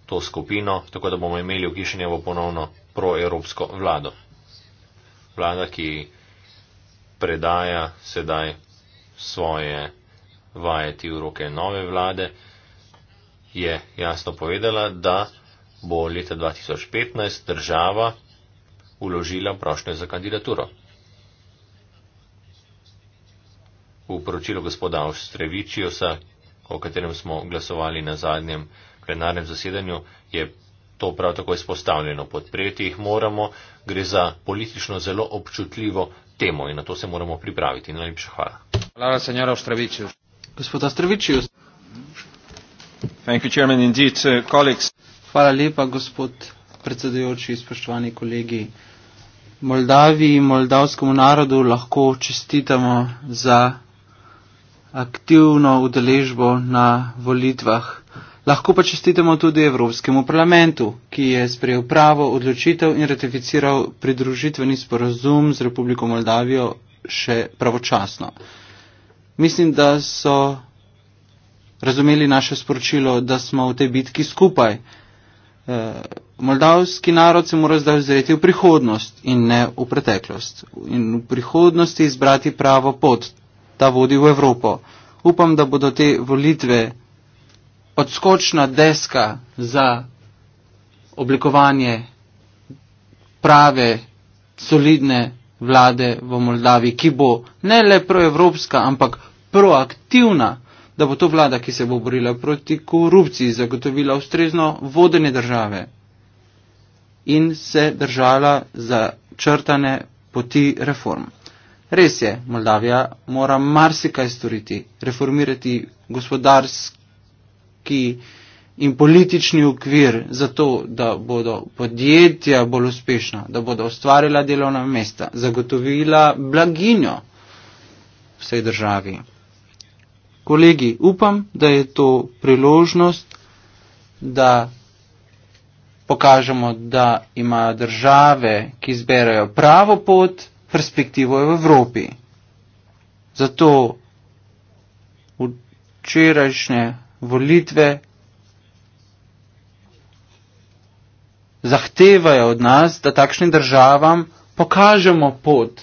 to skupino, tako da bomo imeli v Kišinjevo ponovno proevropsko vlado. Vlada, ki predaja sedaj svoje vajeti v roke nove vlade, je jasno povedala, da bo leta 2015 država uložila prošnje za kandidaturo. V poročilu gospoda Ostrevičijosa, o katerem smo glasovali na zadnjem plenarnem zasedanju, je to prav tako izpostavljeno. Podpreti jih moramo, gre za politično zelo občutljivo temo in na to se moramo pripraviti. Najlepša hvala. Hvala, senjora Ostrevičijos. Gospod Ostrevičijos. Thank you, Chairman. Indeed, uh, colleagues. Hvala lepa, gospod predsedujoči, spoštovani kolegi. Moldaviji, moldavskemu narodu lahko čestitamo za aktivno udeležbo na volitvah. Lahko pa čestitamo tudi Evropskemu parlamentu, ki je sprejel pravo odločitev in ratificiral pridružitveni sporazum z Republiko Moldavijo še pravočasno. Mislim, da so razumeli naše sporočilo, da smo v tej bitki skupaj. Eh, moldavski narod se mora zdaj ozreti v prihodnost in ne v preteklost. In v prihodnosti izbrati pravo pot, da vodi v Evropo. Upam, da bodo te volitve odskočna deska za oblikovanje prave, solidne vlade v Moldavi, ki bo ne le proevropska, ampak proaktivna da bo to vlada, ki se bo borila proti korupciji, zagotovila ustrezno vodenje države in se držala za črtane poti reform. Res je, Moldavija mora marsikaj storiti, reformirati gospodarski in politični okvir za to, da bodo podjetja bolj uspešna, da bodo ustvarila delovna mesta, zagotovila blaginjo vsej državi. Kolegi, upam, da je to priložnost, da pokažemo, da imajo države, ki zberajo pravo pot, perspektivo v Evropi. Zato včerajšnje volitve zahtevajo od nas, da takšnim državam pokažemo pot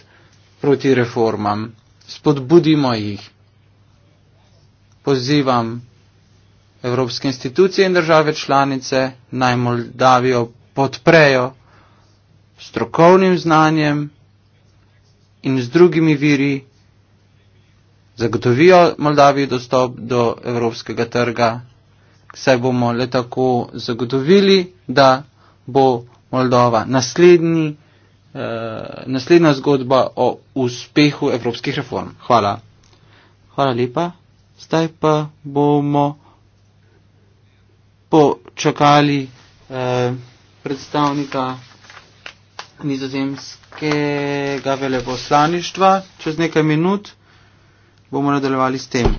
proti reformam, spodbudimo jih pozivam evropske institucije in države članice naj Moldavijo podprejo strokovnim znanjem in z drugimi viri zagotovijo Moldaviji dostop do evropskega trga, saj bomo le tako zagotovili, da bo Moldova naslednji, eh, naslednja zgodba o uspehu evropskih reform. Hvala. Hvala lepa. Zdaj pa bomo počakali eh, predstavnika nizozemskega veleposlaništva. Čez nekaj minut bomo nadaljevali s tem.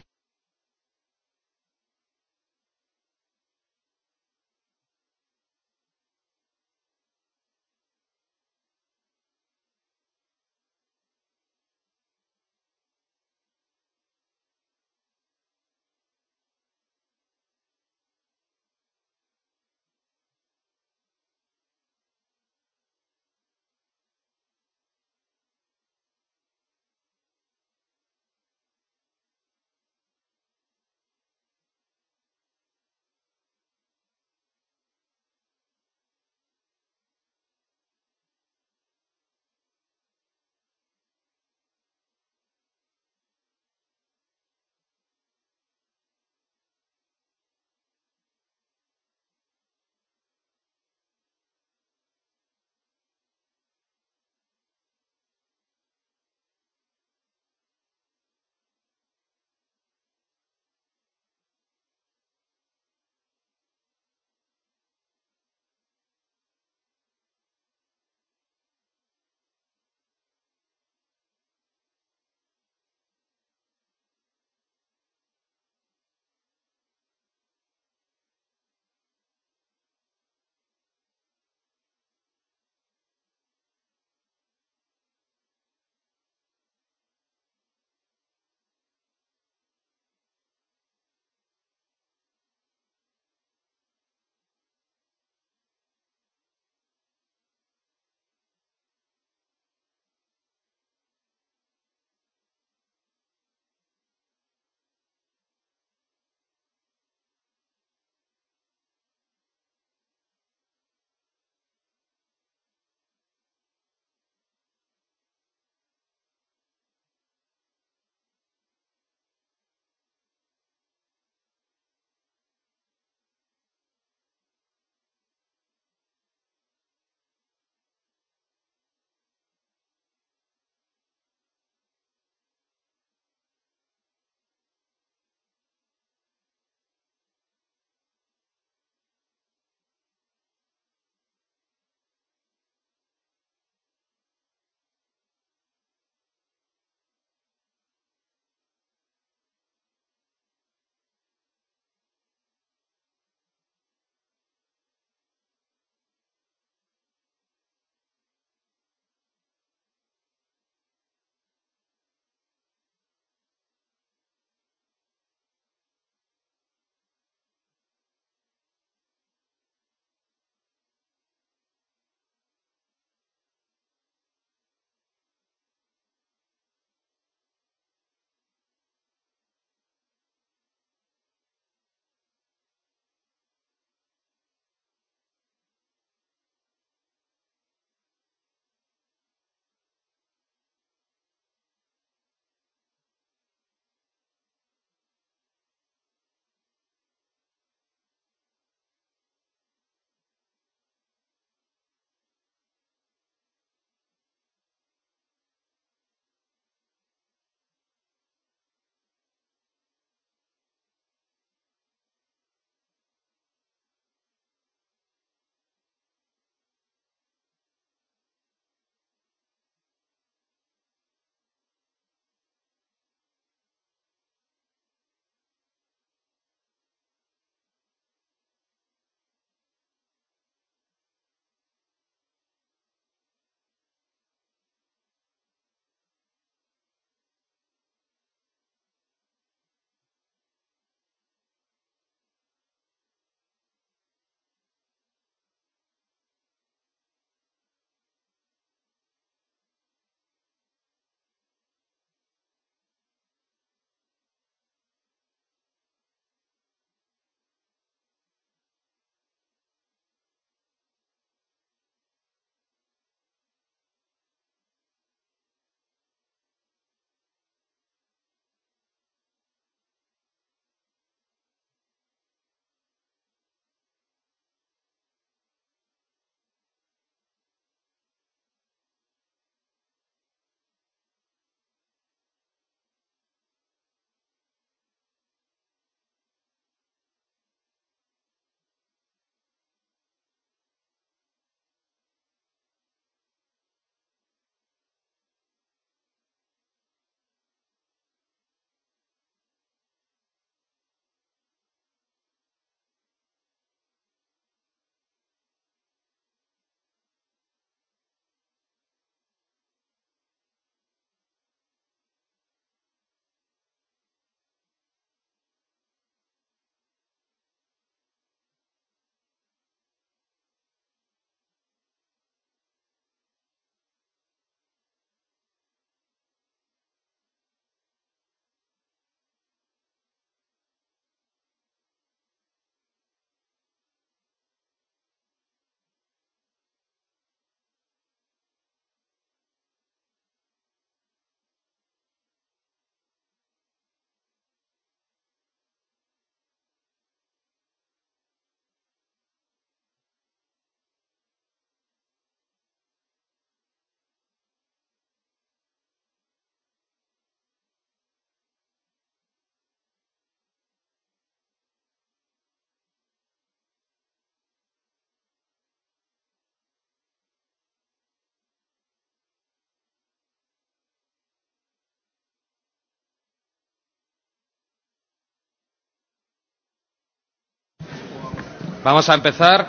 Vamos a empezar.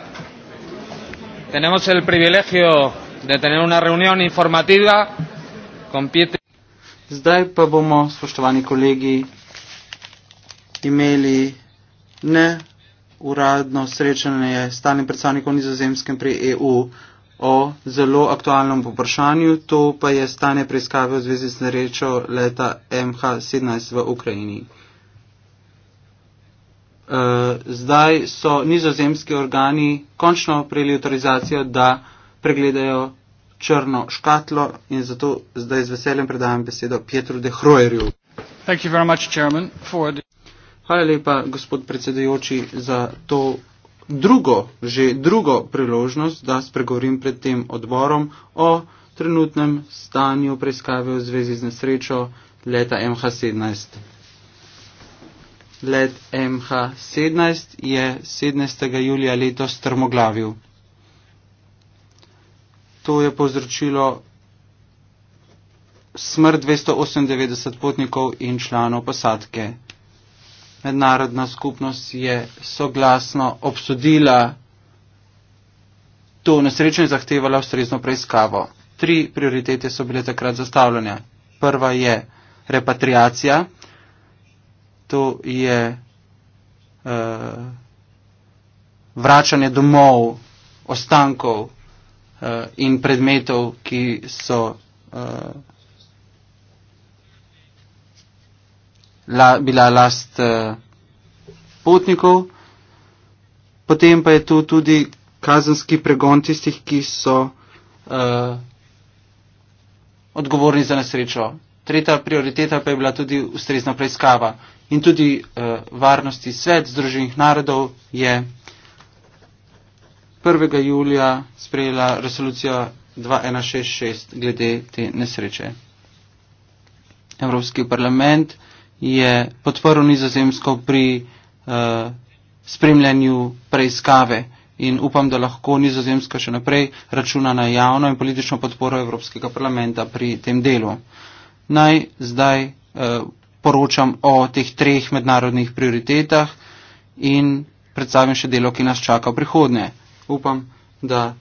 Tenemos el privilegio de tener una reunión informativa con Pietro. Zdaj pa bomo, spoštovani kolegi, imeli ne uradno srečanje s stalnim predstavnikom nizozemskem pri EU o zelo aktualnem vprašanju, to pa je stanje preiskave v zvezi s narečo leta MH17 v Ukrajini. Eh, zdaj so nizozemski organi končno prejeli autorizacijo, da pregledajo črno škatlo in zato zdaj z veseljem predajam besedo Pietru de Hroerju. Hvala lepa, gospod predsedujoči, za to drugo, že drugo priložnost, da spregovorim pred tem odborom o trenutnem stanju preiskave v zvezi z nesrečo leta MH17 let MH17 je 17. julija letos strmoglavil. To je povzročilo smrt 298 potnikov in članov posadke. Mednarodna skupnost je soglasno obsodila to nesrečo in zahtevala ustrezno preiskavo. Tri prioritete so bile takrat zastavljene. Prva je repatriacija, svetu je uh, vračanje domov, ostankov uh, in predmetov, ki so uh, la, bila last uh, potnikov. Potem pa je tu tudi kazenski pregon tistih, ki so uh, odgovorni za nesrečo Tretja prioriteta pa je bila tudi ustrezna preiskava. In tudi uh, eh, varnosti svet združenih narodov je 1. julija sprejela resolucija 2166 glede te nesreče. Evropski parlament je podporil nizozemsko pri uh, spremljanju preiskave in upam, da lahko nizozemska še naprej računa na javno in politično podporo Evropskega parlamenta pri tem delu naj zdaj eh, poročam o teh treh mednarodnih prioritetah in predstavim še delo, ki nas čaka v prihodnje. Upam, da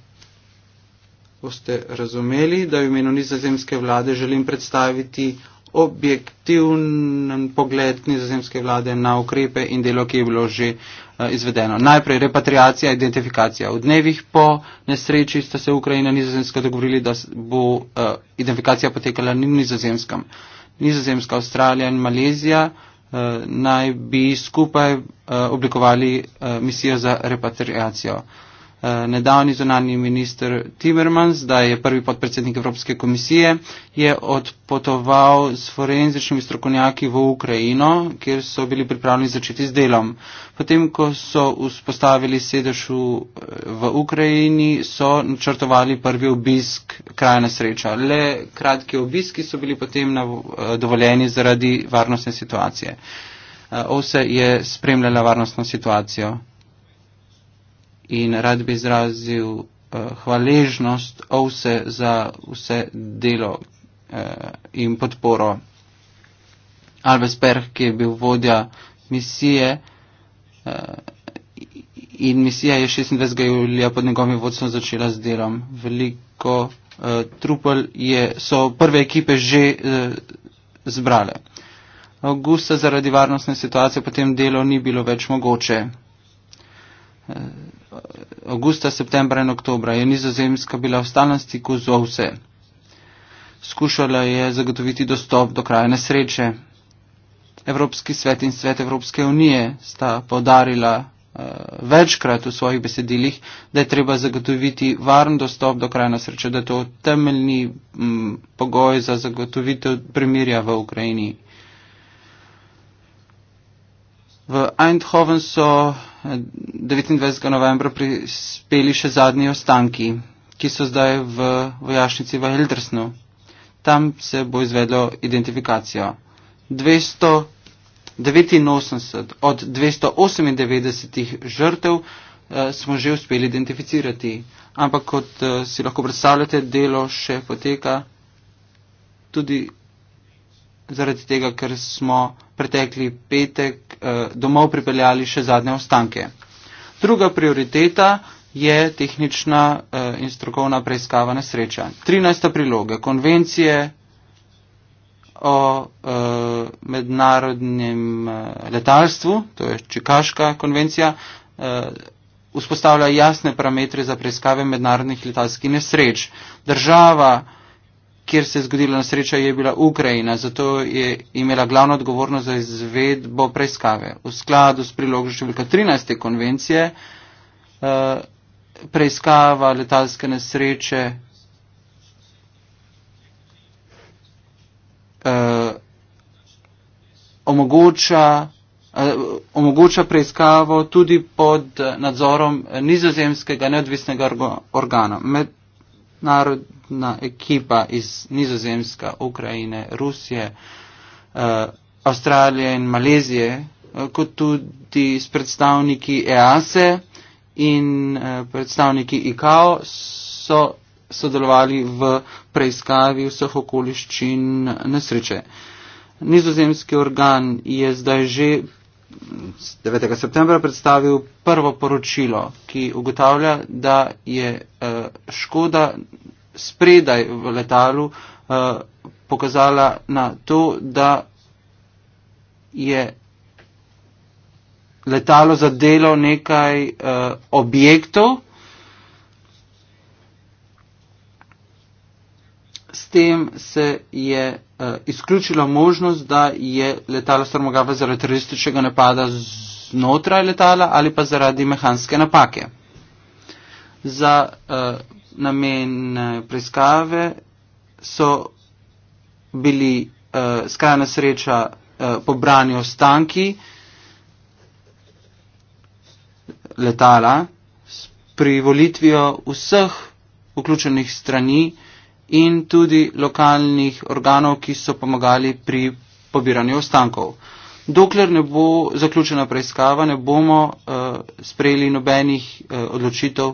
boste razumeli, da v imenu nizozemske vlade želim predstaviti objektivn pogled nizozemske vlade na ukrepe in delo, ki je bilo že eh, izvedeno. Najprej repatriacija, identifikacija. V dnevih po nesreči sta se Ukrajina in nizozemska dogovorili, da bo eh, identifikacija potekala na nizozemskem. Nizozemska, Avstralija in Malezija eh, naj bi skupaj oblikovali misijo za repatriacijo. Eh, nedavni zunani minister Timmermans, da je prvi podpredsednik Evropske komisije, je odpotoval s forenzičnimi strokovnjaki v Ukrajino, kjer so bili pripravljeni začeti z delom. Potem, ko so vzpostavili sedež v, v Ukrajini, so načrtovali prvi obisk kraja nesreča. Le kratki obiski so bili potem na, eh, dovoljeni zaradi varnostne situacije. Eh, Ose je spremljala varnostno situacijo in rad bi izrazil eh, hvaležnost ovse za vse delo eh, in podporo. Albert Perh, ki je bil vodja misije eh, in misija je 26. julija pod njegovim vodstvom začela z delom. Veliko trupel je, so prve ekipe že zbrale. Augusta zaradi varnostne situacije potem delo ni bilo več mogoče augusta, septembra in oktobra je nizozemska bila v stalnem stiku z ovse. Skušala je zagotoviti dostop do kraja nesreče. Evropski svet in svet Evropske unije sta podarila uh, eh, večkrat v svojih besedilih, da je treba zagotoviti varen dostop do kraja nesreče, da je to temeljni m, mm, pogoj za zagotovitev primirja v Ukrajini. V Eindhoven so 29. novembra prispeli še zadnji ostanki, ki so zdaj v vojašnici v Heldrsnu. Tam se bo izvedlo identifikacijo. 289 od 298 žrtev eh, smo že uspeli identificirati, ampak kot eh, si lahko predstavljate, delo še poteka tudi zaradi tega, ker smo pretekli petek Eh, domov pripeljali še zadnje ostanke. Druga prioriteta je tehnična eh, in strokovna preiskava nesreča. 13. priloga konvencije o eh, mednarodnem letalstvu, to je Čikaška konvencija, vzpostavlja jasne parametre za preiskave mednarodnih letalskih nesreč. Država kjer se je zgodila nesreča, je bila Ukrajina, zato je imela glavno odgovornost za izvedbo preiskave. V skladu s priložnostjo številka 13. konvencije uh, preiskava letalske nesreče uh, omogoča eh, omogoča preiskavo tudi pod nadzorom nizozemskega neodvisnega organa, mednarod, celotna ekipa iz Nizozemska, Ukrajine, Rusije, eh, Avstralije in Malezije, eh, kot tudi s predstavniki EASE e in eh, predstavniki IKAO so sodelovali v preiskavi vseh okoliščin nesreče. Nizozemski organ je zdaj že 9. septembra predstavil prvo poročilo, ki ugotavlja, da je škoda spredaj v letalu uh, pokazala na to, da je letalo zadelo nekaj uh, objektov, s tem se je uh, izključila možnost, da je letalo strmogava zaradi terorističnega napada znotraj letala ali pa zaradi mehanske napake. Za namen eh, preiskave so bili uh, skrajna sreča uh, pobrani ostanki letala s privolitvijo vseh vključenih strani in tudi lokalnih organov, ki so pomagali pri pobiranju ostankov. Dokler ne bo zaključena preiskava, ne bomo uh, sprejeli nobenih uh, odločitev.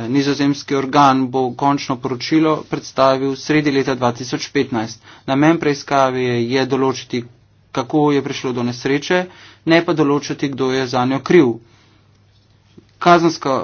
Eh, nizozemski organ bo končno poročilo predstavil sredi leta 2015. Namen preiskave je določiti, kako je prišlo do nesreče, ne pa določiti, kdo je za njo kriv. Kazenska,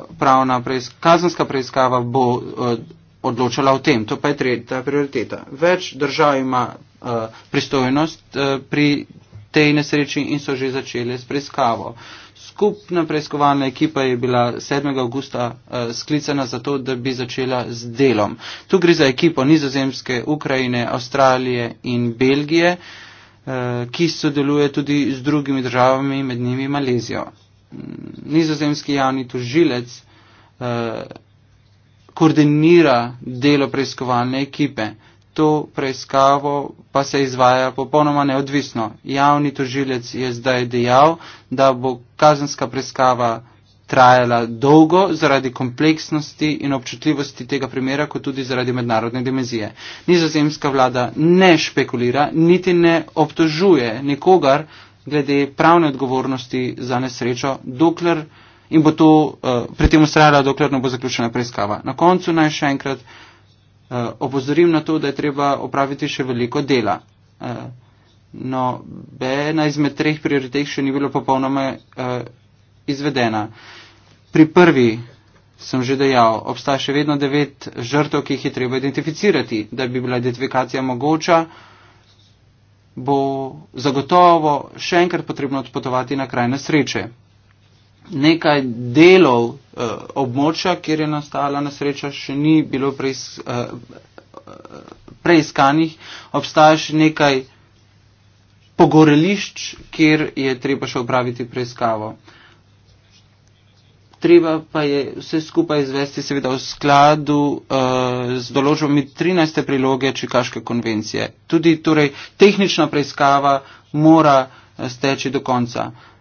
preis kazenska preiskava bo uh, odločala o tem, to pa je tretja prioriteta. Več držav ima uh, pristojnost uh, pri tej nesreči in so že začele s preiskavo. Uh, skupna preiskovalna ekipa je bila 7. augusta uh, eh, sklicana za to, da bi začela z delom. Tu gre za ekipo nizozemske, Ukrajine, Avstralije in Belgije, uh, ki sodeluje tudi z drugimi državami, med njimi Malezijo. Mm, Nizozemski javni tožilec uh, koordinira delo preiskovalne ekipe to preiskavo pa se izvaja popolnoma neodvisno. Javni tožilec je zdaj dejal, da bo kazenska preiskava trajala dolgo zaradi kompleksnosti in občutljivosti tega primera, kot tudi zaradi mednarodne dimenzije. Nizozemska vlada ne špekulira, niti ne obtožuje nikogar glede pravne odgovornosti za nesrečo, dokler in bo to uh, pri tem ustrajala, dokler ne bo zaključena preiskava. Na koncu naj še enkrat. Eh, opozorim na to, da je treba opraviti še veliko dela. Eh, no, ena izmed treh prioritet še ni bila popolnoma eh, izvedena. Pri prvi sem že dejal, obstaja še vedno devet žrtev, ki jih je treba identificirati, da bi bila identifikacija mogoča bo zagotovo še enkrat potrebno odpotovati na kraj nesreče nekaj delov uh, območja, kjer je nastala nesreča, še ni bilo preis, uh, preiskanih. Obstaja še nekaj pogorelišč, kjer je treba še upraviti preiskavo. Treba pa je vse skupaj izvesti seveda v skladu uh, z določbami 13. priloge Čikaške konvencije. Tudi torej, tehnična preiskava mora steči do konca. Uh,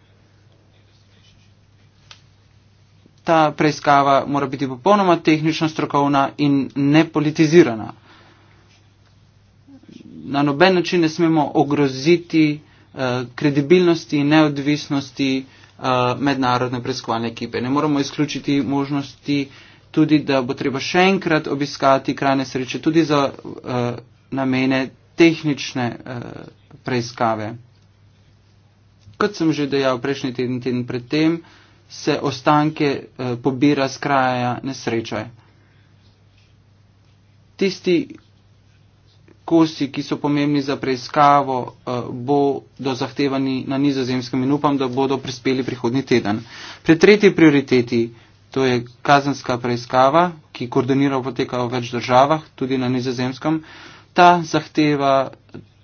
ta preiskava mora biti popolnoma tehnično strokovna in nepolitizirana. Na noben način ne smemo ogroziti uh, kredibilnosti in neodvisnosti uh, mednarodne preiskovalne ekipe. Ne moramo izključiti možnosti tudi, da bo treba še enkrat obiskati kraj nesreče tudi za uh, namene tehnične uh, preiskave. Kot sem že dejal prejšnji teden, teden predtem, uh, se ostanke eh, pobira z kraja nesreče. Tisti kosi, ki so pomembni za preiskavo, eh, bodo zahtevani na nizozemskem in upam, da bodo prispeli prihodni teden. Pri tretji prioriteti, to je kazenska preiskava, ki koordinira poteka v več državah, tudi na nizozemskem, ta zahteva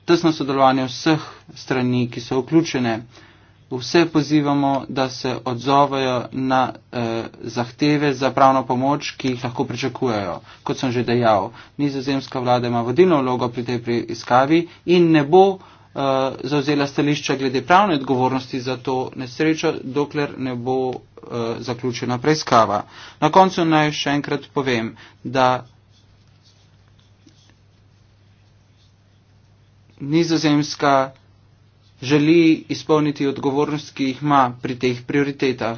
tesno sodelovanje vseh strani, ki so vključene vse pozivamo, da se odzovejo na eh, zahteve za pravno pomoč, ki jih lahko pričakujejo. Kot sem že dejal, nizozemska vlada ima vodilno vlogo pri tej preiskavi in ne bo eh, zauzela stališča glede pravne odgovornosti za to nesrečo, dokler ne bo eh, zaključena preiskava. Na koncu naj še enkrat povem, da. Nizozemska želi izpolniti odgovornost, ki jih ima pri teh prioritetah.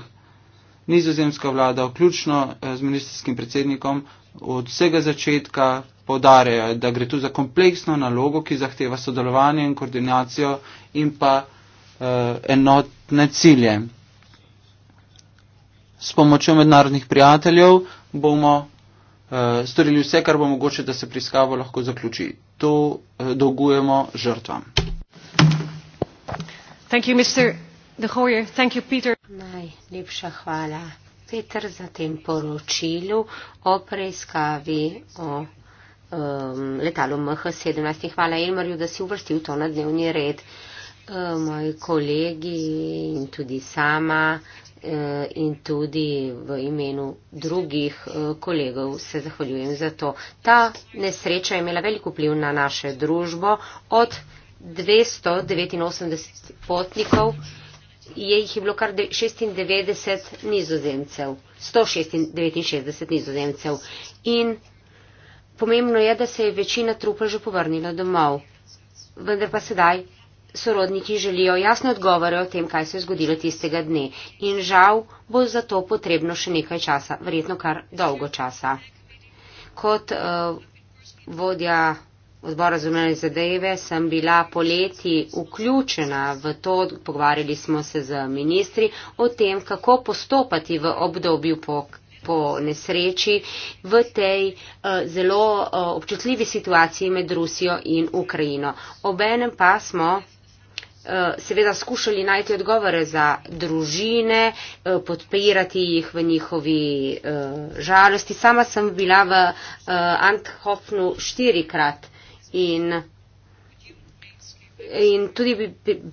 Nizozemska vlada, vključno eh, z ministerskim predsednikom, od vsega začetka podarejo, da gre tu za kompleksno nalogo, ki zahteva sodelovanje in koordinacijo in pa eh, enotne cilje. S pomočjo mednarodnih prijateljev bomo eh, storili vse, kar bo mogoče, da se priskavo lahko zaključi. To eh, dolgujemo žrtvam. Najlepša hvala, Peter, za tem poročilu o preiskavi o um, letalu MH17. Hvala, Elmarju, da si uvrstil to na dnevni red. E, moji kolegi in tudi sama e, in tudi v imenu drugih e, kolegov se zahvaljujem za to. Ta nesreča je imela veliko vpliv na naše družbo od 289 potnikov, je jih je bilo kar 96 nizozemcev, 169 nizozemcev. In pomembno je, da se je večina trupel že povrnila domov. Vendar pa sedaj sorodniki želijo jasne odgovore o tem, kaj se je zgodilo tistega dne. In žal bo za to potrebno še nekaj časa, verjetno kar dolgo časa. Kot uh, vodja odbora za umenjene zadeve, sem bila poleti vključena v to, pogovarjali smo se z ministri o tem, kako postopati v obdobju po, po nesreči v tej uh, zelo uh, občutljivi situaciji med Rusijo in Ukrajino. Obenem pa smo eh, seveda skušali najti odgovore za družine, podpirati jih v njihovi žalosti. Sama sem bila v Anthofnu štirikrat in, in tudi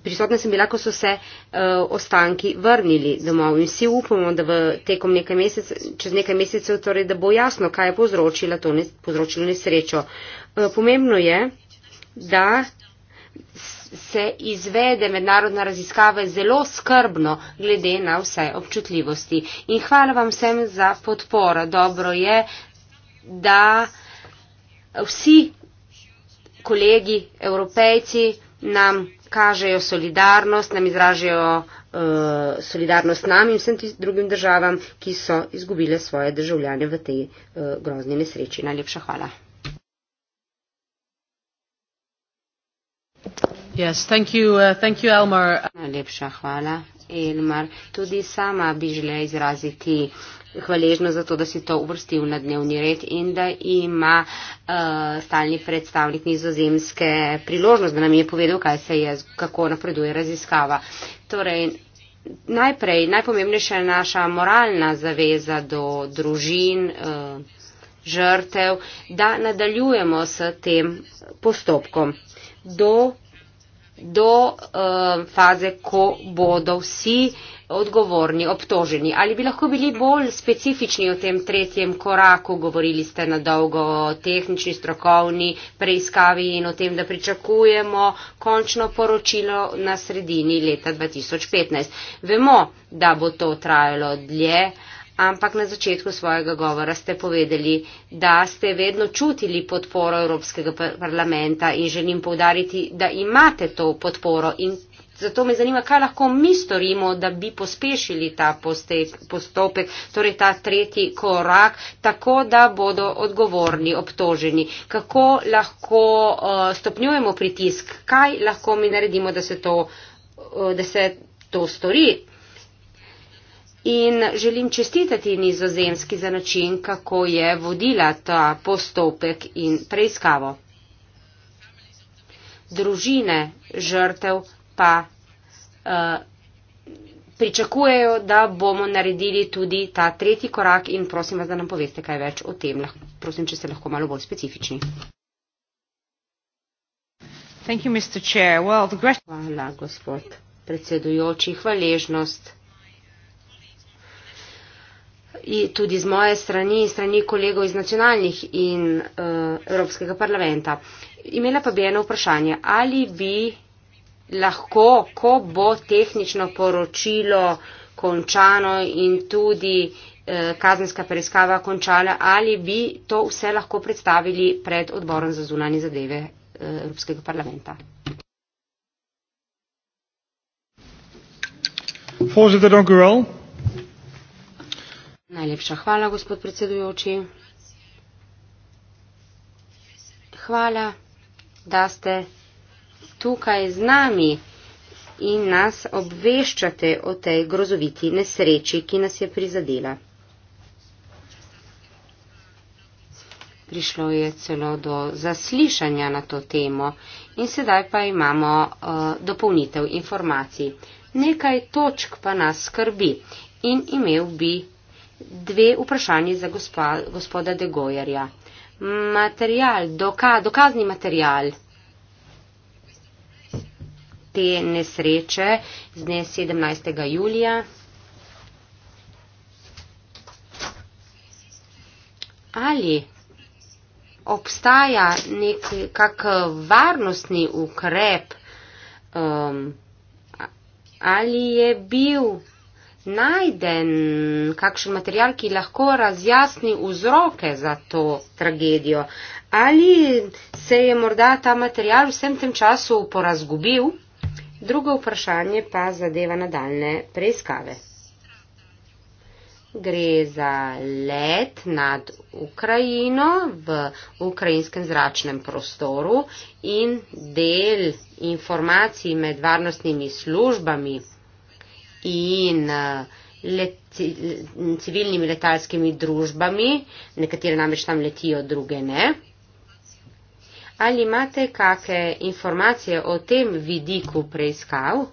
prisotna sem bila, ko so se uh, ostanki vrnili domov in vsi upamo, da v tekom nekaj mesecev, čez nekaj mesecev, torej, da bo jasno, kaj je povzročila to ne, povzročilo nesrečo. Uh, pomembno je, da se izvede mednarodna raziskava zelo skrbno glede na vse občutljivosti. In hvala vam vsem za podporo. Dobro je, da vsi kolegi evropejci nam kažejo solidarnost, nam izražajo uh, solidarnost nam in vsem tistim drugim državam, ki so izgubile svoje državljane v tej uh, grozni nesreči. Najlepša hvala. Yes, thank you, uh, thank you, Elmar. Najlepša hvala, Elmar. Tudi sama bi želela izraziti uh, hvaležna za to, da si to uvrstil na dnevni red in da ima uh, stalni predstavnik nizozemske priložnost, da nam je povedal, kaj se je, kako napreduje raziskava. Torej, najprej, najpomembnejša je naša moralna zaveza do družin, uh, žrtev, da nadaljujemo s tem postopkom do, do uh, faze, ko bodo vsi uh, odgovorni, obtoženi. Ali bi lahko bili bolj specifični v tem tretjem koraku, govorili ste na dolgo o tehnični strokovni preiskavi in o tem, da pričakujemo končno poročilo na sredini leta 2015. Vemo, da bo to trajalo dlje, ampak na začetku svojega govora ste povedali, da ste vedno čutili podporo Evropskega parlamenta in želim povdariti, da imate to podporo in Zato me zanima, kaj lahko mi storimo, da bi pospešili ta postopek, torej ta tretji korak, tako da bodo odgovorni, obtoženi. Kako lahko uh, stopnjujemo pritisk, kaj lahko mi naredimo, da se to, uh, da se to stori. In želim čestitati nizozemski za način, kako je vodila ta postopek in preiskavo. Družine žrtev pa uh, pričakujejo, da bomo naredili tudi ta tretji korak in prosim vas, da nam poveste kaj več o tem. Prosim, če ste lahko malo bolj specifični. Hvala, gospod predsedujoči. Hvaležnost. I tudi z moje strani in strani kolegov iz nacionalnih in uh, Evropskega parlamenta. Imela pa bi eno vprašanje. Ali bi lahko, ko bo tehnično poročilo končano in tudi eh, kazenska preiskava končala, ali bi to vse lahko predstavili pred odborom za zunanje zadeve eh, Evropskega parlamenta. Najlepša hvala, gospod predsedujoči. Hvala, da ste tukaj z nami in nas obveščate o tej grozoviti nesreči, ki nas je prizadela. Prišlo je celo do zaslišanja na to temo in sedaj pa imamo uh, dopolnitev informacij. Nekaj točk pa nas skrbi in imel bi dve vprašanje za gospa, gospoda Degojarja. Material, doka, dokazni material te nesreče z dne 17. julija. Ali obstaja nek kak varnostni ukrep um, ali je bil najden kakšen material, ki lahko razjasni vzroke za to tragedijo ali se je morda ta material vsem tem času porazgubil. Drugo vprašanje pa zadeva nadaljne preiskave. Gre za let nad Ukrajino v ukrajinskem zračnem prostoru in del informacij med varnostnimi službami in eh, let, civilnimi letalskimi družbami, nekatere namreč tam letijo, druge ne. Ali imate kakšne informacije o tem vidiku preiskav?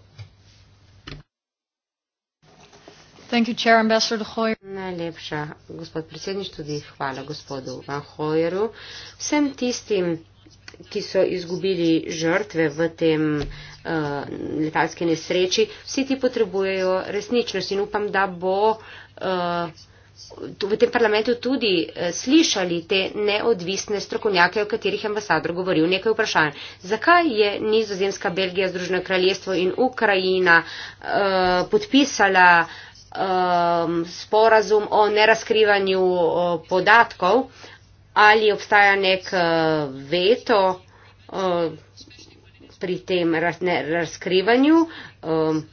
You, Najlepša, gospod predsednik, tudi hvala gospodu Van Hojeru. Vsem tistim, ki so izgubili žrtve v tem uh, letalski nesreči, vsi ti potrebujejo resničnost in upam, da bo. Uh, v tem parlamentu tudi eh, slišali te neodvisne strokovnjake, o katerih je ambasador govoril. Nekaj vprašanj. Zakaj je Nizozemska, Belgija, Združeno kraljestvo in Ukrajina eh, podpisala eh, sporazum o neraskrivanju eh, podatkov? Ali obstaja nek eh, veto eh, pri tem razkrivanju? Eh,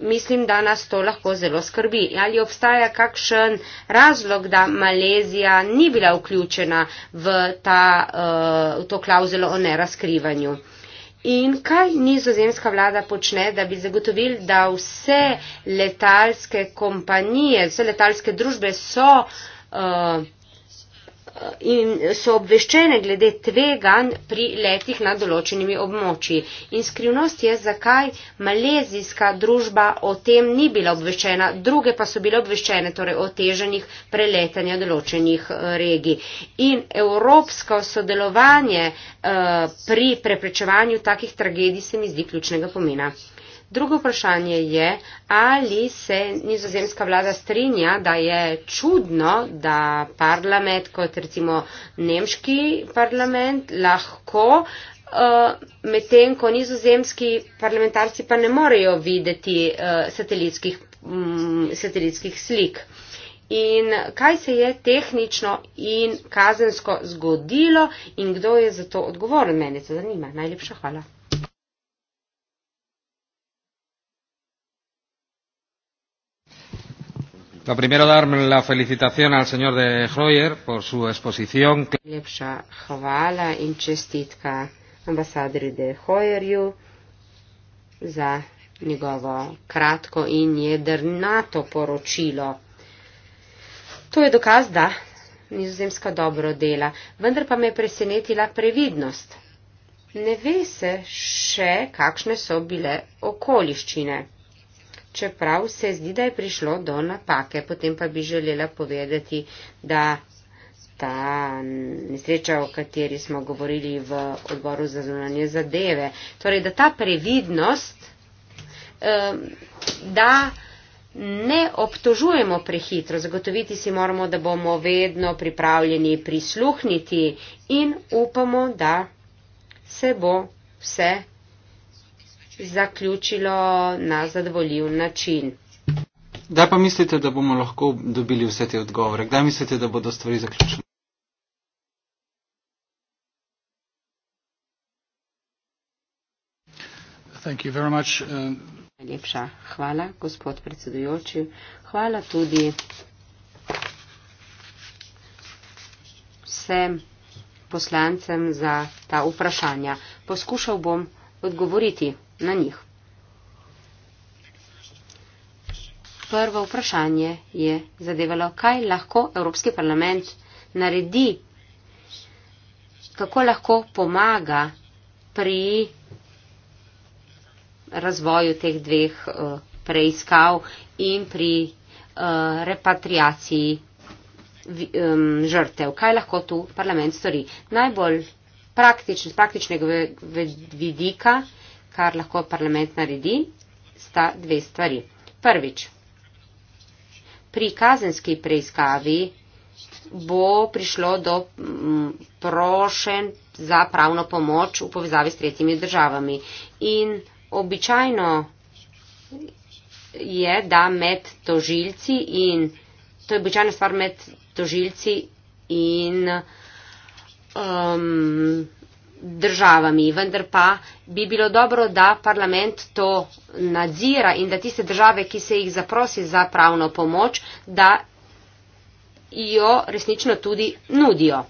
mislim, da nas to lahko zelo skrbi. Ali obstaja kakšen razlog, da Malezija ni bila vključena v, ta, eh, v to klauzulo o neraskrivanju? In kaj nizozemska vlada počne, da bi zagotovili, da vse letalske kompanije, vse letalske družbe so uh, in so obveščene glede tvegan pri letih nad določenimi območji. In skrivnost je, zakaj malezijska družba o tem ni bila obveščena, druge pa so bile obveščene torej o teženih preletanja določenih eh, regij. In evropsko sodelovanje eh, pri preprečevanju takih tragedij se mi zdi ključnega pomena. Drugo vprašanje je, ali se nizozemska vlada strinja, da je čudno, da parlament, kot recimo nemški parlament, lahko eh, medtem, ko nizozemski parlamentarci pa ne morejo videti eh, satelitskih, mm, satelitskih slik. In kaj se je tehnično in kazensko zgodilo in kdo je za to odgovoren, mene to zanima. Najlepša hvala. Lo primero, dar la felicitación al señor de Hoyer por su exposición. Lepša hvala in čestitka ambasadri de Hoyerju za njegovo kratko in jedrnato poročilo. To je dokaz, da nizozemska dobro dela, vendar pa me je presenetila previdnost. Ne ve se še, kakšne so bile okoliščine čeprav se zdi, da je prišlo do napake. Potem pa bi želela povedati, da ta nesreča, o kateri smo govorili v odboru za zunanje zadeve, torej da ta previdnost, da ne obtožujemo prehitro, zagotoviti si moramo, da bomo vedno pripravljeni prisluhniti in upamo, da se bo vse zaključilo na zadovoljiv način. Kdaj pa mislite, da bomo lahko dobili vse te odgovore? Kdaj mislite, da bodo stvari zaključene? Uh, Najlepša hvala, gospod predsedujoči. Hvala tudi vsem poslancem za ta vprašanja. Poskušal bom odgovoriti na njih. Prvo vprašanje je zadevalo, kaj lahko Evropski parlament naredi, kako lahko pomaga pri razvoju teh dveh eh, preiskav in pri eh, repatriaciji žrtev. Kaj lahko tu parlament stori? Najbolj praktič, praktičnega vidika kar lahko parlament naredi, sta dve stvari. Prvič, pri kazenski preiskavi bo prišlo do mm, prošen za pravno pomoč v povezavi s tretjimi državami. In običajno je, da med tožilci in to je običajna stvar med tožilci in um, državami. Vendar pa bi bilo dobro, da parlament to nadzira in da tiste države, ki se jih zaprosi za pravno pomoč, da jo resnično tudi nudijo.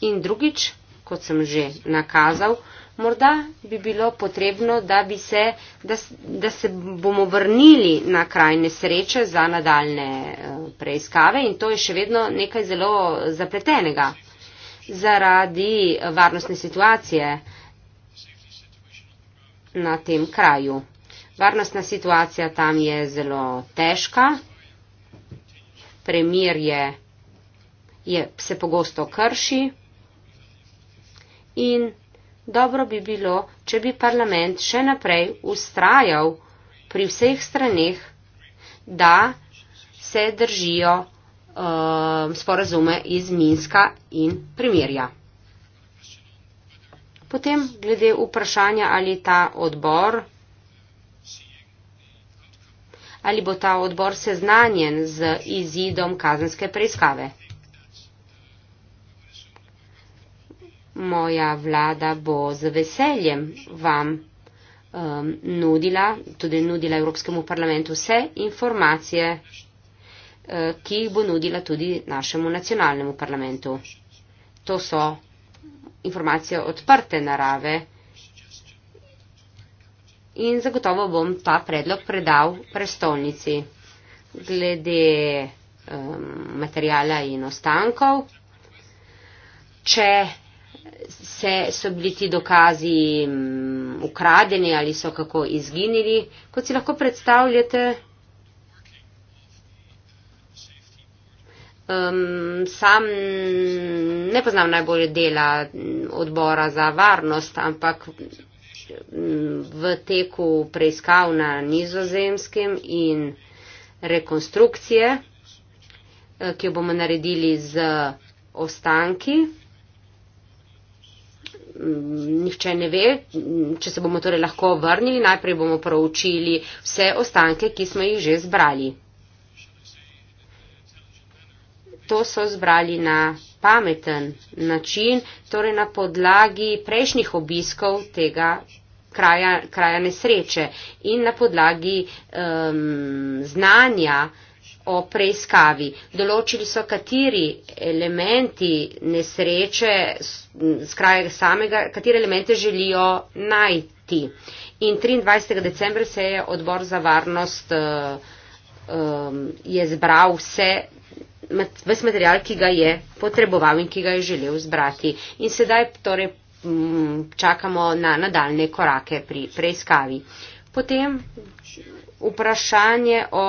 In drugič, kot sem že nakazal, morda bi bilo potrebno, da, bi se, da, da se bomo vrnili na kraj nesreče za nadaljne eh, preiskave in to je še vedno nekaj zelo zapletenega zaradi varnostne situacije na tem kraju. Varnostna situacija tam je zelo težka. Premir je, je, se pogosto krši in dobro bi bilo, če bi parlament še naprej ustrajal pri vseh straneh, da se držijo uh, sporazume iz Minska in primirja. Potem glede vprašanja, ali ta odbor, ali bo ta odbor seznanjen z izidom kazenske preiskave. Moja vlada bo z veseljem vam um, nudila, tudi nudila Evropskemu parlamentu vse informacije. Eh, ki jih bo nudila tudi našemu nacionalnemu parlamentu. To so informacije odprte narave in zagotovo bom ta predlog predal prestolnici. Glede um, materijala in ostankov, če se, so bili ti dokazi um, ukradeni ali so kako izginili, kot si lahko predstavljate, Um, sam ne poznam najbolje dela odbora za varnost, ampak v teku preiskav na nizozemskem in rekonstrukcije, eh, ki jo bomo naredili z ostanki. Mm, nihče ne ve, mm, če se bomo torej lahko vrnili. Najprej bomo proučili vse ostanke, ki smo jih že zbrali to so zbrali na pameten način, torej na podlagi prejšnjih obiskov tega kraja, kraja nesreče in na podlagi um, znanja o preiskavi. Določili so, kateri elementi nesreče, z kraja samega, kateri elemente želijo najti. In 23. decembra se je odbor za varnost uh, um, je zbral vse ves material, ki ga je potreboval in ki ga je želel zbrati. In sedaj torej mm, čakamo na nadaljne korake pri preiskavi. Potem vprašanje o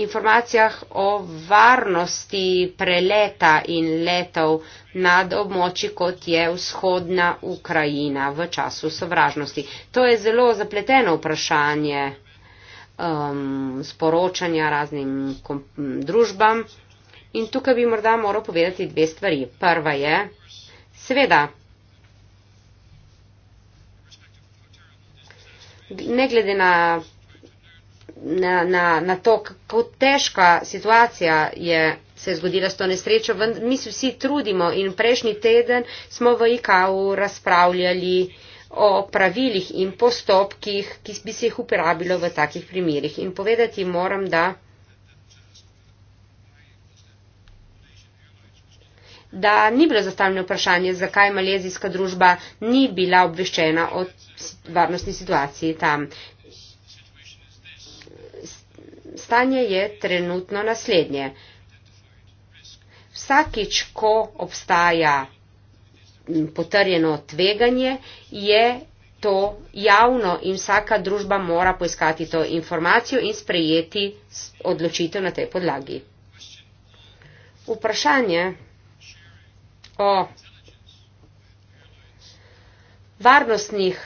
informacijah o varnosti preleta in letov nad območji, kot je vzhodna Ukrajina v času sovražnosti. To je zelo zapleteno vprašanje um, sporočanja raznim kom, družbam. In tukaj bi morda moral povedati dve stvari. Prva je, seveda, ne glede na, na, na, na to, kako težka situacija je se zgodila s to nesrečo, mi se vsi trudimo in prejšnji teden smo v IKV razpravljali uh, o pravilih in postopkih, ki bi se jih uporabilo v takih primerjih. In povedati moram, da, da ni bilo zastavljeno vprašanje, zakaj malezijska družba ni bila obveščena o varnostni situaciji tam. Stanje je trenutno naslednje. Vsakič, ko obstaja potrjeno tveganje, je to javno in vsaka družba mora poiskati to informacijo in sprejeti odločitev na tej podlagi. Vprašanje o varnostnih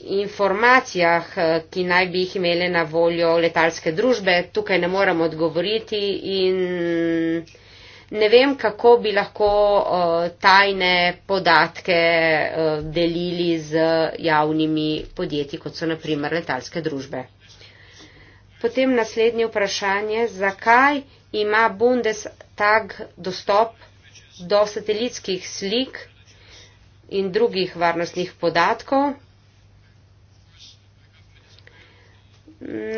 informacijah, eh, ki naj bi jih imele na voljo letalske družbe, tukaj ne moremo odgovoriti in ne vem, kako bi lahko uh, tajne podatke uh, delili z javnimi podjetji, kot so naprimer letalske družbe. Potem naslednje vprašanje, zakaj ima Bundestag dostop do satelitskih slik in drugih varnostnih podatkov?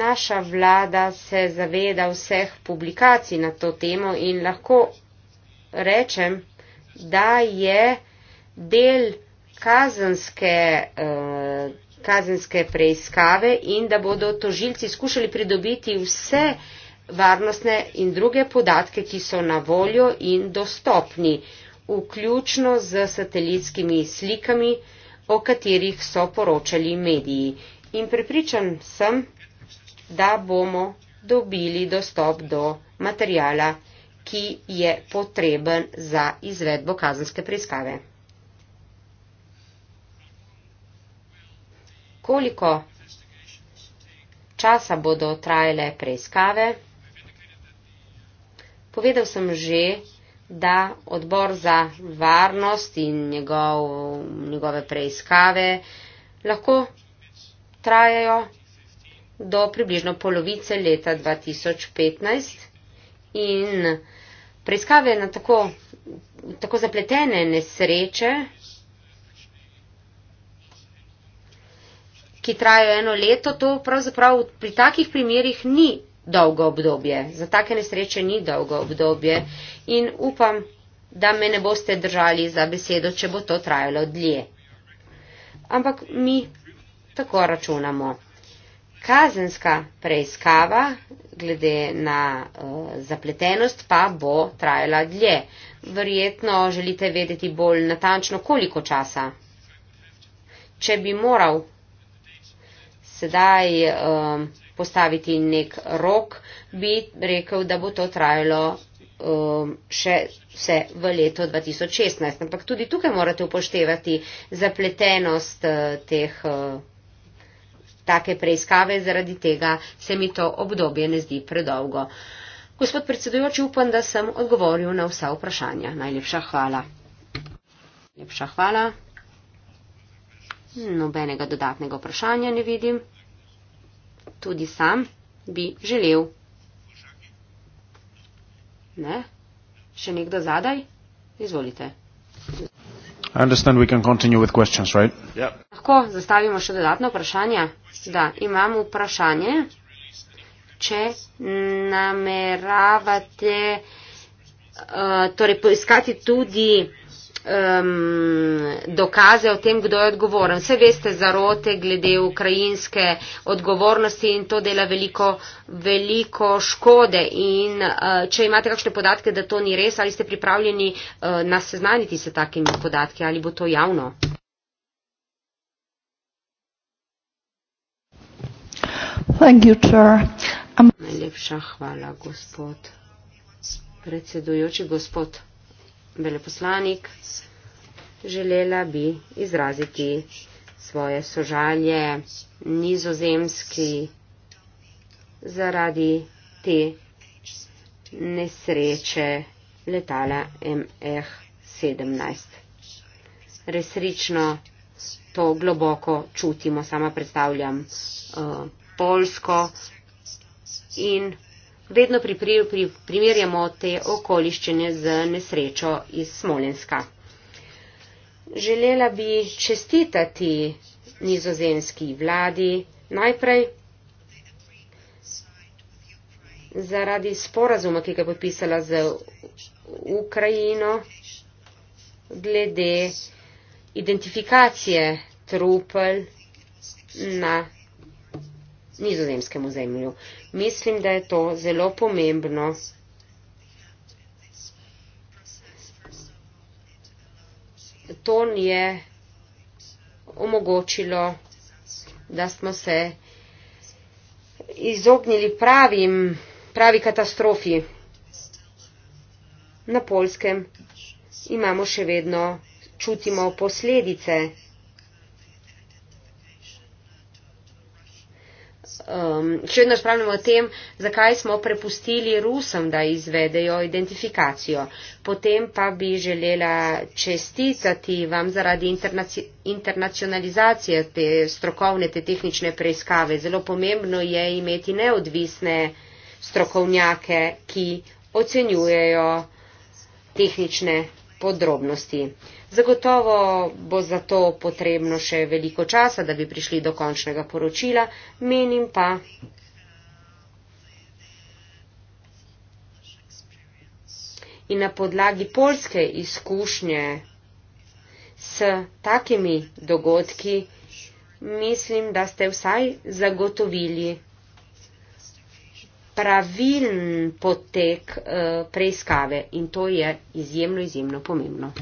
Naša vlada se zaveda vseh publikacij na to temo in lahko rečem, da je del kazenske, eh, kazenske preiskave in da bodo tožilci skušali pridobiti vse varnostne in druge podatke, ki so na voljo in dostopni, vključno z satelitskimi slikami, o katerih so poročali mediji. In prepričan sem, da bomo dobili dostop do materijala ki je potreben za izvedbo kazenske preiskave. Koliko časa bodo trajale preiskave? Povedal sem že, da odbor za varnost in njegov, njegove preiskave lahko trajajo do približno polovice leta 2015 in preiskave na tako, tako zapletene nesreče, ki trajajo eno leto, to pravzaprav pri takih primerjih ni dolgo obdobje. Za take nesreče ni dolgo obdobje in upam, da me ne boste držali za besedo, če bo to trajalo dlje. Ampak mi tako računamo kazenska preiskava glede na uh, zapletenost pa bo trajala dlje. Verjetno želite vedeti bolj natančno, koliko časa. Če bi moral sedaj um, postaviti nek rok, bi rekel, da bo to trajalo um, še vse v leto 2016. Ampak tudi tukaj morate upoštevati zapletenost uh, teh. Uh, take preiskave, zaradi tega se mi to obdobje ne zdi predolgo. Gospod predsedujoči, upam, da sem odgovoril na vsa vprašanja. Najlepša hvala. Lepša hvala. Nobenega dodatnega vprašanja ne vidim. Tudi sam bi želel. Ne? Še nekdo zadaj? Izvolite understand we can continue with questions, right? Yeah. Ja. Lahko zastavimo še dodatno vprašanje? Da, imamo vprašanje, če nameravate uh, torej poiskati tudi um, dokaze o tem, kdo je odgovoren. Vse veste zarote glede ukrajinske odgovornosti in to dela veliko, veliko škode. In uh, če imate kakšne podatke, da to ni res, ali ste pripravljeni uh, nas seznaniti s takimi podatki, ali bo to javno? Um, Najlepša hvala, gospod predsedujoči, gospod veleposlanik, želela bi izraziti svoje sožalje nizozemski zaradi te nesreče letala MH17. Resrično to globoko čutimo, sama predstavljam uh, eh, Polsko in vedno pri, pri, pri, primerjamo te okoliščine z nesrečo iz Smolenska. Želela bi čestitati nizozemski vladi najprej zaradi sporazuma, ki ga je podpisala z Ukrajino glede identifikacije trupel na nizozemskemu zemlju. Mislim, da je to zelo pomembno. To je omogočilo, da smo se izognili pravim, pravi katastrofi. Na polskem imamo še vedno, čutimo posledice. um, še vedno spravljamo o tem, zakaj smo prepustili Rusom, da izvedejo identifikacijo. Potem pa bi želela čestitati vam zaradi internaci internacionalizacije te strokovne, te tehnične preiskave. Zelo pomembno je imeti neodvisne strokovnjake, ki ocenjujejo tehnične podrobnosti. Zagotovo bo za to potrebno še veliko časa, da bi prišli do končnega poročila, menim pa, In na podlagi polske izkušnje s takimi dogodki mislim, da ste vsaj zagotovili pravilen potek eh, preiskave in to je izjemno, izjemno pomembno.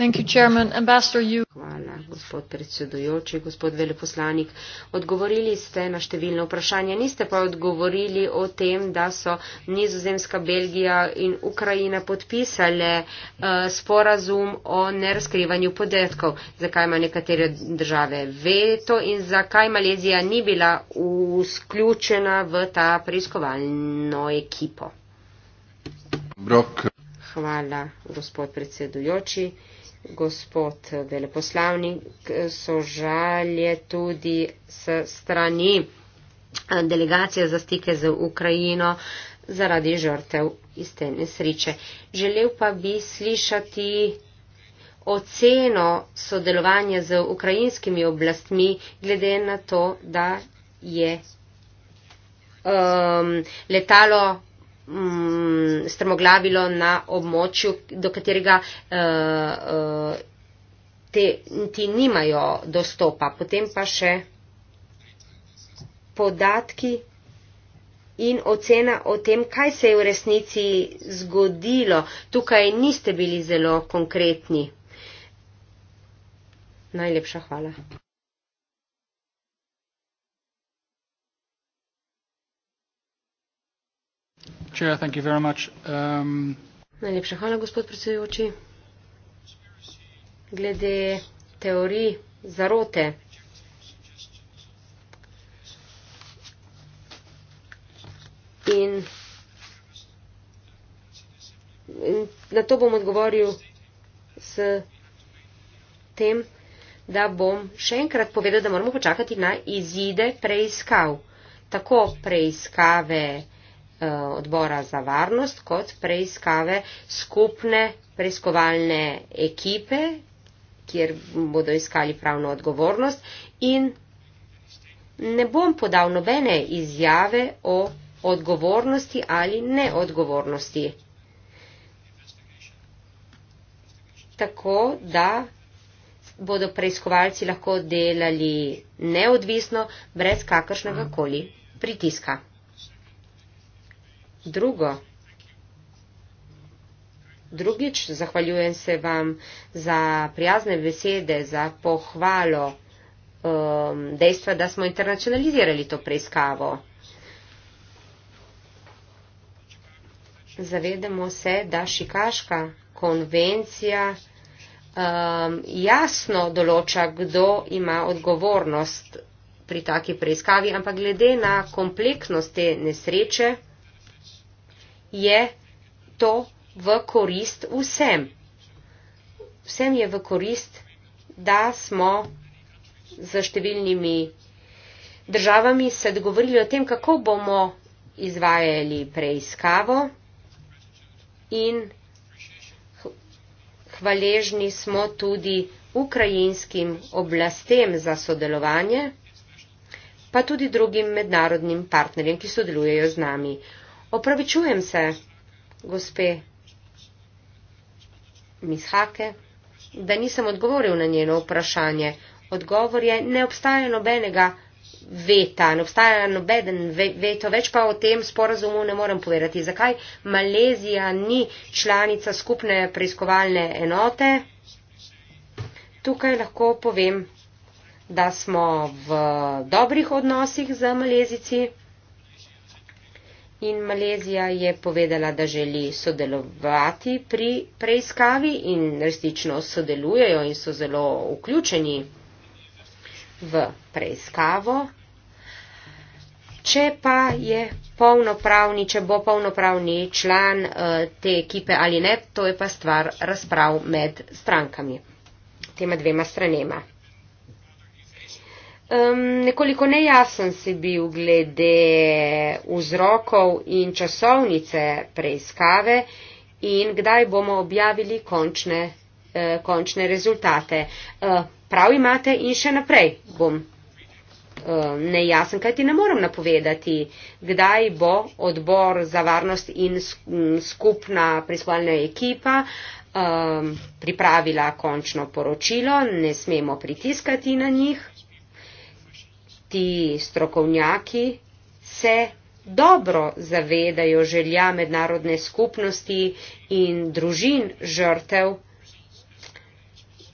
Hvala, gospod predsedujoči, gospod veleposlanik. Odgovorili ste na številne vprašanja, niste pa odgovorili o tem, da so Nizozemska, Belgija in Ukrajina podpisale uh, sporazum o nerazkrivanju podatkov. Zakaj ima nekatere države veto in zakaj Malezija ni bila vključena v ta preiskovalno ekipo? Brok. Hvala, gospod predsedujoči gospod veleposlavnik, so žalje tudi s strani eh, delegacije za stike z Ukrajino zaradi žrtev iz te nesreče. Želel pa bi slišati oceno sodelovanja z ukrajinskimi oblastmi glede na to, da je um, letalo Mm, strmoglavilo na območju, do katerega eh, eh, te niti nimajo dostopa. Potem pa še podatki in ocena o tem, kaj se je v resnici zgodilo. Tukaj niste bili zelo konkretni. Najlepša hvala. Chair, thank you very much. Um, Najlepša hvala, gospod predsedujoči. Glede teorij zarote, In na to bom odgovoril s tem, da bom še enkrat povedal, da moramo počakati na izide preiskav. Tako preiskave Eh, odbora za varnost kot preiskave skupne preiskovalne ekipe, kjer bodo iskali pravno odgovornost in ne bom podal nobene izjave o odgovornosti ali neodgovornosti. Tako da bodo preiskovalci lahko delali neodvisno, brez kakršnega koli pritiska drugo. Drugič, zahvaljujem se vam za prijazne besede, za pohvalo um, dejstva, da smo internacionalizirali to preiskavo. Zavedamo se, da Šikaška konvencija um, jasno določa, kdo ima odgovornost pri taki preiskavi, ampak glede na kompleksnost te nesreče, je to v korist vsem. Vsem je v korist, da smo za številnimi državami se dogovorili o tem, kako bomo izvajali preiskavo in hvaležni smo tudi ukrajinskim oblastem za sodelovanje, pa tudi drugim mednarodnim partnerjem, ki sodelujejo z nami. Opravičujem se, gospe Mishake, da nisem odgovoril na njeno vprašanje. Odgovor je, ne obstaja nobenega veta, ne obstaja nobeden veto, več pa o tem sporazumu ne morem povedati. Zakaj Malezija ni članica skupne preiskovalne enote? Tukaj lahko povem, da smo v dobrih odnosih z Malezici in Malezija je povedala, da želi sodelovati pri preiskavi in resnično sodelujejo in so zelo vključeni v preiskavo. Če pa je polnopravni, če bo polnopravni član eh, te ekipe ali ne, to je pa stvar razprav med strankami, tema dvema stranema. Um, nekoliko nejasen si bil glede vzrokov in časovnice preiskave in kdaj bomo objavili končne, uh, končne rezultate. Uh, prav imate in še naprej bom uh, nejasen, kaj ti ne morem napovedati, kdaj bo odbor za varnost in skupna preiskovalna ekipa uh, pripravila končno poročilo. Ne smemo pritiskati na njih ti strokovnjaki se dobro zavedajo želja mednarodne skupnosti in družin žrtev,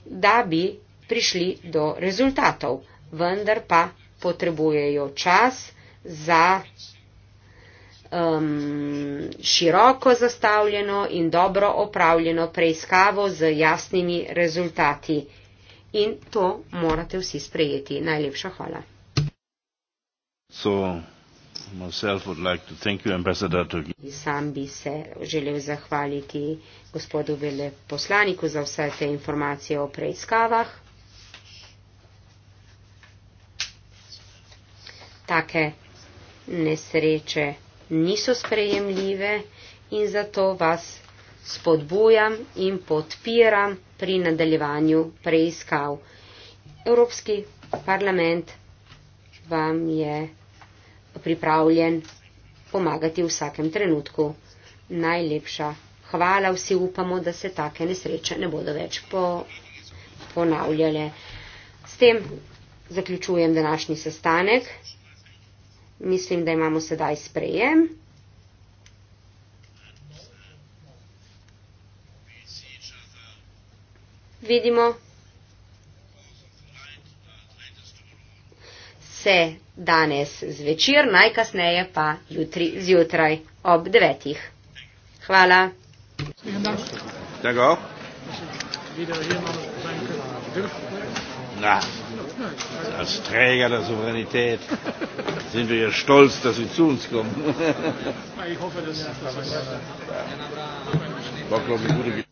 da bi prišli do rezultatov, vendar pa potrebujejo čas za um, široko zastavljeno in dobro opravljeno preiskavo z jasnimi rezultati. In to morate vsi sprejeti. Najlepša hvala. So, you, Tugin. Sam bi se želel zahvaliti gospodu veleposlaniku za vse te informacije o preiskavah. Take nesreče niso sprejemljive in zato vas spodbujam in podpiram pri nadaljevanju preiskav. Evropski parlament vam je pripravljen pomagati v vsakem trenutku. Najlepša hvala, vsi upamo, da se take nesreče ne bodo več po, ponavljale. S tem zaključujem današnji sestanek. Mislim, da imamo sedaj sprejem. Vidimo. se danes zvečer, najkasneje pa jutri zjutraj ob devetih. Hvala. Na, als Träger der Souveränität sind wir ja stolz, dass Sie zu uns kommen. Ich hoffe, dass